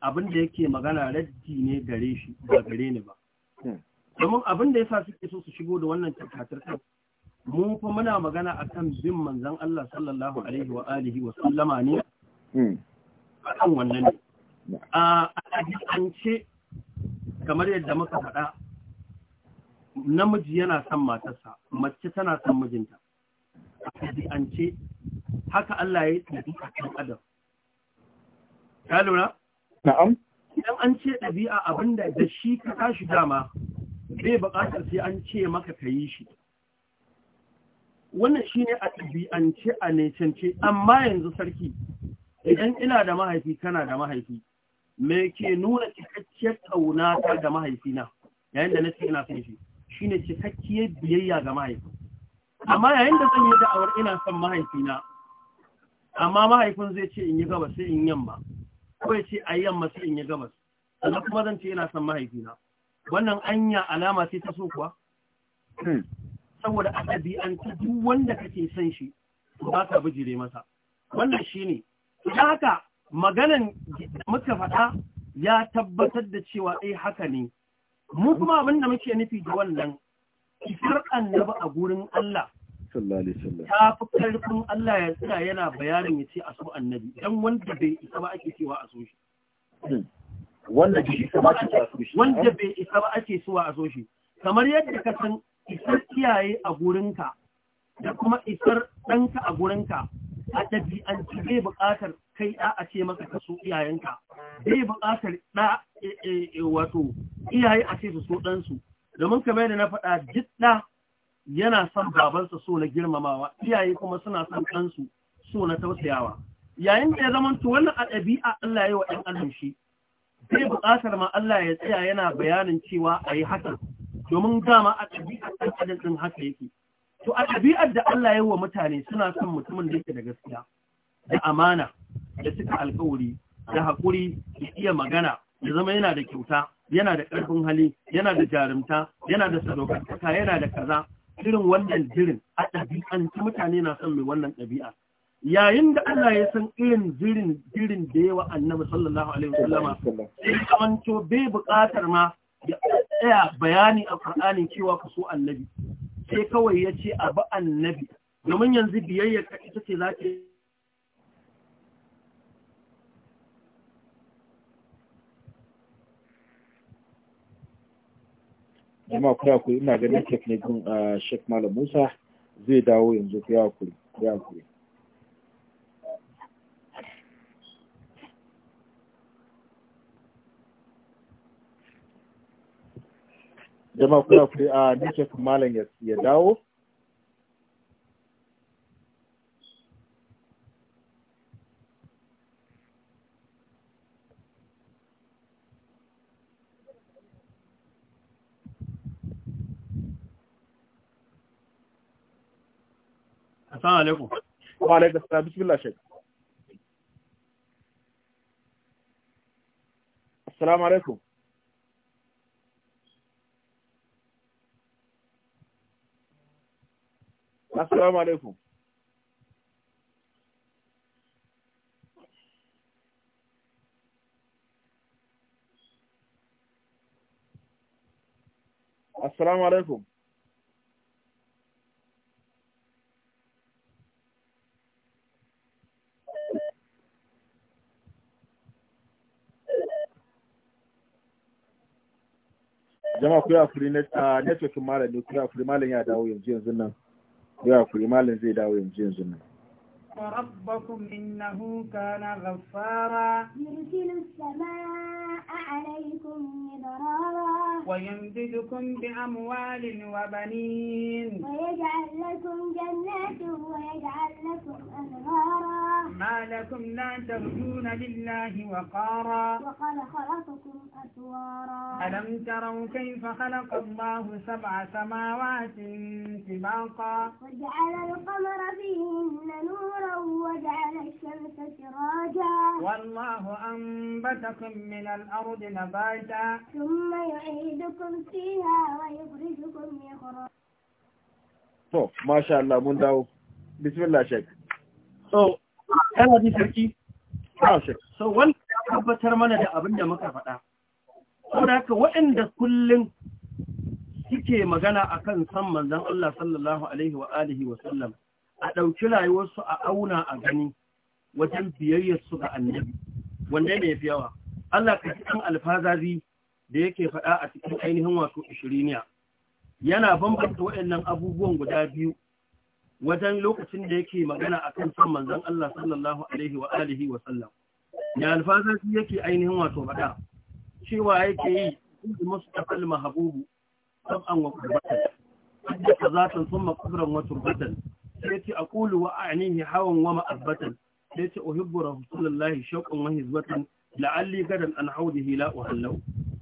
abin da yake magana raddi ne gare shi ba gare ni ba. Hmm. Domin abin da ya sa suke so su shigo da wannan tattatar mu fa muna magana akan bin manzon Allah sallallahu alaihi wa alihi wa sallama ne hmm. akan wannan ne. a kamar yadda muka faɗa namiji yana son matarsa mace tana son mijinta a ɗabi'ance haka Allah ya yi ɗabi'a kan adam ka lura? na'am idan an ce ɗabi'a abinda da shi ka tashi dama bai buƙatar sai an ce maka ka yi shi wannan shi ne a ɗabi'ance a necance amma yanzu sarki idan ina da mahaifi kana da mahaifi me ke nuna cikakkiyar kauna ta ga mahaifina yayin da nace ina son shi shine cikakkiyar biyayya ga mahaifi amma yayin da zan yi da'awar ina son mahaifina amma mahaifin zai ce in yi gabas sai in yamma ko ya ce a yamma sai in yi gabas sannan kuma zan ce ina son mahaifina wannan anya alama sai ta so kuwa hmm. saboda a ɗabi'anta duk wanda kake son shi ba ka bijire masa wannan shine haka maganan muka faɗa ya tabbatar da cewa ɗai eh, haka ne mu kuma abin da muke nufi da wannan isar annabi a gurin Allah ta fi karfin Allah ya tsira yana bayanin ya ce a so annabi dan wanda bai isa ba ake cewa a so shi wanda bai isa ba ake cewa a so shi kamar yadda ka san isar kiyaye a gurinka da kuma isar ɗanka a gurinka a ɗabi'anci zai buƙatar kai ɗa a ce maka kaso iyayenka zai buƙatar ɗa e, e, e, wato iyaye a ce su so ɗansu domin kamar da na faɗa duk ɗa yana son babansa so na girmamawa iyaye kuma suna son ɗansu so na tausayawa yayin da ya zama to wannan a ɗabi'a Allah ya yi wa ɗan adam shi zai buƙatar ma Allah ya tsaya yana bayanin cewa a yi haka domin dama a ɗabi'a ɗan adam ɗin haka yake to a ɗabi'ar da Allah ya wa mutane suna son mutumin da yake da gaskiya da amana da suka alkawari da haƙuri da iya magana da zama yana da kyauta yana da ƙarfin hali yana da jarumta yana da sadaukantaka yana da kaza irin wannan jirin a ɗabi'an mutane na son mai wannan ɗabi'a yayin da Allah ya san irin jirin jirin da yawa annabi sallallahu alaihi wa sallama, sai kamanto bai buƙatar ma ya tsaya bayani a Qur'ani cewa ku so annabi sai kawai ya ce abu annabi domin yanzu biyayya ka ita ce za ta ma kura kuri ina ganin teknikin ah, shek malam musa zai dawo yanzu kuri kura kuri jama'a kuna kuri a nake malam ya dawo Assalamu alaikum. Wa alaikum assalam. Bismillah Sheikh. Assalamu alaikum. assalamu alaikum assalamu alaikum jama'a ku yi a free ah, network malam ne ku yi a free malam ya dawo yanzu yanzu nan ya kuri malam zai dawo yanzu yanzu nan ربكم إنه كان غفارا يرسل السماء عليكم مدرارا ويمددكم بأموال وبنين ويجعل لكم جنات ويجعل لكم أنهارا ما لكم لا ترجون لله وقارا وقال خلقكم أسوارا ألم تروا كيف خلق الله سبع سماوات سباقا وجعل القمر فيهن نورا وجعل الشمس سراجا والله أنبتكم من الأرض نباتا ثم يعيدكم فيها ويخرجكم إخراجا To, masha Allah mun dawo. Bismillah Sheikh. So, Yan sarki? So, wanda tabbatar mana da abin da muka faɗa. Saboda waɗanda kullum suke magana a kan san manzan Allah sallallahu Alaihi wa alihi wa a ɗauki rayuwarsu a auna a gani wajen biyayyarsu ga annabi. Wanda ne fi yawa? Allah ka ji ɗan alfazazi da yake faɗa a cikin ainihin wato ishiriniya. Yana bambanta waɗannan abubuwan guda biyu wajen lokacin da yake magana a kan son manzon Allah sallallahu alaihi wa alihi wa sallam ya alfaza shi yake ainihin wato bada cewa yake yi mustafa al-mahbubu sab'an wa qurbatan hadda kazatan thumma qubran wa turbatan a Kulu wa a'nihi hawan wa ma'abbatan yace uhibbu rasulullahi shawqan wa hizbatan la'alli gadan an haudihi la uhallau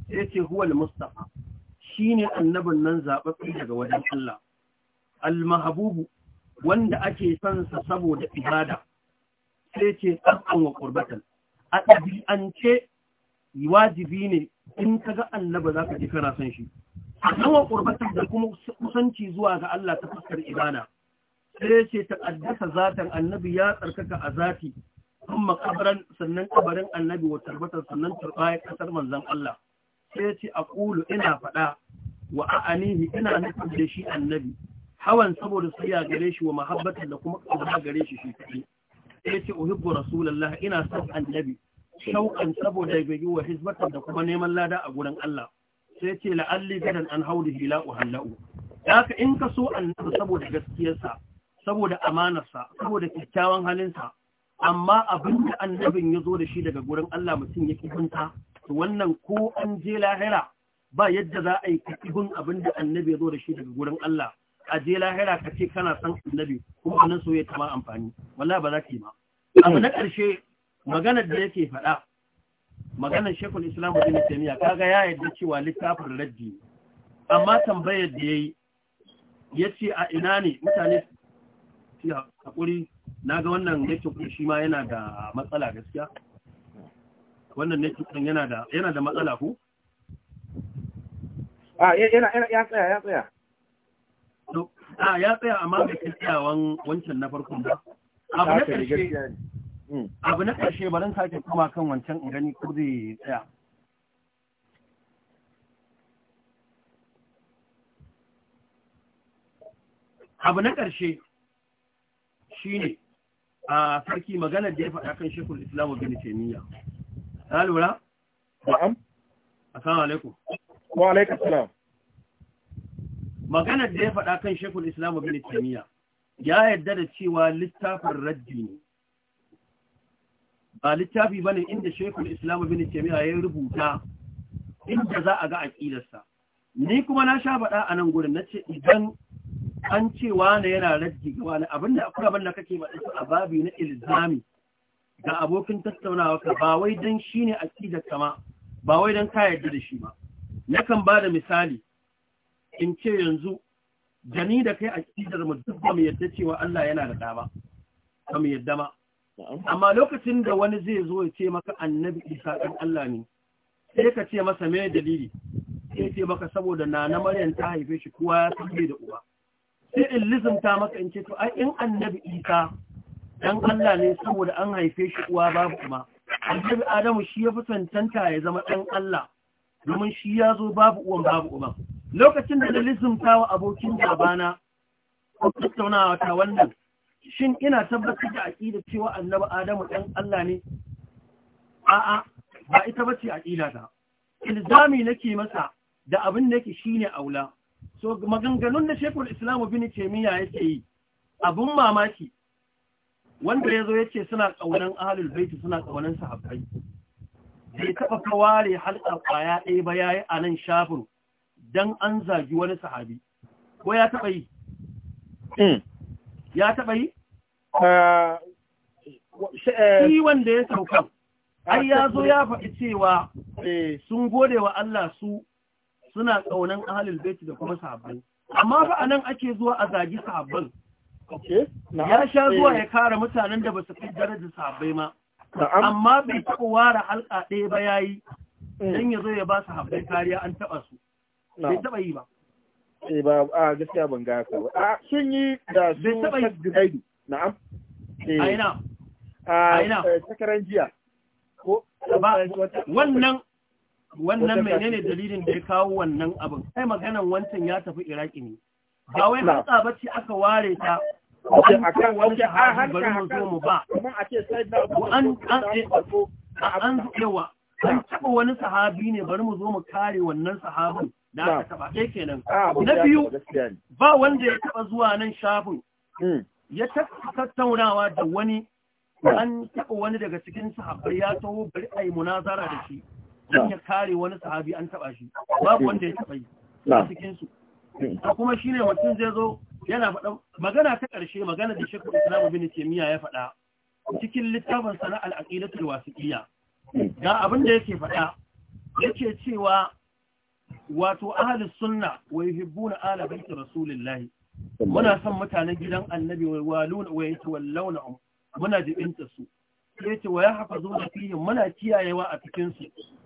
yace huwa al-mustafa ne annabin nan zababbe daga wajen Allah al mahabubu wanda ake sansa saboda ibada sai ce tsarkan wa a ɗabi'ance wajibi ne in ka ga annaba za ka ji kana son shi sannan wa da kuma kusanci zuwa ga Allah ta fuskar ibada sai ce ta addasa zatan annabi ya tsarkaka a zati kuma kabaran sannan kabarin annabi wa tarbatar sannan turbayar kasar manzan Allah sai ce Kulu ina faɗa wa a'anihi ina nufin da shi annabi hawan saboda soyayya gare shi wa mahabbatan da kuma kauna gare shi shi kadai sai ce uhibbu rasulullah ina son annabi shauƙan saboda bigi wa hizbatan da kuma neman lada a gurin Allah sai ce la'alli gadan an haudu hila uhallau haka in ka so annabi saboda gaskiyarsa saboda amanarsa saboda kyakkyawan halinsa amma abin da annabin ya zo da shi daga gurin Allah mutum ya kibinta to wannan ko an je lahira ba yadda za a yi kibin abin da annabi ya zo da shi daga gurin Allah a je lahira ka ce kana san annabi kuma wannan soyayya ta ba amfani wallahi ba za ki ma hmm. abu na ƙarshe magana da yake faɗa maganar shekul islamu ibn taymiya kaga ya yadda cewa littafin raddi amma tambayar da yayi yace a ina ne mutane su hakuri naga wannan kuma shi ma yana da matsala gaskiya wannan network yana da yana da matsala ko ah, a yana yana ya tsaya ya tsaya a ya tsaya amma bai tsayawan wancan na farkon ba abu na ƙarshe hmm. abu na ƙarshe barin sake kuma kan wancan in gani ko zai tsaya abu na ƙarshe shine a sarki magana da ya faɗa kan shekul islamu bin taimiyya ta lura? na'am assalamu alaikum wa alaikum salam maganar da ya faɗa kan shekul islam bin taimiyya ya yarda da cewa littafin raddi ne ba littafi ba ne inda shekul islam bin taimiyya ya rubuta inda za a ga aqidarsa ni kuma na sha faɗa a nan na ce idan an ce wane yana raddi ga wane abinda akwai abin kake faɗa su a babi na ilzami ga abokin tattaunawa ka ba wai dan shine aqidar kama ba wai don ka yarda da shi ba nakan ba da misali in ce yanzu gani da kai a cikin mu duk ba mu yadda cewa Allah yana da ɗa ba mu yadda ba amma lokacin da wani zai zo ya ce maka annabi isa ɗan Allah ne sai ka ce masa me dalili sai ce maka saboda na maryam ta haife shi kowa ya san da uba sai in lizumta maka in ce to ai in annabi isa dan Allah ne saboda an haife shi uwa babu uba annabi adamu shi ya fi tantanta ya zama dan Allah domin shi ya zo babu uwan babu uban lokacin da na lissumta wa abokin gabana ko tattaunawa ta wannan shin ina tabbatar da aƙida cewa annabi Adamu ɗan Allah ne a'a ba ita bace aƙida ta ilzami nake masa da abin da yake shine aula so maganganun da Sheikhul Islam Ibn Taymiyyah yake yi Abin mamaki wanda yazo ce suna kaunan ahlul bait suna kaunan sahabbai bai taba kaware halka kwaya ɗaya ba yayi a nan shafin dan an zagi wani sahabi ko ya taba yi hmm. ya taba yi eh, eh, shi wanda ya sauka ah, ai ya zo ya faɗi cewa eh. sun gode wa Allah su suna ƙaunan ahalul beti da kuma sahabbai amma fa anan ake zuwa a zagi sahabban ya sha zuwa ya kare mutanen da ba su kai darajar sahabbai ma amma bai taɓa ware halka ɗaya ba yayi hmm. dan ya zo ya ba sahabbai kariya an taɓa su bai taba yi eh, ba a gaskiya da wannan wannan menene dalilin da ya kawo wannan abin kai maganan wancan ya tafi Iraki ne ba wai hatsa bace aka ware ta akan wani bari mu zo mu ba eh, an an an taba wani sahabi ne bari mu zo mu kare wannan sahabin da aka taba kenan ah, na biyu ba wanda ya taba zuwa nan shafin hmm. ya tattaunawa da wani hmm. an taba wani daga cikin sahabbai ya taho bari ayi munazara da shi hmm. dan ya kare wani sahabi an taba shi Ba wanda ya taba yi cikin su kuma shine mutum zai zo yana faɗa magana ta ƙarshe magana da shekaru islamu bin taimiyya ya faɗa cikin littafin sana wasu iya. ga abin da yake faɗa yake cewa wato ahlus sunna wa yuhibbuna ala rasulillah muna son mutanen gidan annabi wa waluna wa yatawallawna muna jibinta su yace wa yahfazuna fihim muna kiyayewa a cikin su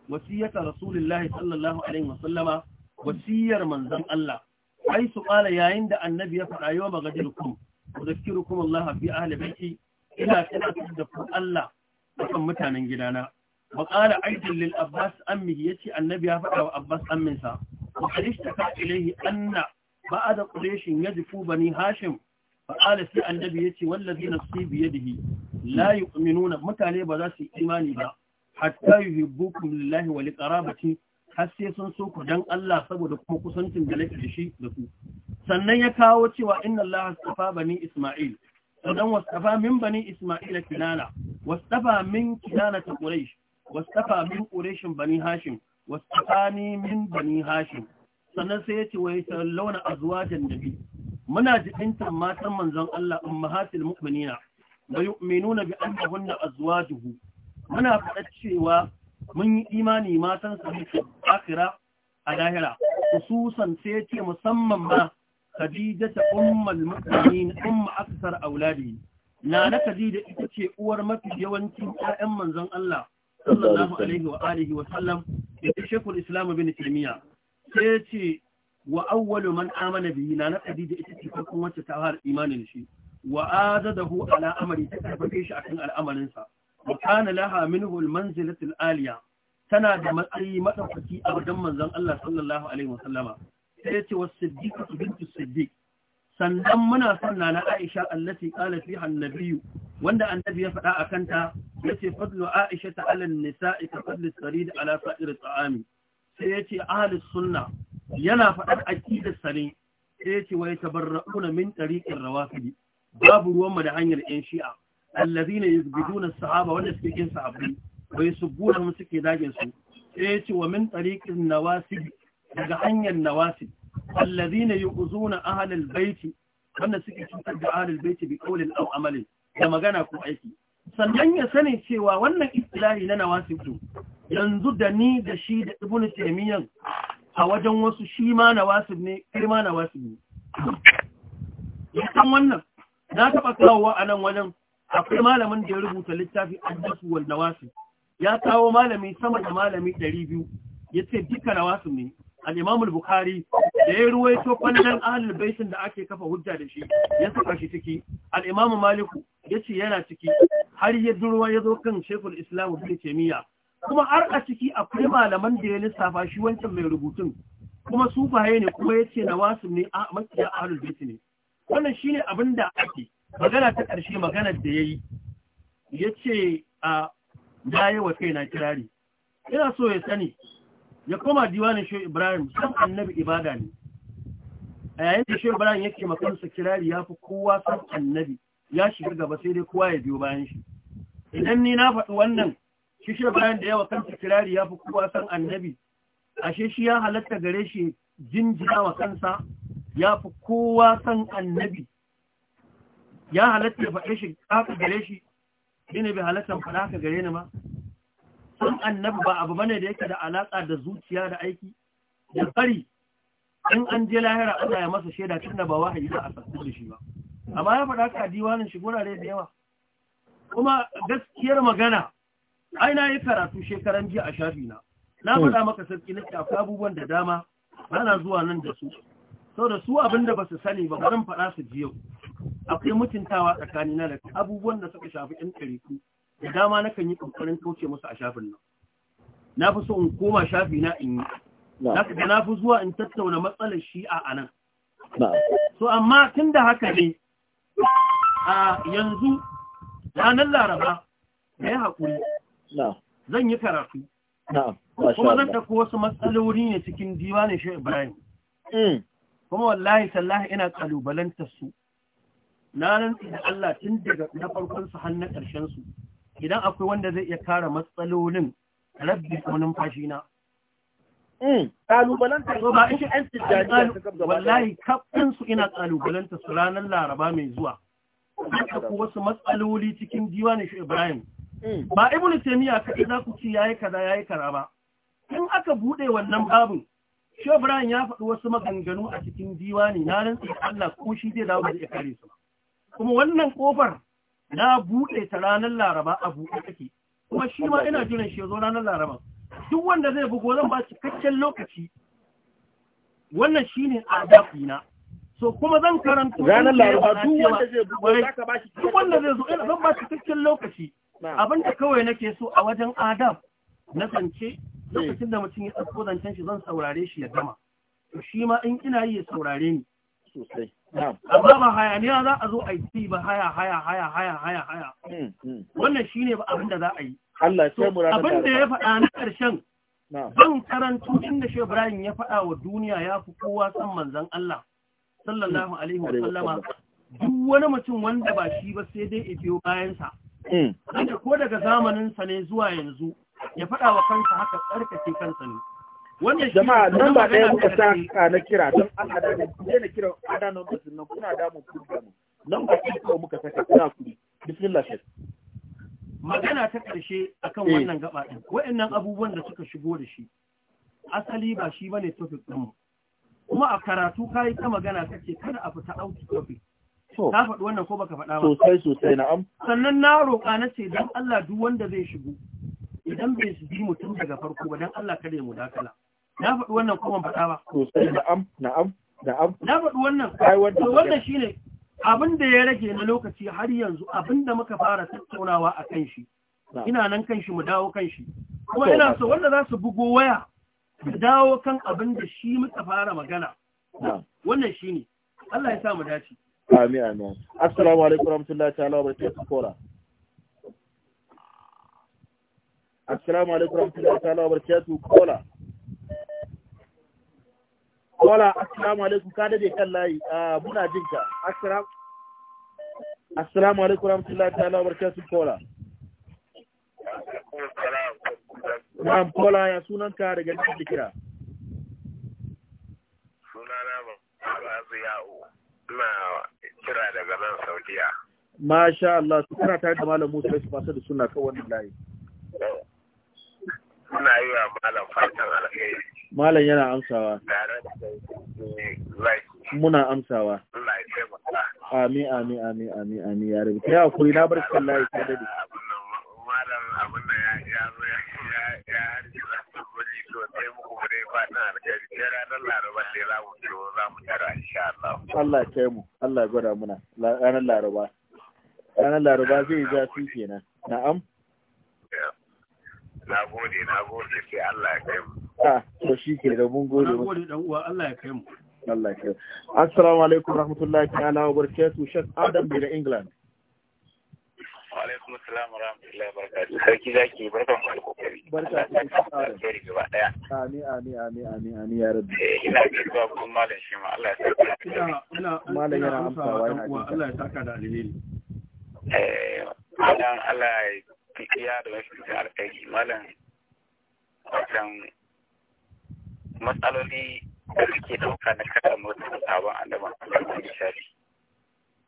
wasiyata rasulillah sallallahu alaihi wasallama wasiyar manzon Allah ai su kala yayin da annabi ya faɗa yau magadirukum udhkirukum Allah fi ahli baiti ina tana da Allah akan mutanen gidana wa ƙara aikin lil abbas ammi ya ce annabi ya faɗa wa abbas Aminsa. wa kalista ka ilaihi anna ba a da ƙureshin ya jifu bani hashim fa sai annabi ya ce wallazi na su biye da hi layi nuna mutane ba za su yi imani ba hatta yi hibbu kuma lillahi wa liƙarabaci har sai sun so ku dan Allah saboda kuma kusancin da nake da shi da ku sannan ya kawo cewa inna Allah astafa bani isma'il sannan wastafa min bani isma'ila kinana wastafa min kinana ta quraish wastafa min quraishin bani hashim Wasu min bani hashim sannan sai yace wa a zuwa nabi muna jibintan matan manzon Allah ummahatul mu'minina wa yu'minuna bi annahunna azwajuhu muna faɗa cewa mun yi imani matan su ne akira a lahira khususan sai yace musamman ma Khadija ta ummul mu'minin umma aksar auladi na na Khadija ita ce uwar mafi yawancin ƴaƴan manzon Allah sallallahu alaihi wa alihi wa sallam da shekul islam bin taymiya sai ce wa awwalu man amana bihi na na khadija ita ce farkon wacce ta har imanin shi wa azadahu ala amri ta karfafe shi akan al'amarin sa wa kana laha minhu al-manzilatu al-aliya tana da matsayi madaukaki a wajen manzon Allah sallallahu alaihi wa sallama sai ce was siddiqatu bintu siddiq sannan muna sanna na Aisha allati qala fiha an-nabiy wanda annabi ya faɗa akan ta yace fadlu Aisha ta alal nisa'i ka fadlu sarid ala sa'ir ta'ami sai yace ahlus sunna yana faɗar aqidar sare sai yace wa yatabarra'una min tariqir rawafid babu ruwan mu da hanyar yan shi'a allazina yuzbiduna as-sahaba wanda suke kin sahabbai su yusubuna mu suke dage su sai yace wa min tariqin nawasib daga hanyar nawasib الذين يؤذون اهل baiti wanda suke cutar da ahlal baiti bi qawlin aw amalin da magana ko aiki sannan ya sani cewa wannan istilahi na nawasibu yanzu da ni da shi da ibn taymiyan a wajen wasu shi ma nawasib ne kirma nawasib ne yakan wannan na taɓa kawowa a nan wajen akwai malamin da ya rubuta littafi addasu wal nawasib ya kawo malami sama da malami ɗari biyu ya ce duka nawasib ne al-Imam al-Bukhari da ya ruwaito fannin ahlul baitin da ake kafa hujja da shi ya saka shi ciki al-Imam Malik ce yana ciki har ya durwa ya zo kan Sheikhul Islam Ibn Taymiyyah kuma har a ciki akwai malaman da ya lissafa shi wancan mai rubutun kuma sufaye ne kuma ya yace nawasu ne a makiya ahlul bait ne wannan shine abin da ake magana ta ƙarshe maganar da yayi yace a na yi wa kaina kirari ina so ya sani ya koma diwanin shi ibrahim san annabi ibada ne a yayin da shi ibrahim yake makansa kirari ya fi kowa san annabi ya shiga gaba sai dai kowa ya biyo bayan shi idan ni na faɗi wannan shi shi ibrahim da yawa kansa kirari ya fi kowa san annabi ashe shi ya halatta gare shi jinjina wa kansa ya fi kowa san annabi ya halatta ya faɗe shi haka gare shi ina ne bai halatta faɗa haka gare ni ma sun annabi ba abu bane da yake da alaka da zuciya da aiki da fari in an je lahira Allah ya masa shaida tunda ba wahayi ba a sassu da shi ba amma ya faɗa ka diwanin shi gurare da yawa kuma gaskiyar magana ai na yi karatu shekaran jiya a shafi na na hmm. faɗa maka sarki na abubuwan da dama bana zuwa nan da su da su abinda da ba su sani ba barin faɗa su ji yau akwai mutuntawa tsakanina da abubuwan da suka shafi ɗan ɗariku da dama nakan yi kamfanin kauce musu a shafin nan na fi so in koma shafi na in yi na fi zuwa in tattauna matsalar shi'a a nan so amma tun da haka ne a yanzu ranar laraba da ya haƙuri zan yi karatu kuma zan tafi wasu matsaloli ne cikin ne shi ibrahim mm. kuma wallahi sallahi ina kalubalantar su na nan da Allah tun daga na farkon su har na ƙarshen su idan akwai wanda zai iya kara matsalolin rabbi ko numfashi na so hmm, ba in shi an tijjani wallahi kafin su ina kalubalanta su ranar laraba mai zuwa ku wasu matsaloli cikin diwanin shi Ibrahim hmm. ba ibnu ka za ku ci yayi kaza yayi kaza ba in aka bude wannan babin shi Ibrahim ya faɗi wasu maganganu a cikin diwani na rantsi Allah ko shi zai dawo da kare su kuma wannan kofar na buɗe ta ranar laraba a buɗe take kuma shi ma ina jiran shi ya zo ranar laraba duk wanda zai bugo zan ba cikakken lokaci wannan shi ne adabina so kuma zan karanta ranar laraba duk wanda zai bugo zaka ba shi duk wanda zai zo ina zan ba cikakken lokaci abinda kawai nake so a wajen adab na sance eh. lokacin da mutum ya ɗauko zancen shi zan saurare shi ya gama to shi ma in ina yi ya saurare ni sosai amma ba hayaniya za a zo a yi ba haya haya haya haya haya haya hmm, hmm. wannan ne ba abin da za a yi abin da ya faɗa na ƙarshen zan karanto inda Shehu Ibrahim ya faɗa wa duniya ya fi kowa san manzon Allah sallallahu hmm. alaihi wa sallama duk wani mutum wanda ba shi ba sai dai ibiyo bayansa ko daga zamanin sa ne zuwa yanzu ya faɗa wa kansa haka tsarkake kansa ne jama'a nan ba ɗaya muka sa ka na kira don an adana ne na kira adana numbers nan kuna damun ku da mu nan ba ɗaya kuma muka saka kuna ku bismillah shek magana ta ƙarshe akan eh. wannan gaba ɗin wa'annan abubuwan da suka shigo da shi asali ba shi bane topic ɗin mu kuma a karatu kayi ta magana kace kada a fita out topic ka faɗi wannan ko baka faɗa ba sosai sosai na'am sannan na roƙa na ce don Allah duk wanda zai shigo idan bai shi mutum daga farko ba don Allah kada ya mudakala na faɗi wannan ko ban faɗa ba na'am na'am na'am na faɗi wannan to wannan shine abin da ya rage na lokaci har yanzu abin da muka fara tattaunawa a kan shi ina nan kan shi mu dawo kan shi kuma ina so wanda za su bugo waya su dawo kan abin da shi muka fara magana wannan shi ne Allah ya sa mu dace amin amin assalamu alaikum warahmatullahi ta'ala wa barakatuh kora assalamu alaikum warahmatullahi ta'ala wa barakatuh kora wala assalamu alaikum, ka dade kan layi, ah, muna jin ka. Assalamu alaikum, rahmatullahi ta'ala, barkatu Kola. Na'am, Kola, ya sunan ka daga nan dikira Sunana ba, ba su yawo, ina kira daga nan Saudiya. Masha Allah, su kana tare da Malam Musa su fasa da suna kan wannan layi. Ina yi wa Malam fatan alheri. Malam yana amsawa. Eh, muna amsawa. Ami, ami, ami, ami, ami, ya rabu. Ya kuri na bar cikin layi ta dade. Malam abin da ya ya ya ya harjiza kuɗi sosai muku dai fatan alkhairi. Sai ranar Laraba sai za mu zo za mu tara insha Allah. Allah ya mu. Allah ya gwada muna ranar Laraba. Ranar Laraba zai ja su kenan. Na'am. na gode na gode sai Allah ya kai mu ah, to shi ke da mun gode na gode dan uwa Allah ya kai mu Allah ya kai assalamu alaikum rahmatullahi ta'ala wa barakatuh shek adam england wa alaikum assalam wa rahmatullahi wa barakatuh sarki zaki barkan ku barka da gaba daya amin amin amin amin amin ya rabbi eh, ina gaisuwa kun malam shi ma Allah ya saka ina yana Allah ya saka da alheri eh Allah ya iya da mafi da alƙairi malam wajen matsaloli da suke ɗauka na kada mutum sabon annaban Allah ya shari.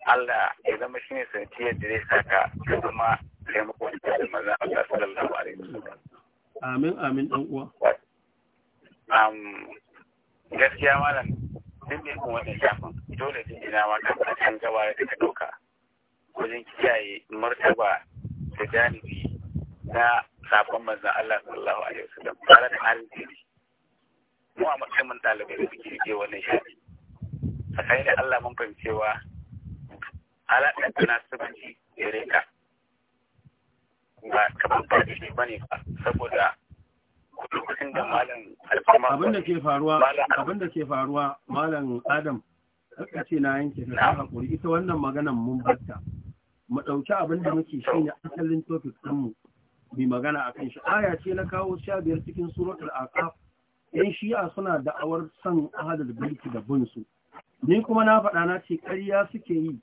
Allah ya zama shi ne sanci da zai saka ya zama taimakon da manzan Allah sallallahu alaihi wasallam amin amin ɗan uwa gaskiya malam duk da kuma wannan shafin dole ne ina ma ka san gaba da ka ɗauka wajen kiyaye martaba da janibi na sabon manzan Allah sallallahu alaihi wasallam tare da alheri mu a matsayin mun ɗalibai da muke rike wannan shafi kai da Allah mun fahimcewa alaƙa tana sabanci gare reka ba kamar ba shi ba ne ba saboda da malam abin da ke faruwa abin da ke faruwa malam adam kaka ce na yanke ta hakuri ita wannan maganan mun batta mu ɗauki abin da muke shine asalin topic ɗinmu mai magana a kan shi aya ce na kawo sha biyar cikin suratul aqaf yan shi'a suna da'awar san ahadul baiti da bin su ni kuma na faɗa na ce ƙarya suke yi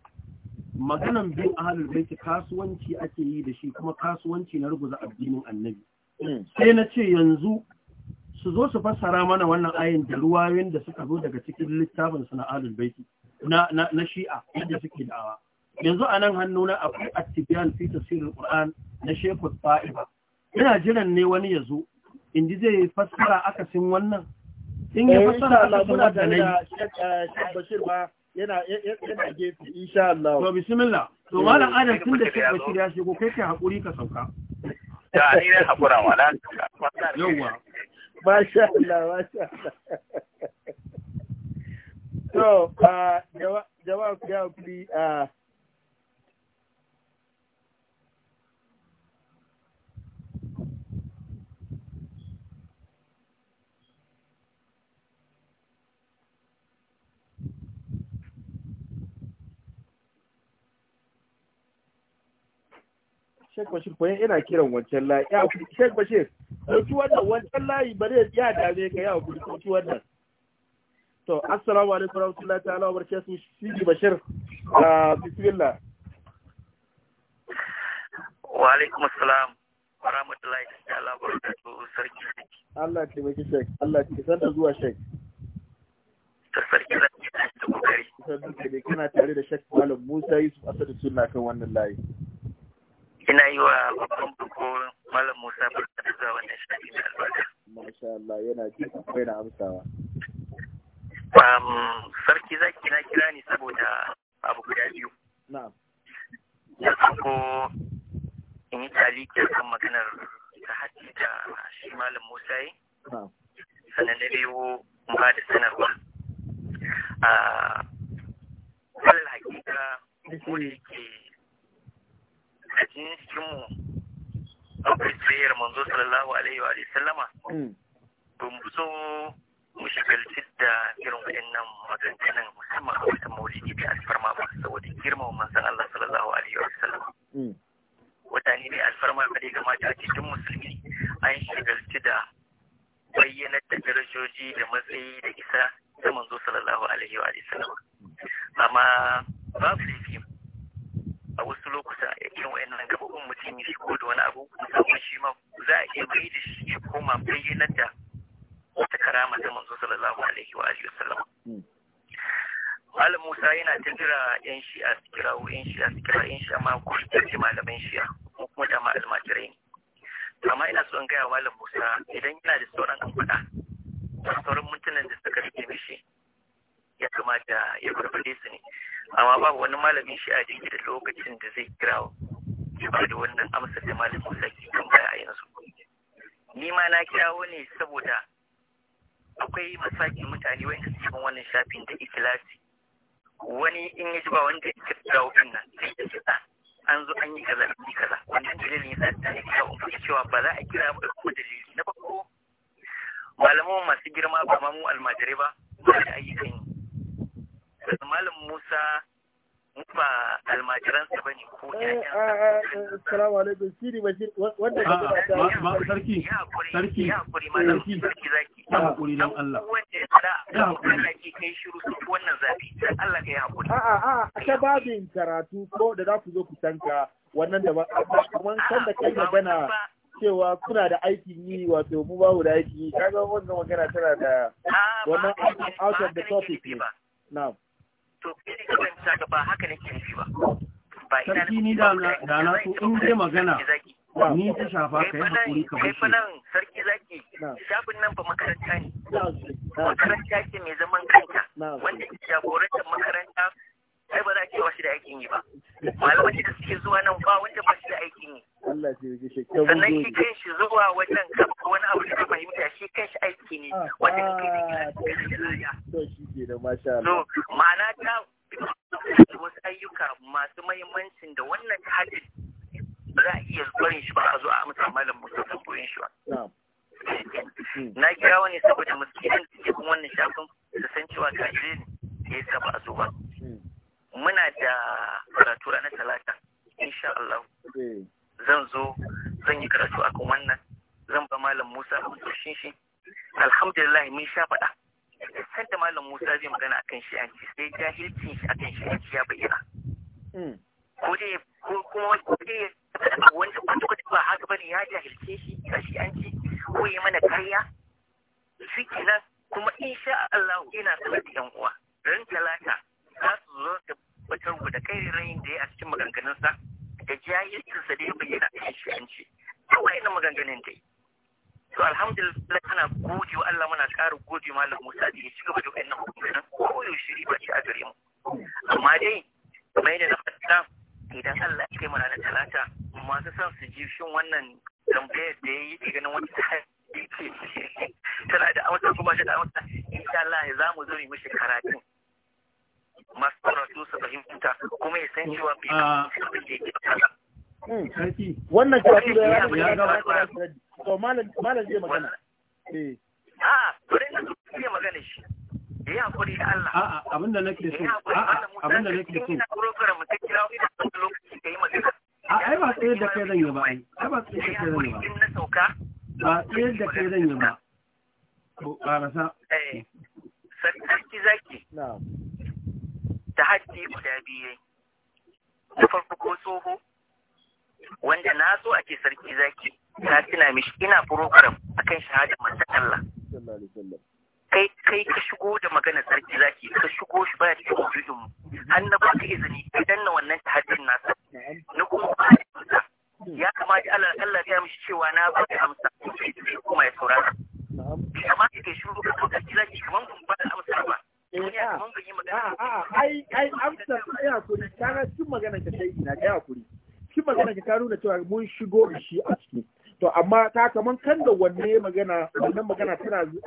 maganan bin ahadul baiti kasuwanci ake yi da shi kuma kasuwanci na ruguza addinin annabi hmm. sai na ce yanzu su zo su fassara mana wannan ayin da ruwayoyin da suka zo daga cikin littafin su na ahadul na na shi'a yadda suke da'awa yanzu a nan hannuna akwai attibiyan fi tafsirin ƙur'an na shekut Fa'iba ina jiran ne wani ya zo in ji zai fassara akasin wannan in ya eh, fassara akasin wannan da Sheikh eh, Bashir ba yana eh, yana gefe insha Allah to bismillah to malam adam tun da Sheikh Bashir ya shigo kai kai hakuri ka sauka ta ni ne hakura wala yawa masha Allah masha Allah to ah, jawab ku ya Sheikh Bashir ko yana kiran wancan layi ya Sheikh Bashir dauki wannan wancan layi bare ya dame ka ya ku dauki wannan to assalamu alaikum warahmatullahi ta'ala wa barakatuh Sheikh Bashir ah, bismillah wa alaikum assalam wa rahmatullahi ta'ala wa barakatuh sarki Allah ya taimaki Sheikh Allah ya da zuwa Sheikh ta sarki zaki da kokari kana tare da Sheikh Malam Musa Yusuf Asadu suna kan wannan layi ina yi wa babban buko malam musa barka da zuwa wannan shafi da albarka masha Allah yana ji akwai na amsawa um sarki zaki na kira ne saboda abu guda biyu na'am na farko in yi taliki kan maganar ta hajji da shi malam musa yi sannan na biyu mu ba da sanarwa a hakika ko da yake a cikinmu akwai tsayar manzo sallallahu alaihi wa sallama don mm. so mu shigalci da irin waɗannan maganganun musamman a wata maulidi da alfarma ba saboda girmama manzon Allah sallallahu alaihi wa sallama mm. wata ne ne alfarma ba dai Gama a cikin musulmi an shigalci da bayyanar da darajoji da matsayi da isa da manzo sallallahu alaihi wa sallama amma babu laifi a wasu lokuta irin wayannan gaɓoɓin mutum ya ko da wani abu musamman shi ma za a iya bai da shi ya koma bayyanar da wata karama ta manzo sallallahu alaihi wa alihi wasallam hmm. Al Musa yana ta kira yan a su kira yan shi su kira yan amma ko ta ce malaman ko kuma ta ma almajirai amma ina so in gaya malam Musa idan yana da sauran an faɗa sauran mutanen da suka rike mishi ya kamata ya farfade su ne amma babu wani malami shi a jirgin da lokacin da zai kira ya ba da wannan amsar da malam musa ke baya a yanzu ni ma na kirawo ne saboda akwai masakin mutane wanda suke cikin wannan shafin da ikilasi wani in ya ji ba wanda ya kira kan nan zai ya ah, an zo an yi kaza an yi kaza wannan dalilin yasa da kira kirawo da cewa ba za a kira ba ko dalili na farko malaman masu girma ba ma mu almajirai ba ba da ayyukan yi malam Musa ba almajiransa bane ko eh, eh, eh, ba ah, sarki sarki ya malam sarki zaki ya dan wanda ya Allah ke kai shiru su wannan Allah a'a a ta babin karatu ko da za ku zo ku tanka wannan da ba kaman san da kai magana cewa kuna da aikin yi wato mu babu da aikin yi kaga wannan magana tana da wannan out of the topic to kai ka ba haka nake nufi ba ba ina sarki ni da na da na so in je magana ni ta shafa kai hakuri ka bar shi nan sarki zaki shafin nan ba makaranta ne makaranta ce mai zaman kanta wanda ke jagorantar makaranta ai ba za a ce ba shi da aikin yi ba malamai da suke zuwa nan ba wanda ba shi da aikin yi sannan shi kan shi zuwa wajen kafa wani abu da fahimta shi kan shi aiki ne ah, wanda ah, kai da kira to ma'ana ta wasu ayyuka masu mahimmancin da wannan hadin za a iya barin shi ba a zo a amsa malam da koyon shi ba hmm. na kira wani saboda kiran cikin wannan shafin su san cewa gajire ne ya yi saba a zo ba hmm. duties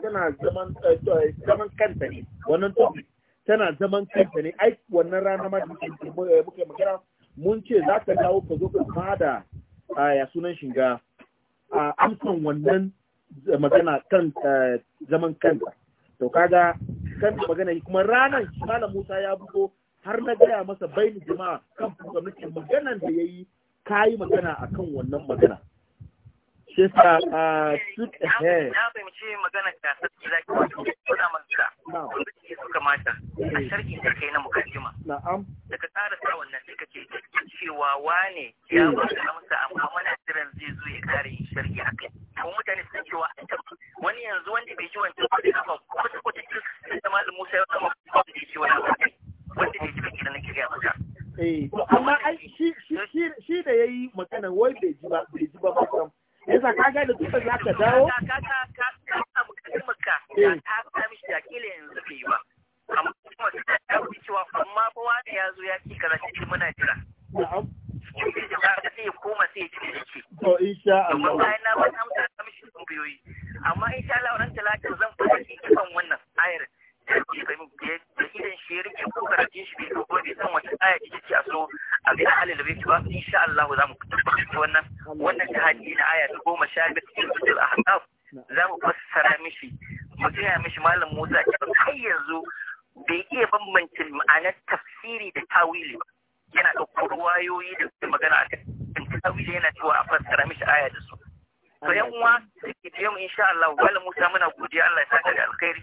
tana zaman eh, eh, zaman kanta ne wannan topic tana zaman kanta ne ai wannan rana ma da muke eh, magana mun ce za ka dawo ka zo ka bada ah, ya sunan shiga a ah, amsan wannan magana kan zaman kanta to kaga kan magana kuma ranar malam Musa ya buko har na gaya masa Baini jama'a kan gwamnati maganan da yayi kayi magana akan wannan magana shi sa a uh, shoot ahead na fahimci magana da sarki zaki wani kuna masa wanda ke su kamata eh. a sharki da kai na mukaddima na'am daga tsara sa wannan sai kace cewa wane ya eh. ba su amsa amma mana jiran zai zo ya kare yin sharki kai. kuma mutane suna cewa wani yanzu wanda bai ji wancan kudi na ba kwata kwata cikin da malam Musa ya kama kwata da shi wani wanda bai ji kake na nake ga maka eh. amma ai shi da ya yi magana wai bai ji ba bai ji ba ba yasa ka ga da tutar za ka dawo ka ta ta eh. kila yanzu bai ba amma kuma ta ta ya zo ya Allah amma bayan na ba ta mishi amma insha Allah ran talata zan fara cikin wannan ayar sarki idan shi ya rike ko karatun shi bai san aya ita ce a so a ga ahlul Allah da wannan ta goma sha biyar za mu fassara mishi mu gaya mishi malam Musa ya yanzu bai iya bambance ma'anar tafsiri da tawili ba yana ɗaukar wayoyi da magana a kan yana cewa a fassara mishi aya da su to suke mu malam Musa muna godiya Allah ya saka da alkhairi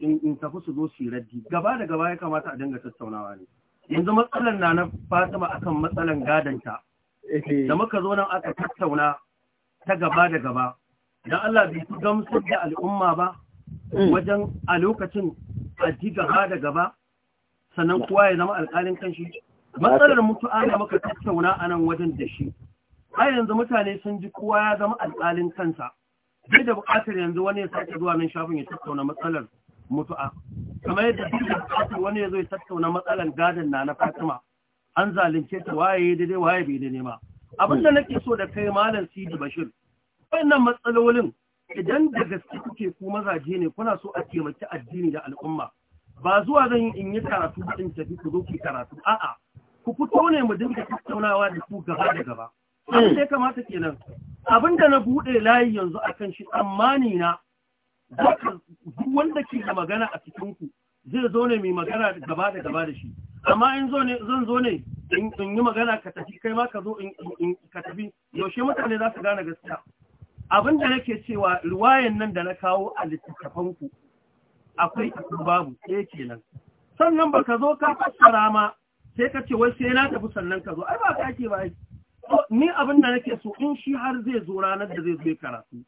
in tafi su zo su raddi gaba da gaba ya kamata a dinga tattaunawa ne yanzu matsalan na na fatima akan matsalan gadanta eh. da muka zo nan aka tattauna ta gaba da gaba dan Allah bai fi gamsar da al'umma ba hmm. wajen a lokacin a ji gaba da gaba sannan kowa ya zama alƙalin kanshi matsalar mutu'a da muka tattauna a nan wajen da shi har yanzu mutane sun ji kowa ya zama alƙalin kansa bai da buƙatar yanzu wani ya sake zuwa nan shafin ya tattauna matsalar mutu'a kamar yadda duk wani ya zo ya tattauna matsalan gadon na na fatima an zalunce ta waye daidai waye bai da nema. Abinda da nake so da kai malam sidi bashir wannan matsalolin idan da gaske kuke ku mazaje ne kuna so a taimaki addini da al'umma ba zuwa zan yi in yi karatu in tafi ku zo ki karatu a'a ku fito ne mu dinga tattaunawa da ku gaba da gaba sai kamata kenan abinda na buɗe layi yanzu akan shi tsammani na duk wanda ke da magana a cikinku, zai zo ne mai magana gaba da gaba da shi amma in zo ne zan zo ne in yi magana ka tafi kai ma ka zo in ka tafi yaushe mutane za su gane gaskiya abin da nake cewa ruwayan nan da na kawo a littattafan ku akwai babu sai kenan sannan ba ka zo ka fassara ma sai ka ce wai sai na tafi sannan ka zo ai ba ka ake ba ni abin da nake so in shi har zai zo ranar da zai zo karatu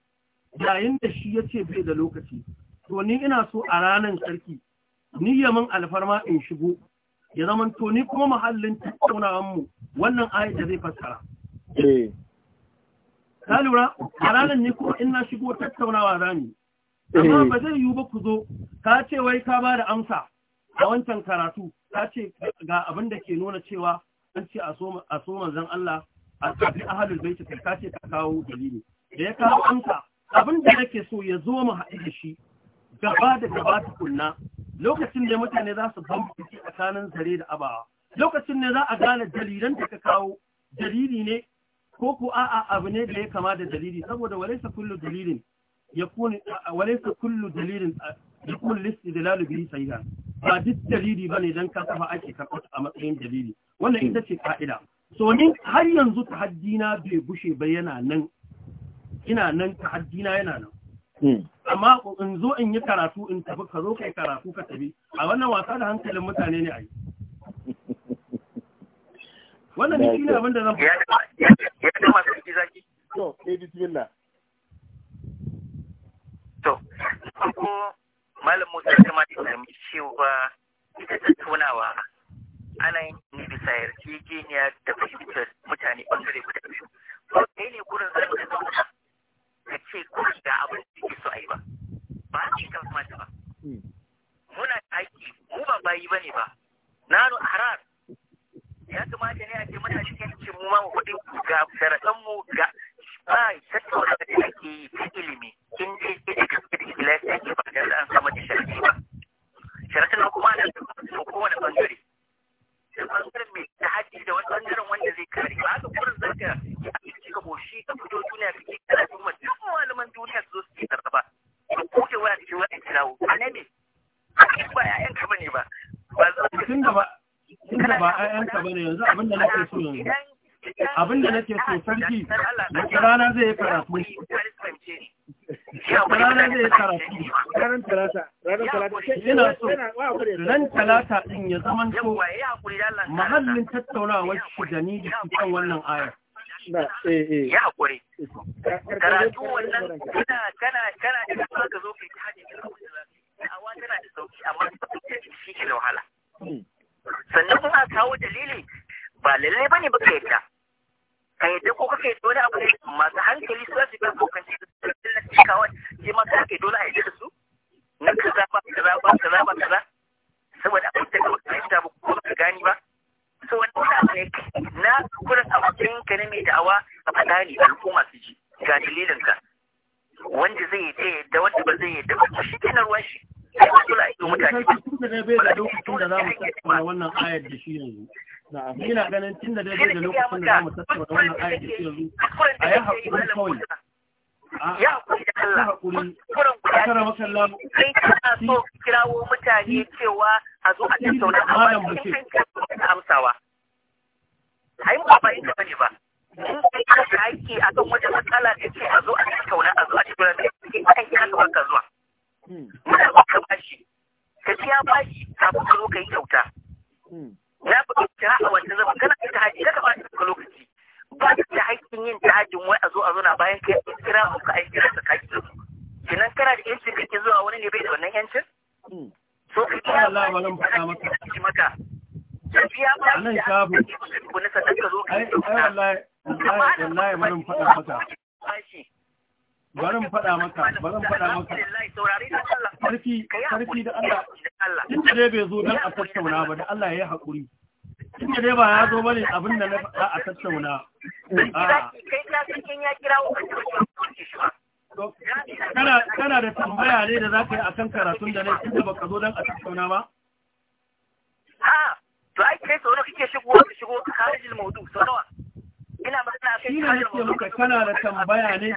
yayin da shi ya ce bai da lokaci to ni ina so a ranar sarki ni yamin alfarma in shigo ya zama to ni kuma mahallin tattaunawanmu wannan ayat da zai fassara ta eh. lura a ranar ni kuma ina shigo tattaunawa za ni. Eh. amma ba zai yiwu ba ku zo ka ce wai ka ba da amsa a wancan karatu ka ce ga abin da ke nuna cewa an ce a so manzan Allah a tafi ahalul bai ka ce ka kawo dalili da ya kawo amsa abin da nake so ya zo mu haɗu da shi gaba da gaba tukunna lokacin da mutane za su bambanci tsakanin zare da abawa lokacin ne za a gane dalilan da ka kawo dalili ne ko ku a'a abu ne da ya kama da dalili saboda walaisa kullu dalilin ya kuni walaisa kullu dalilin ya da listidlalu bihi sahihan ba duk dalili ba ne don ka kafa ake karɓar a matsayin dalili wannan ita ce ka'ida so ni har yanzu ta haddina bai bushe bayyana nan ina nan ta haddina yana nan hmm. amma in zo in yi karatu in tafi ka zo kai karatu ka tafi a wannan wasa da hankalin mutane ne a yi wannan ne shine abin da zan fara. ya masu ciki zaki to eh bismillah to ko malam Musa ya ma da mai cewa ita ta tunawa ana yin ne bisa yarjejeniya da fahimtar mutane bangare guda biyu Ko kai ne kurin zai da ka ce kawai da abin da ke so a yi ba ba a cikin mata ba hmm. muna aiki mu ba bayi ba ne ba na nu harar ya kamata ne a ce muna cikin cin mu ma mu kuɗi ga sarakan mu ga ba tattauna da ake yi ta ilimi in dai ke da fi da ilafi ke ba da an sama da sharaɗi ba sharaɗin kuma ana da kowane bangare da bangaren mai da haji da wani bangaren wanda zai kare ba haka kurin zaka ya abinci ka boshi ka fito duniya ka ke kira duma duk malaman duniya su zo su ke zarta ba ba ko da waya ce waya kirawo a ne ne ba ƴaƴan ka bane ba ba za ka tunda ba tunda ba 'ya'yanka ba bane yanzu abin da na ke so yanzu Abin da nake so sarki wata rana zai yi karatu rana zai yi karatu ranar talata ranar talata ina so ran talata din ya zaman so mahallin tattaunawar shi da ni da shi kan wannan aya. Eh, eh. ya hakuri karatu wannan kana kana kana da kuma ka zo kai hadi awa tana da sauki amma shi ke da wahala hmm. sannan kuma kawo dalili ba lalle bane baka yadda ka yadda ko kake dole wani abu masu hankali su zasu ga kokan cikin na cikawa kawai shi ma kake dole a yadda da su na kaza ba kaza ba kaza ba kaza saboda abin da kuma fahimta ba ko ka gani ba so wani abu ne na kurin abokin ka na mai da'awa a fadani al'umma su ji ga dalilin wanda zai yadda yadda wanda ba zai yadda ba shi kenan ruwan shi wannan ayar da shi ina ganin tun da dai da lokacin da zamu tattauna wannan ayar da shi yanzu a yi hakuri kawai ya haƙuri da Allah hakuri kara masalla kai so kirawo mutane cewa a zo a tattauna a wannan amsawa ai ba ba ita bane ba in kai kana aiki akan wata matsala kace a zo a tattauna a zo a tattauna kai kan kira ka zuwa muna hmm. ba ka bashi ka biya bashi kafin ka zo ka yi kyauta hmm. na fi ɗauki a wancan zama kana kai ta haji kada ba ka lokaci ba ta haƙƙin yin ta hajin wai a zo a zauna bayan ka yi kira ka aiki da ka ki kenan kana da yancin kake zuwa wani ne bai da wannan yancin hmm. so ka maka ka da ka mu faɗa maka mu faɗa maka sarki sarki da Allah inda da dai bai zo dan a tattauna ba da Allah ya yi haƙuri tun da dai ba ya zo bane abin da na faɗa a tattauna kana da tambaya ne da za ka yi a kan karatun da na tun da baka zo dan a tattauna ba to ai kai so ne kike shigo ka shigo kharijil al-mawdu nawa ina magana kai kana da tambaya ne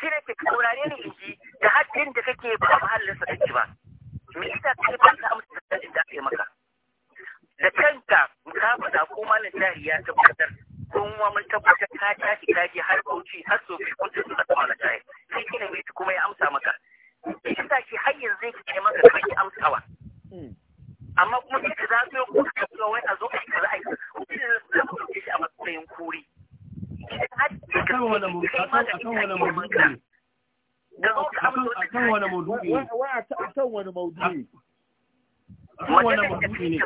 shi ne ke saurare ni inji da haddin da kake ba mahallin sa kake ba me yasa kake ba ka amsa da haddin da kake maka da kanka ka faɗa ko malam jari ya tabbatar kun wa mun tabbatar ka tashi ka je har kauci har so kai kun tsaya da malam jari sai kina mai kuma ya amsa maka me yasa shi har yanzu yake ce maka kai ya amsawa hmm. amma kuma sai ka zaɓe ko ka wai a zo a yi kaza a yi kuma sai ka ɗauke shi a matsayin kuri akan wani maudu'i akan ne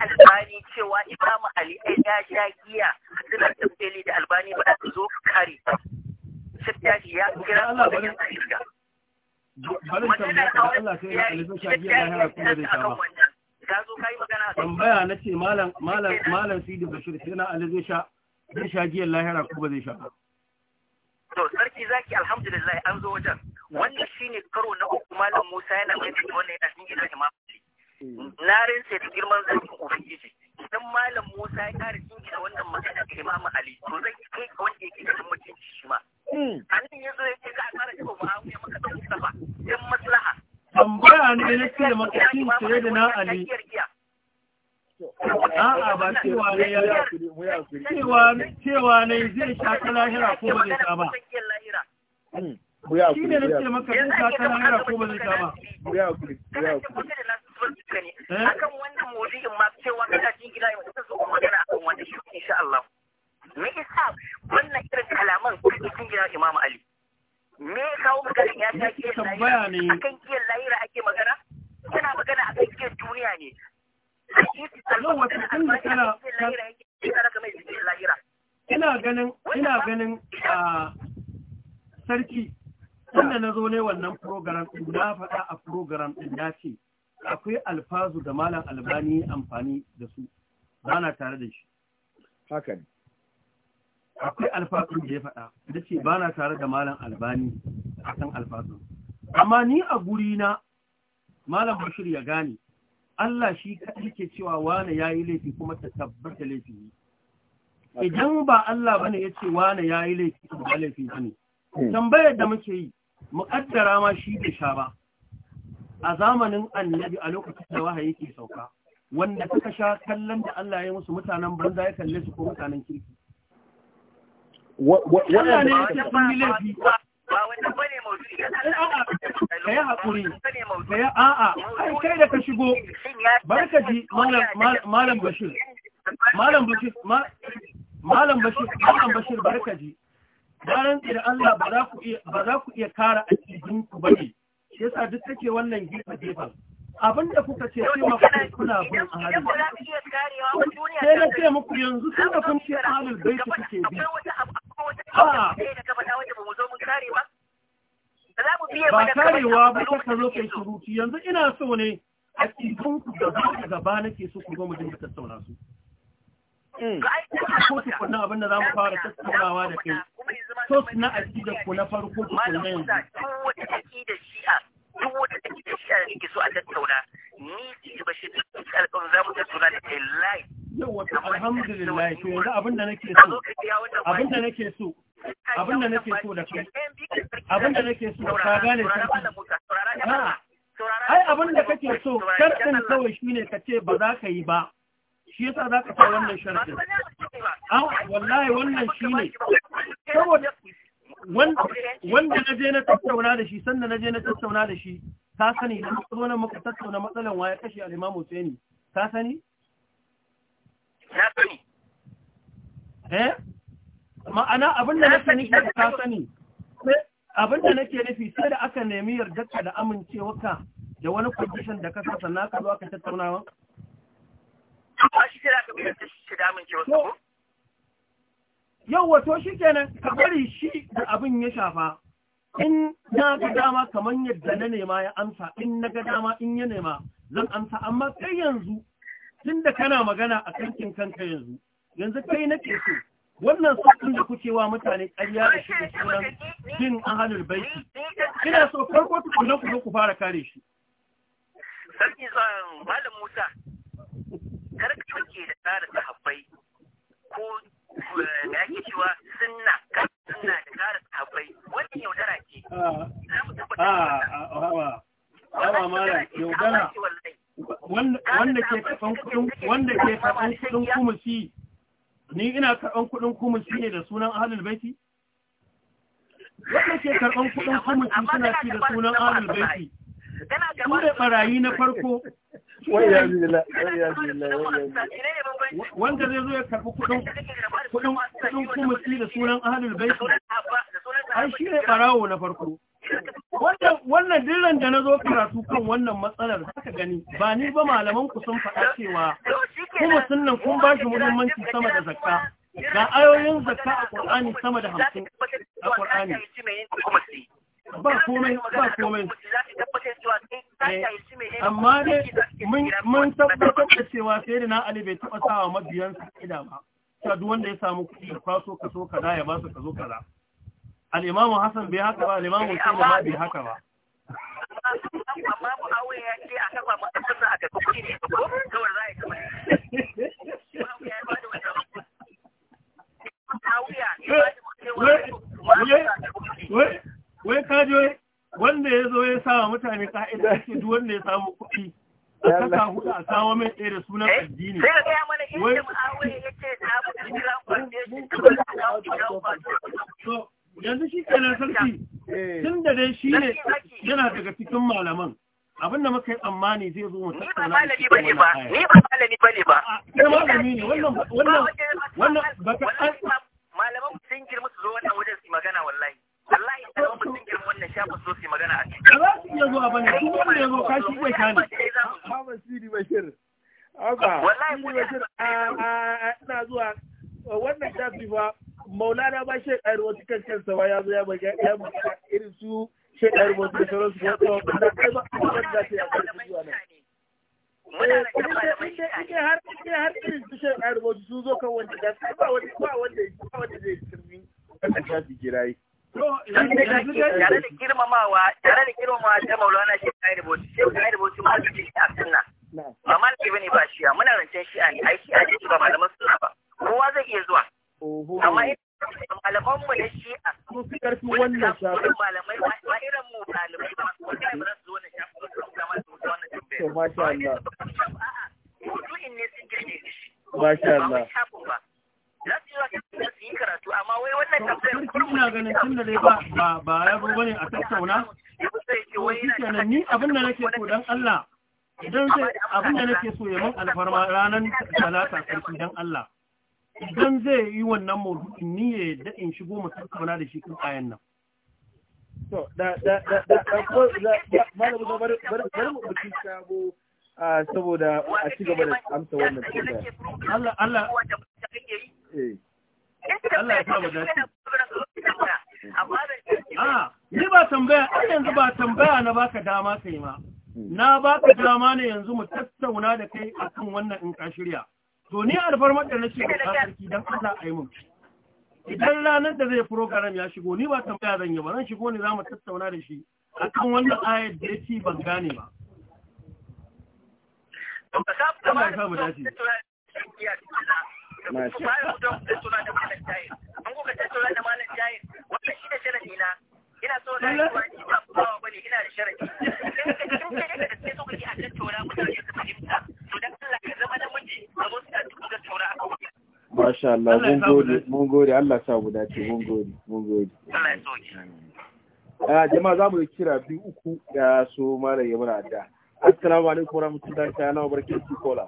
albani cewa imamu ali ai ya sha giya suna tafeli da albani ba su zo kare shaddadi ya kira Allah bari maganar Allah sai ya alifa sha giya ya ka zo kai magana tambaya malam malam malam sidi bashir sai na sha zai sha jiya lahira ko ba zai sha ba to sarki zaki alhamdulillah an zo wajen wannan shine karo na uku malam Musa yana mai da wannan yana cikin gidan Imam na rinse da girman zakin ubangiji idan malam Musa ya kare cikin da wannan magana da Imam Ali to zai kai ga wanda yake da mutunci shi ma hmm. annin yanzu ya ce za a fara cewa ya maka da Mustafa dan maslaha tambaya ne nake da shi tare da na Ali a'a ba cewa ne ya yi cewa ne zai shaƙa lahira ko ba zai ba shi ne na ce maka zai shaƙa lahira ko ba zai sha ba hmm. bana tare da malam albani a kan alfasun amma ni a guri na malam bashir ya gane Allah shi kaɗai ke cewa wane ya yi laifi kuma ta tabbata laifi ne idan ba Allah bane ya ce wane ya yi laifi ba laifi bane tambayar da muke yi muƙaddara ma shi da sha ba a zamanin annabi a lokacin da wahayi yake sauka wanda suka sha kallon da Allah ya yi musu mutanen banza ya kalle su ko mutanen kirki waɗanda ne ya haƙuri ka a'a kai da ka shigo barka ji malam bashir malam bashir malam bashir barka ji bayan da Allah ba za ku iya kara a ku ba ne yasa duk take wannan gefe gefen Abin da kuka ce sai mafi kuna bin a halin sai na ce muku yanzu sai da kun ce halin bai su kuke bi ba karewa ba ta ka zo kai surutu yanzu ina so ne a cikin ku gaba da gaba nake so ku zo mu dinga tattauna su ko hmm. ku kunna abin da za mu fara tattaunawa da kai sos na aji da ku na farko ku kunna yanzu duk wanda take da shi a so a tattauna ni ba shi alƙawarin za mu tattauna da kai yawa alhamdulillah to yanzu abin da nake so abin da nake so abin da nake so da kai abin da nake so ka gane sarki ai abin da kake so sharɗin kawai ne ka ce ba za ka yi ba shi yasa za ka sa wannan sharɗin Ah, wallahi wannan shi ne. wanda na je na tattauna da shi sannan na je na tattauna da shi ta sani da muka zo nan muka tattauna matsalan waya kashe al-Imam Husaini ta sani na sani eh ma'ana abin da na sani ta sani abin da nake nufi sai da aka nemi yardarka da amincewarka da wani condition da ka sasa na ka zo aka tattaunawa ba shi sai da aka bi da shi da amincewarka ko yau wato shi kenan ka bari shi da abin ya shafa in na ga dama kamar yadda na nema ya amsa in na ga dama in ya nema zan amsa amma kai yanzu tun da kana magana a kankin kanka yanzu yanzu kai na ke so wannan sauƙin da kuke wa mutane karya da shi da sunan jin ahalul baiti kina so farko tukunan ku ku fara kare shi sarki zan malam musa kar ka da tsara sahabbai ko da ake cewa sunna sunna da kare sahabbai wannan yaudara ce ah, za mu tabbata ah, ah, Awa mara yaudara wanda ke karɓan kuɗin wanda ke karɓan kuɗin kumusi ni ina karɓan kuɗin kumusi ne da sunan ahlul baiti wanda ke karɓan kuɗin kumusi suna ci da sunan ahlul baiti Kana gaba barayi na farko. Wanda zai zo ya karɓi kuɗin kuɗin kuɗin da sunan ahalul baiti. Ai shi ne barawo na farko. Wannan dillan da na zo karatu kan wannan matsalar haka gani ba ni ba malaman ku sun faɗa cewa kuma nan kun ba shi muhimmanci sama da zakka ga ayoyin zakka a Qur'ani sama da hamsin a Qur'ani. ba komai ba komai eh, amma dai mun tabbatar da cewa sai da na ali bai taɓa sawa sa ida ba cewa duk wanda ya samu kuɗi ya kwaso kaso kaza ya ba su kaso kaza al'imamu hassan bai haka ba al'imamu eh, sai ma bai haka ba amma mu aure ya ce a kafa mu tsatsa a tafi kuɗi ne ko kawai za a yi kamar Wait, wait, wait. wai kaji wanda ya zo ya sa wa mutane ka'ida ake duk wanda ya samu kuɗi a kasa hudu a sawa mai ɗaya da sunan eh, addini. Sai ya ce na yanzu shi kenan sarki eh. tun da dai shi ne yana daga cikin malaman abin da muka yi tsammani zai zo mu tattauna da shi wannan ba ni ba malami bane ba kai malami ne wannan wannan wannan ka magana a cikin. Ba su iya zuwa bane, su wanda ya zo kashi bai kane. Haba Sidi Bashir. Haba. Wallahi Sidi Bashir a ah, ah, ina zuwa wannan tafi fa Maulana ba shi ɗari wata kankan sa ya zo ya bai ya irin su shi ɗari wata da sauransu ko to da kai ba a da ta ya kai zuwa nan. Eh, ina har irin su shi ɗari wata su zo kan wanda ba wanda zai kirmi wannan tafi kirayi. Tare da girmamawa, da girmamawa ta Maulana shi kai da bauchi, shi kai da bauchi ma a sunna. Ba bane ba shi, muna rancen shi a ne, ai shi a ba malaman ba. Kowa zai iya zuwa. Amma malaman mu da shi a sun fi karfi wannan shafi. Malamai ba irin mu ba, ba su shafi ba su zama wannan Allah. Allah. ganin tun da dai ba ba ya zo bane a tattauna to shikenan ni abin da nake so dan Allah idan zai abin da nake so ya mun alfarma ranan talata sarki dan Allah idan zai yi wannan maudu'in ni ya yadda in shigo mu tattauna da shi kan ayan nan to da da da da ko malamu da bar bar bar mu buci sabo saboda a ci gaba da amsa wannan tambaya Allah Allah eh. Allah ya sa mu dace tambaya har yanzu ba tambaya na baka dama kai ma hmm. na baka dama ne yanzu mu tattauna da kai akan wannan in ka shirya to ni alfarmar da na da sarki dan Allah ayi mun idan ranar da zai program ya shigo ni ba tambaya zan yi ba zan shigo ne za mu tattauna da shi akan wannan ayar da yake ban gane ba. da Allah ya samu dace. Masha Allah, mun gode, mun gode, Allah sa mu dace, mun gode, mun gode. Allah ya ah, jama'a za mu yi kira biyu uku da su mara yi muna da. Assalamu alaikum wa rahmatullahi ta'ala wa su kola.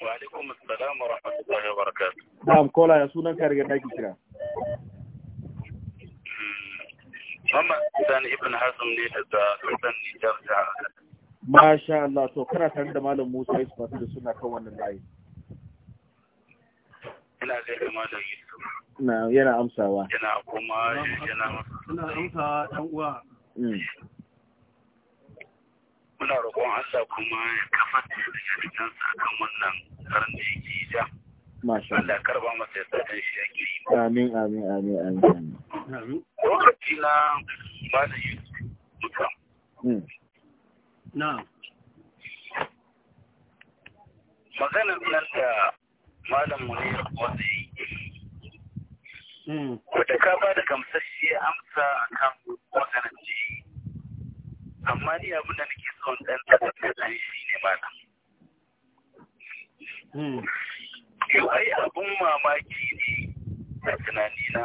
Wa alaikum assalam wa rahmatullahi wa barakatuhu. Na'am kola ya sunan ka daga daki kira. Muhammad Sani Ibn Hazm ne daga Dutsen Nijar jihar Masha Allah, to kana tare da Malam Musa Yusuf da suna kan wannan layi. Ina zai da Malam Yusuf. Na yana amsawa. Yana kuma yana Ina amsawa ɗan uwa. Mm. Muna roƙon Allah kuma ya kafa da cikin kan wannan karin da yake ja. Masha Allah karba masa shi ake yi. Amin amin amin amin. Lokaci na ba da yi duka. Na. Maganar nan da malam Munir wanda yi. Hmm. Wata ka ba da gamsasshe amsa a kan maganar ce. Amma ni abin da nake son ɗan tabbatar da shi ne malam. Hmm. yau ai abun mamaki ne a tunanina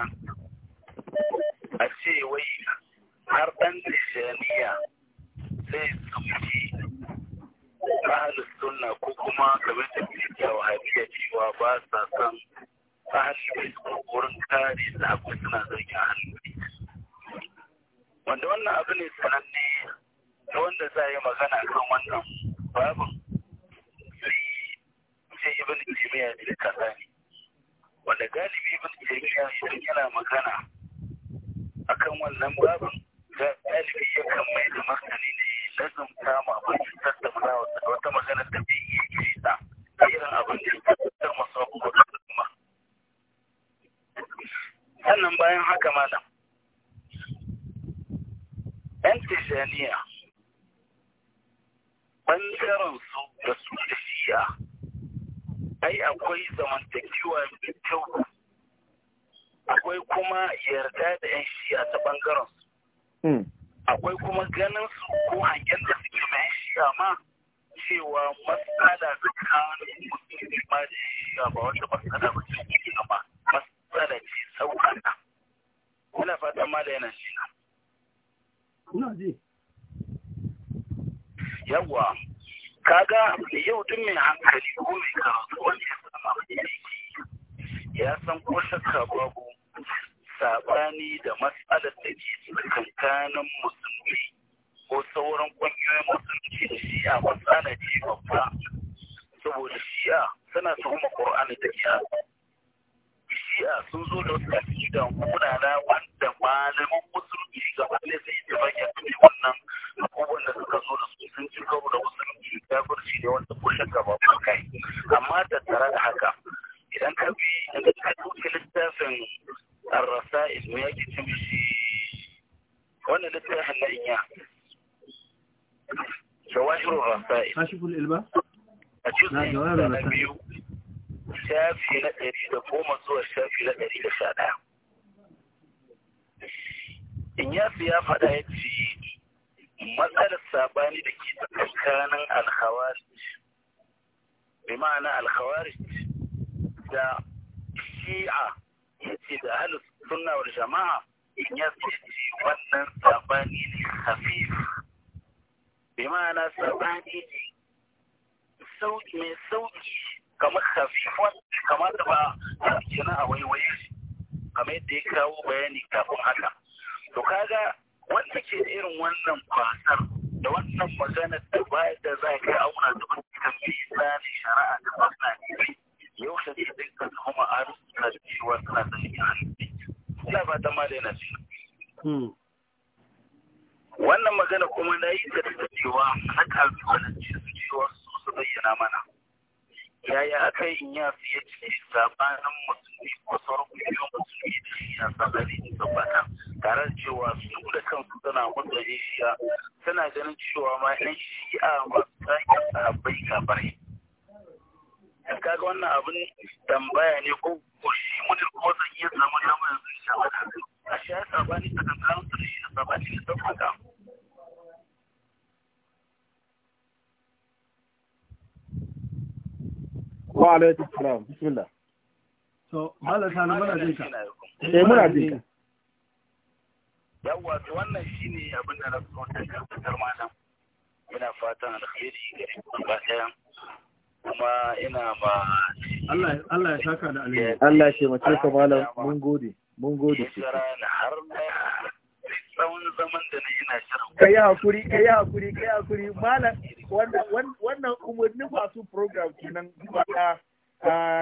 a ce wai har ɗan nishaniya zai tsamci ahalus sunna ko kuma kamar da kuke wahabiya cewa ba sa son ahalus wurin kare da akwai suna zargin ahalus wanda wannan abu ne sananne wanda za a yi magana kan wannan babu ce ibn taymiya ne da kazani ne wanda galibi ibn taymiya idan yana magana akan wannan babin galibi yakan mai da martani ne lazumta ma abin tattauna wata magana da bai yi kiri ta irin abin da ya tattar masu da kuma sannan bayan haka malam yan tijaniya ɓangaren su da su da shi'a ai akwai zamantakewa mai kyau akwai kuma yarda da 'yan shi'a ta ɓangaren su hmm. akwai kuma ganin su ko hangen da suke ma 'yan shi'a ma cewa matsala tsakanin musulmi ma da 'yan shi'a ba wata matsala ba ce kuma ba matsala ce sauƙaƙa ina fatan ma da yana shi na yawwa kaga yau duk mai hankali ko mai karatu wanda ya san abin da yake ya san ko shakka babu sabani da matsalar da ke tsakankanin musulmi ko sauran ƙungiyoyin musulunci da shi'a matsala ce babba saboda shi'a suna tuhuma ƙur'ani da ke jiya sun zo da wata wasu akidan munana wanda malamin musulmi ga gaba zai yi da ya kuma wannan abubuwan da suka zo da su sun ci gaba da musulmi musulunci kafirci ne wanda kullum gaba ba kai amma da tattara da haka idan ka bi idan ka ɗauki littafin arrasa'il ya ke cin shi wannan littafin na inya shawahirul rasa'il kashiful ilba a cikin na biyu shafi na ɗari da goma zuwa shafi na ɗari da sha ɗaya. In ya fi ya faɗa ya ce matsalar sabani da ke tsakanin alhawarij, bi ma'ana alhawarij da shi'a ya ce da ahalus sunna jama'a in ya fi ce wannan sabani ne hafif. Bi ma'ana sabani ne mai sauƙi kamar kamar kamata ba a yana a waiwaye kamar yadda ya kawo bayani kafin haka to kaga wanda ke irin wannan kwasar da wannan maganar da bayan da za ka auna da kan ne shari'a da ne yau shi ne din ka kuma a rubuta cewa suna da a ina ba ta ma da yana hmm. wannan magana kuma na yi ta da cewa haka alƙawarin cewa su su bayyana mana yaya aka yi in ya fiye ce sabanin musulmi ko sauran kungiyoyin musulmi da shi a tsakanin da tabbata tare da cewa su da kansu suna wanda ne shiya tana ganin cewa ma yan shi'a masu tsakin sahabbai kabarai in kaga wannan abin tambaya ne ko ko shi mutum ko zan iya zama damar yanzu shi a a shi ya sabani tsakanin su da shi a sabani da tabbata wa alaikum salam bismillah So, malam sani muna jin eh muna jin ka yawwa to wannan shine abin da na so ta tabbatar malam ina fatan alkhairi gare ku ba ɗaya kuma ina ba Allah Allah ya saka da alheri Allah ya shemake ka malam mun gode mun gode har tsawon zaman da na ina shirin. Ka yi hakuri, ka yi hakuri, ka yi hakuri. Malam, wannan umarnin masu program kenan zuwa ɗaya.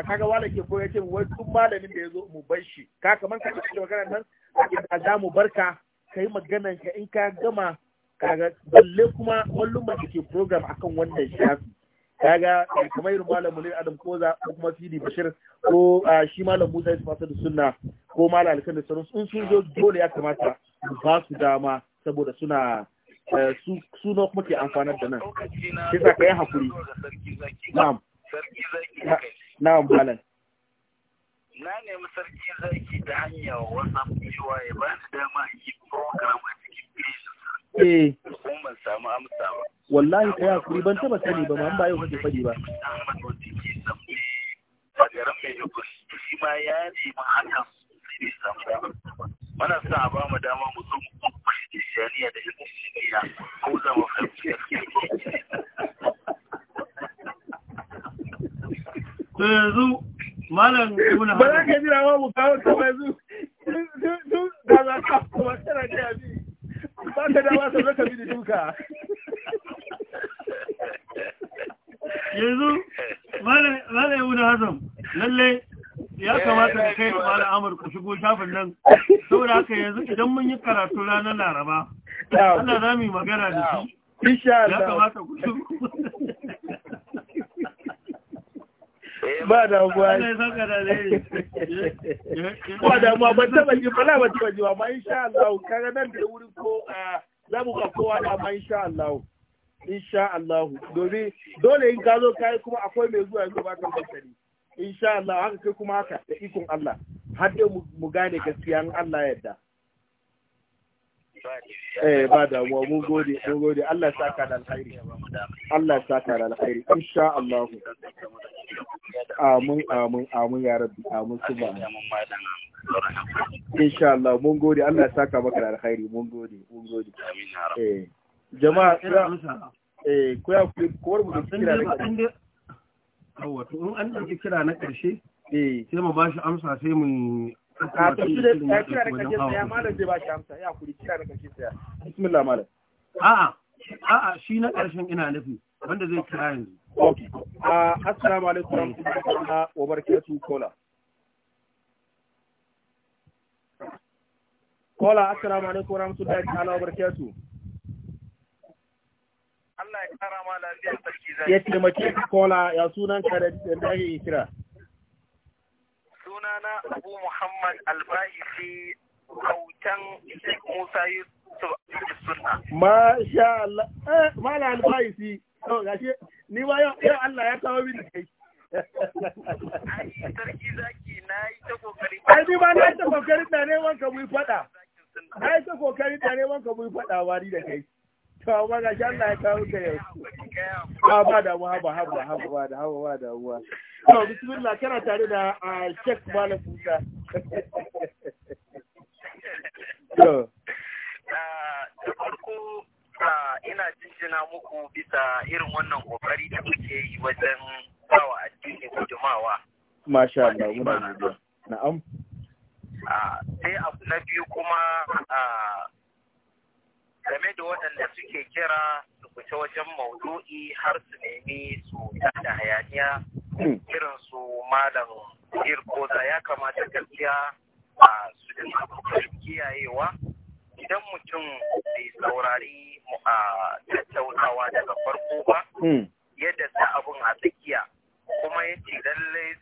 kaga wala ke koya ce wai duk malamin da ya zo mu bar shi ka kamar ka ce magana nan a za mu barka kai maganan ka in ka gama kaga balle kuma wallon ba ke program akan wannan shafi kaga kamar yin malam Mulin Adam Koza ko kuma Sidi Bashir ko shi malam Musa Ismail da Sunna ko malam Alkan da sauransu in sun zo dole ya kamata ba su dama saboda suna eh, su na kuma ke amfanar da nan shi sa ka yi hakuri na'am na'am balan na nemi sarki zaki da hanya whatsapp cewa ya ba ni dama yi program a cikin page eh. kuma ban samu amsa ba wallahi kai hakuri ban taba sani ba ban ba yau kake fadi ba a garin Maiduguri shi ma ya nemi hakan sai bai samu dama muna sa a ba mu dama mu zo mu kuma shari'a da ya ko zama to yanzu malam kuna ba za ka ba yanzu da za ka kuma tana da ba ka yanzu malam malam hazam lallai ya eh, kamata da eh, kai da mala ku shigo shafin nan saboda haka yanzu idan mun yi karatu ranar laraba ana za mu yi magana da shi insha Allah ya kamata ku shigo eh, ba da kuwa ba da mu ban taba ji ba la ba ta ji ba insha Allah kaga nan da wuri ko za mu ga kowa da ma insha Allah insha Allah domin dole in ka zo kai kuma akwai mai zuwa yanzu ba ka bakari insha Allah haka kai kuma haka da ikon Allah har dai mu gane gaskiya in Allah yadda eh ba damuwa mun gode mu gode Allah ya saka da alkhairi Allah ya saka da alkhairi insha Allah amin amin amin ya rabbi amin subhana insha Allah mun gode Allah ya saka maka da alkhairi mun gode mun gode amin ya rabbi eh jama'a eh ko ya kuri ko mu kira da wato in an ɗauki kira na ƙarshe eh. sai mu ba shi amsa sai mu a shi kira da ƙarshe saya malam zai ba shi ya kira da ƙarshe saya a'a a'a shi na ƙarshen ina nufi wanda zai kira yanzu ah, assalamu alaikum wa barakatuh kola kola assalamu alaikum wa rahmatullahi wa barakatuh Allah ya kara ma lafiyar sarki zai. Ya kola ya sunan ka da ake kira. Sunana Abu Muhammad Albahisi Hautan Musa Yusuf Sunna. Masha Allah. Eh, Mala Albahisi. To gashi ni ma yau Allah ya kawo mini kai. Ai sarki zaki na yi ta kokari. Ai ni ma na yi ta kokari da ne wanka mu faɗa. Na yi ta kokari da ne wanka mu faɗa wari da kai. to mana shi Allah ya kawo ka yau ah, ba ba da wa ba ha ba ha ba da ha ba da wa to bismillah kana tare da ah, Sheikh Malam Musa to ah, da farko ina jinjina muku bisa irin wannan kokari da kuke yi wajen bawa addini gudumawa masha Allah muna na'am sai abu na biyu kuma game da waɗanda suke kira su fita wajen maudu'i har su nemi su da hayaniya kiran hmm. su malam irkoza ya kamata gaskiya a su da kiyayewa idan mutum bai saurari a tattaunawa daga farko ba hmm. yadda ta abun a tsakiya kuma ya ce lallai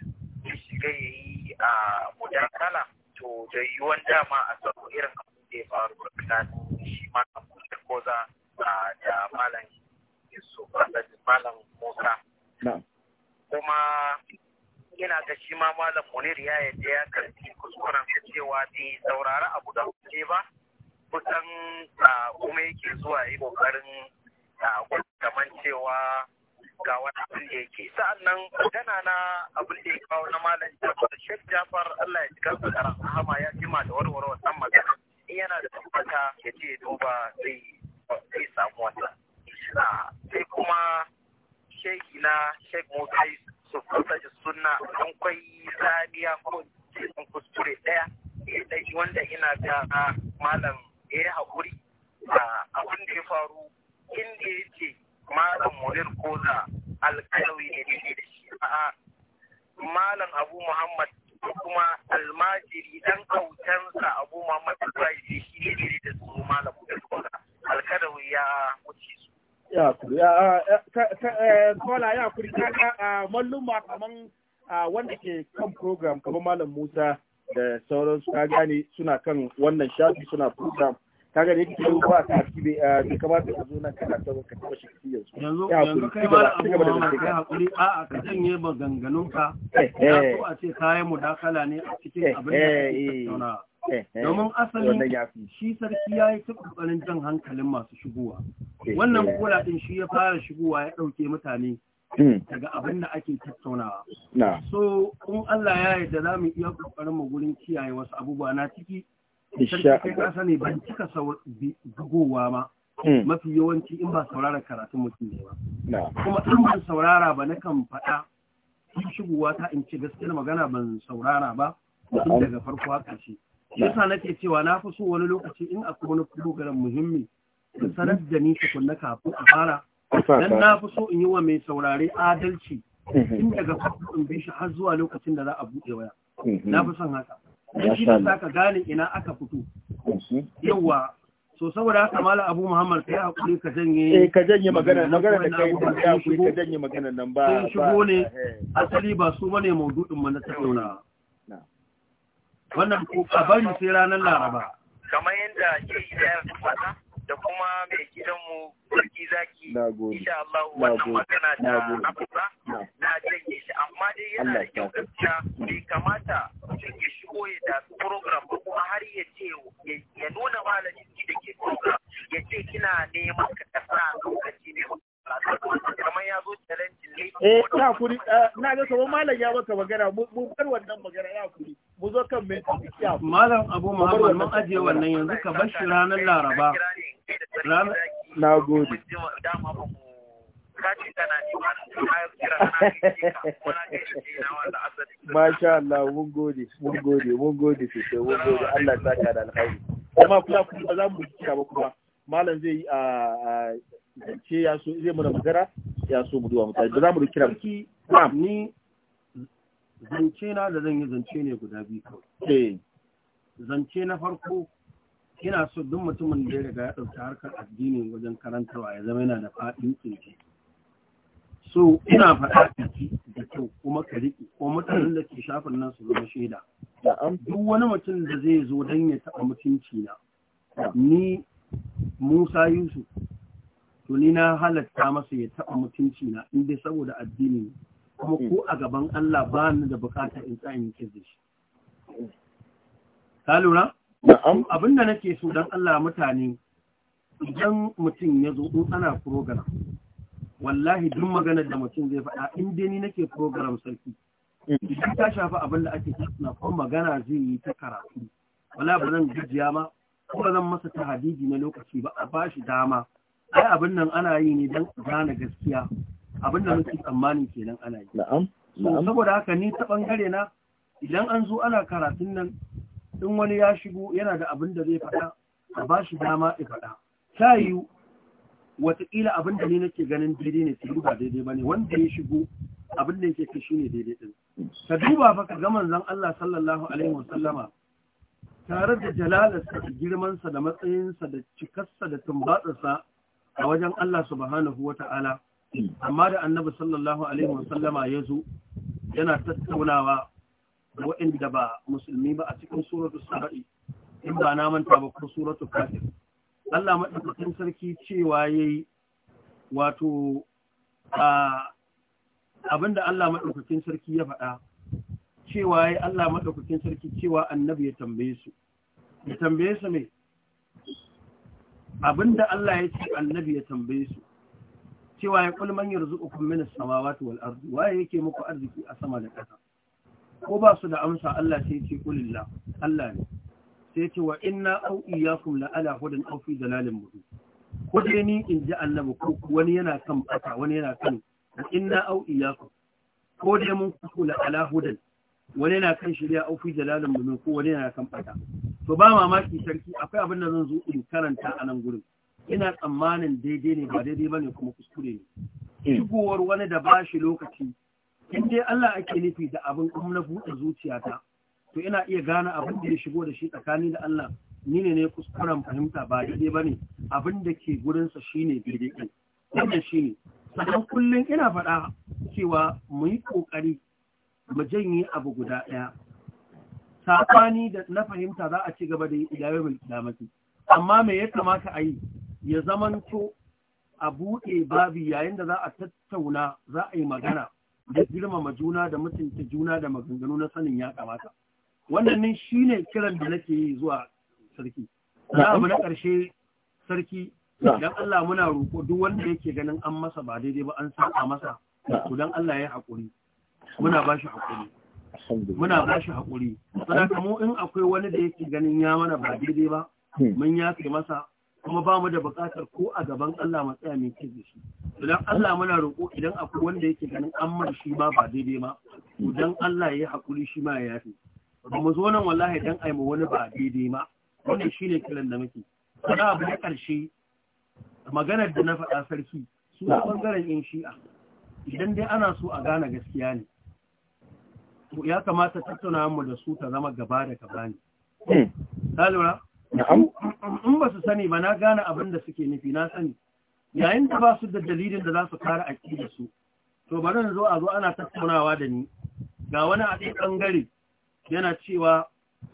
shiga ya yi a kala, to da yiwuwan dama a samu irin abin da ya faru da shi ma koza da malam yusuf malam musa kuma ina ga shi ma malam munir ya yadda ya karfi kuskuren cewa bi saurari abu da kuke ba kusan kuma yake zuwa yi kokarin kaman cewa ga wani abin da yake nan magana na abin da ya kawo na malam jafar shek jafar allah ya ji karfi da rahama ya jima da warware wannan magana in yana da tabbata ya ce duba zai zai samu wannan ah, sai kuma shehi na sheik motai su fasaji suna an kwai zariya ko cikin kuskure ɗaya ɗaya eh, wanda ina ga malam ya yi haƙuri a ah, abin da ya faru inda ya ce malam munir koza alkalawi ne da shi a malam abu muhammad kuma almajiri dan kautansa abu muhammad al-zaidi shi ne da su malamu da kola alkadawi ya wuce su ya kuri kola ya eh, kuri kaga ah, malluma kaman ah, wanda ke kan program kamar malam musa da sauransu ka gane suna kan wannan shafi suna program kaga da yake ba eh, ta ka zo nan kana ka shi yanzu yanzu yanzu kai ba abu ma kai hakuri a a ka janye ba ganganun ka ya eh, eh. a ce kayan dakala ne a cikin abin da kake tattauna domin asali shi sarki ya yi ta kokarin jan hankalin masu shigowa wannan kola din shi ya fara shigowa ya ɗauke mutane hmm. daga abin da ake tattaunawa. So, in Allah ya yi da za mu iya ƙoƙarin mu gurin kiyaye wasu abubuwa na ciki kai sani ban cika ma hmm. mafi yawanci in ba saurara karatun mutum ne ba kuma in ban saurara ba na kan faɗa in shigowa ta in ce gaskiyar magana ban saurara ba tun daga farko haka ce yasa nake cewa na fi so wani lokaci in akwai wani program muhimmi da hmm. sanar da ni tukunna kafin a fara dan na fi so in yi wa mai saurare adalci hmm. tun daga farko in bi shi har zuwa lokacin da za a buɗe waya na fi son haka don shi da za ka gane ina aka fito yawa so saboda haka mala abu muhammad kai hakuri ka janye eh ka janye magana magana da kai ka hakuri ka janye magana nan ba sun shigo ne eh. asali ba su bane maudu'in mu na tattauna wannan ko a bari sai ranar laraba kamar yadda ke yi da fata da kuma mai gidanmu sarki zaki insha Allah wannan magana da abuza na janye shi amma dai yana da kyau gaskiya bai kamata mutum ya shigo ya da program ba kuma har ya ce ya nuna malamin da ke program ya ce kina neman ka kasa lokaci ne kamar ya zo challenge ne eh na kuri eh, na ga kamar malam ya baka magana mu bar wannan magana na kuri mu zo kan mai tafiya malam abu muhammad mun ajiye wannan yanzu ka bar shi ranar laraba na gode Masha Allah, mun gode, mun gode, mun gode sosai, mun gode, Allah ya saka da alkhairi. Kuma kuma kuma za mu cika ba kuma, malam zai a ce ya so zai muna magara ya so mu duwa mutane, ba za mu kira. Ni zance na da zan yi zance ne guda biyu kawai eh. zance na farko ina so duk mutumin da ya riga ya ɗauki harkar addini wajen karantarwa ya zama yana da faɗin tsinci so ina faɗa ciki da kyau kuma ka riƙe ko mutanen da ke shafin nan su zama shaida duk wani mutum da zai zo don ya taɓa mutunci na ni musa yusuf to ni na halatta masa ya taɓa mutunci na inda saboda addini kuma hmm. ko a gaban Allah ba ni da bukatar in tsayin yake shi ka lura Abin da nake so dan Allah mutane idan mutum ya zo in ana program wallahi duk maganar da mutum zai faɗa in dai ni nake program sarki hmm. idan ta shafi abin da ake na kuma magana zai yi ta karatu wala ba zan gajiya ma ko ba zan masa ta hadidi na lokaci ba a bashi dama ai abin nan ana yi ne don gane gaskiya abinda muke tsammanin kenan ana yi na'am saboda haka ni ta bangare na idan an zo ana karatun nan in wani ya shigo yana da abin da zai faɗa a ba shi dama ya faɗa ta yi watakila abin da ni nake ganin daidai ne su duba daidai ba ne wanda ya shigo abin da yake kashi shi ne daidai ɗin ka duba fa ka ga manzon Allah sallallahu alaihi wa sallama tare da jalalarsa da girmansa da matsayinsa da cikarsa da tumbatsarsa a wajen Allah subhanahu wa ta'ala amma da annabi sallallahu alaihi wasallama ya zo yana tattaunawa da waɗanda ba musulmi ba a cikin suratul saba'i in ba na manta ba ko suratul kafir Allah madaukakin sarki cewa yayi wato abinda Allah madaukakin sarki ya faɗa cewa yayi Allah madaukakin sarki cewa annabi ya tambaye su ya tambaye su me abinda Allah ya ce annabi ya tambaye su cewa ya kul man yarzuqukum min as-samawati wal ardi waye yake muku arziki a sama da ƙasa ko ba su da amsa Allah sai ce kulillah Allah ne sai ce wa inna aw iyyakum la ala hudan aw fi dalalin mubin ko dai ni in ji annabi ko wani yana kan bata wani yana kan inna aw iyyakum ko dai mun ku la ala hudan wani yana kan shirya aw fi dalalin mubin ko wani yana kan bata to ba mamaki sarki akwai abin da zan zo in karanta a nan gurin ina tsammanin daidai ne ba daidai ba ne kuma kuskure ne hmm. shigowar wani da ba shi lokaci in dai Allah ake nufi da abin kuma na buɗe zuciyata to ina iya gane abin da ya shigo da shi tsakani da Allah ni ne ne kuskuren fahimta ba daidai ba ne abin da ke gurinsa shi ne daidai ɗin wannan shi ne sannan kullum ina faɗa cewa mu yi ƙoƙari mu janye abu guda ɗaya saɓani da na fahimta za a ci gaba da yi idayoyin kiyamati amma me ya kamata a yi ya zamanto a buɗe babi yayin da za a tattauna za a yi magana da girmama juna da mutunta juna da maganganu na sanin ya kamata wannan ne shi ne kiran da nake yi zuwa sarki Za a na ƙarshe sarki don Allah muna roƙo duk wanda yake ganin an masa ba daidai ba an san a masa to don Allah ya haƙuri muna ba shi haƙuri muna ba shi haƙuri mu in akwai wani da yake ganin ya mana ba daidai ba hmm. mun yafe masa kuma ba mu da buƙatar ko a gaban Allah mu tsaya mai kizi shi idan Allah muna roƙo idan akwai wanda yake ganin an mar shi ba ba daidai ma idan Allah ya yi hakuri shi ma ya yafi ba mu zo nan wallahi dan ai mu wani ba daidai ma wannan shine kiran da muke sana abu na ƙarshe maganar da na faɗa sarki su ɓangaren yin shi'a idan dai ana so a gane gaskiya ne ya kamata tattauna mu da su ta zama gaba da gaba ne. Ta hmm. lura? in ba su sani ba na gane abin da suke nufi na sani yayin da ba su da dalilin da za su kare a da su to bari na zo a zo ana tattaunawa da ni ga wani a ɗan ɓangare yana cewa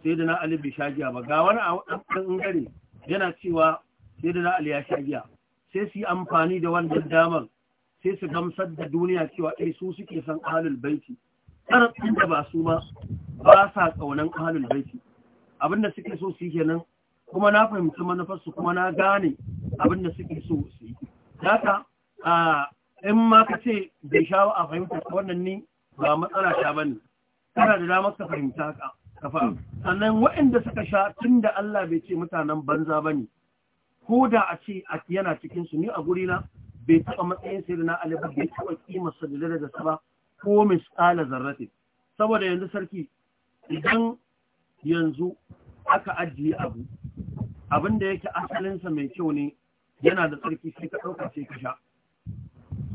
sai da na ali bai ba ga wani a ɗan ɓangare yana cewa sai da na ali ya sha giya sai su yi amfani da wannan damar sai su gamsar da duniya cewa ɗai eh, su suke san ahalul baiti ƙarfin da ba su ma ba sa ƙaunan ahalul baiti da suke so su yi kenan kuma na fahimci manufarsu kuma na gane abin da suke so su yi Daka, in ma ka ce bai sha a fahimta wannan ni ba matsala ta ne. kana da damar ka fahimta ka kafa sannan waɗanda suka sha tun da Allah bai ce mutanen banza ba ne, ko da a ce a yana cikin su ni a guri na bai taɓa matsayin sai da na alibu bai taɓa kima sa da da saba ko misala zarrati saboda yanzu sarki idan yanzu aka ajiye abu abin da yake asalinsa mai kyau ne yana da tsarki sai ka ɗauka sai ka sha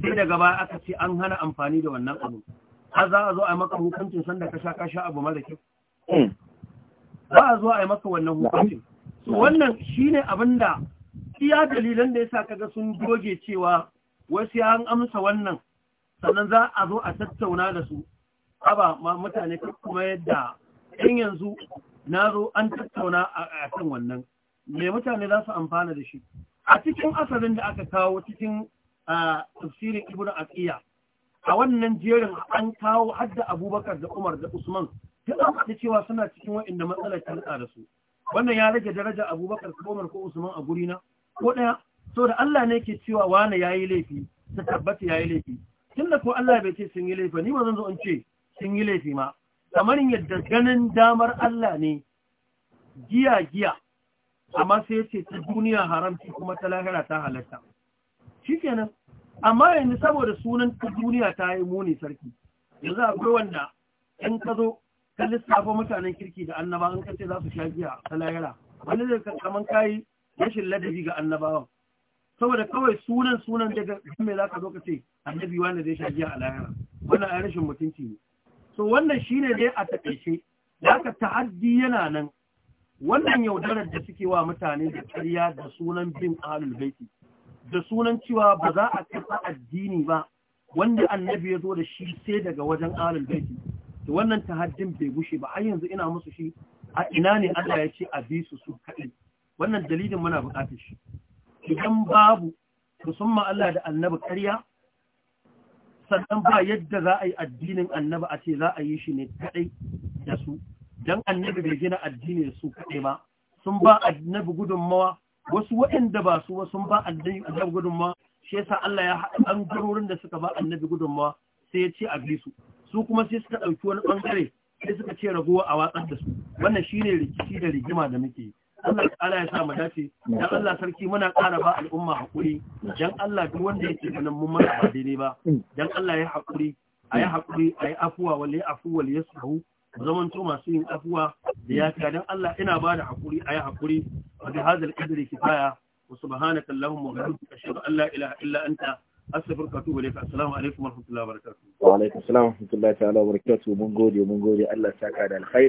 sai daga baya aka ce an hana amfani da wannan abu har za a zo a maka hukuncin sanda ka sha ka sha abu mara kyau ba hmm. a zo a maka wannan hukuncin wannan shine abin da iya dalilan da yasa kaga sun goge cewa wasu ya an amsa wannan sannan za a zo a tattauna da su haba ma mutane kuma yadda in yanzu na zo an tattauna a kan wannan me mutane za su amfana da shi a cikin asalin da aka kawo cikin tafsirin ibnu aqiya a wannan jerin an kawo hadda abubakar da umar da usman duk an faɗi cewa suna cikin wa'inda matsalar ta da su wannan ya rage daraja abubakar ko umar ko usman a gurina ko ɗaya so da allah ne ke cewa wane ya yi laifi ta tabbata ya yi laifi tun da ko allah bai ce sun yi laifi ni ba zan zo in ce sun yi laifi ma kamar yadda ganin damar allah ne giya giya amma sai ya ce ta duniya haramci kuma ta lahira ta halatta shi kenan amma yanzu saboda sunan ta duniya ta yi muni sarki yanzu akwai wanda in ka zo ka lissafa mutanen kirki da annaba in ka ce za su sha giya ta lahira wani zai kaman kayi rashin ladabi ga annabawan saboda kawai sunan sunan daga mai za ka zo ka ce annabi wanda zai sha giya a lahira wannan a rashin mutunci ne so wannan shine dai a takaice da aka ta'addi yana nan wannan yaudarar da suke wa mutane da ƙarya da sunan bin ahlul baiti da sunan cewa ba za a kafa addini ba wanda annabi ya zo da shi sai daga wajen ahlul baiti to wannan tahaddin bai gushe ba har yanzu ina musu shi a ina ne Allah ya ce a bi su su kaɗai wannan dalilin muna buƙatar shi idan babu musamman Allah da annabi ƙarya sannan ba yadda za a yi addinin annabi a ce za a yi shi ne kaɗai da su dan annabi bai gina addini da su kaɗai ba sun ba annabi gudunmawa wasu waɗanda ba su sun ba annabi gudunmawa shi yasa Allah ya haɗa ɓangarorin da suka ba annabi gudunmawa sai ya ce a bi su su kuma sai suka ɗauki wani ɓangare sai suka ce raguwa a watsar da su wannan shine rikici da rigima da muke yi Allah ta'ala ya sa mu dace dan Allah sarki muna kara ba al'umma hakuri dan Allah duk wanda yake ganin mun mana ba daidai ba dan Allah ya hakuri ayi hakuri ayi afuwa wal ya wal zamanto masu yin afuwa da ya yafiya don Allah ina ba da haƙuri a yi haƙuri a ga hazal ƙadiri kifaya wa subhanaka allahumma wa bihamdika ashhadu an Allah ilaha illa anta astaghfiruka wa atubu ilayka assalamu alaikum wa rahmatullahi wa barakatuh wa alaikum assalam wa rahmatullahi ta'ala wa barakatuh mun gode mun gode Allah saka da alkhairi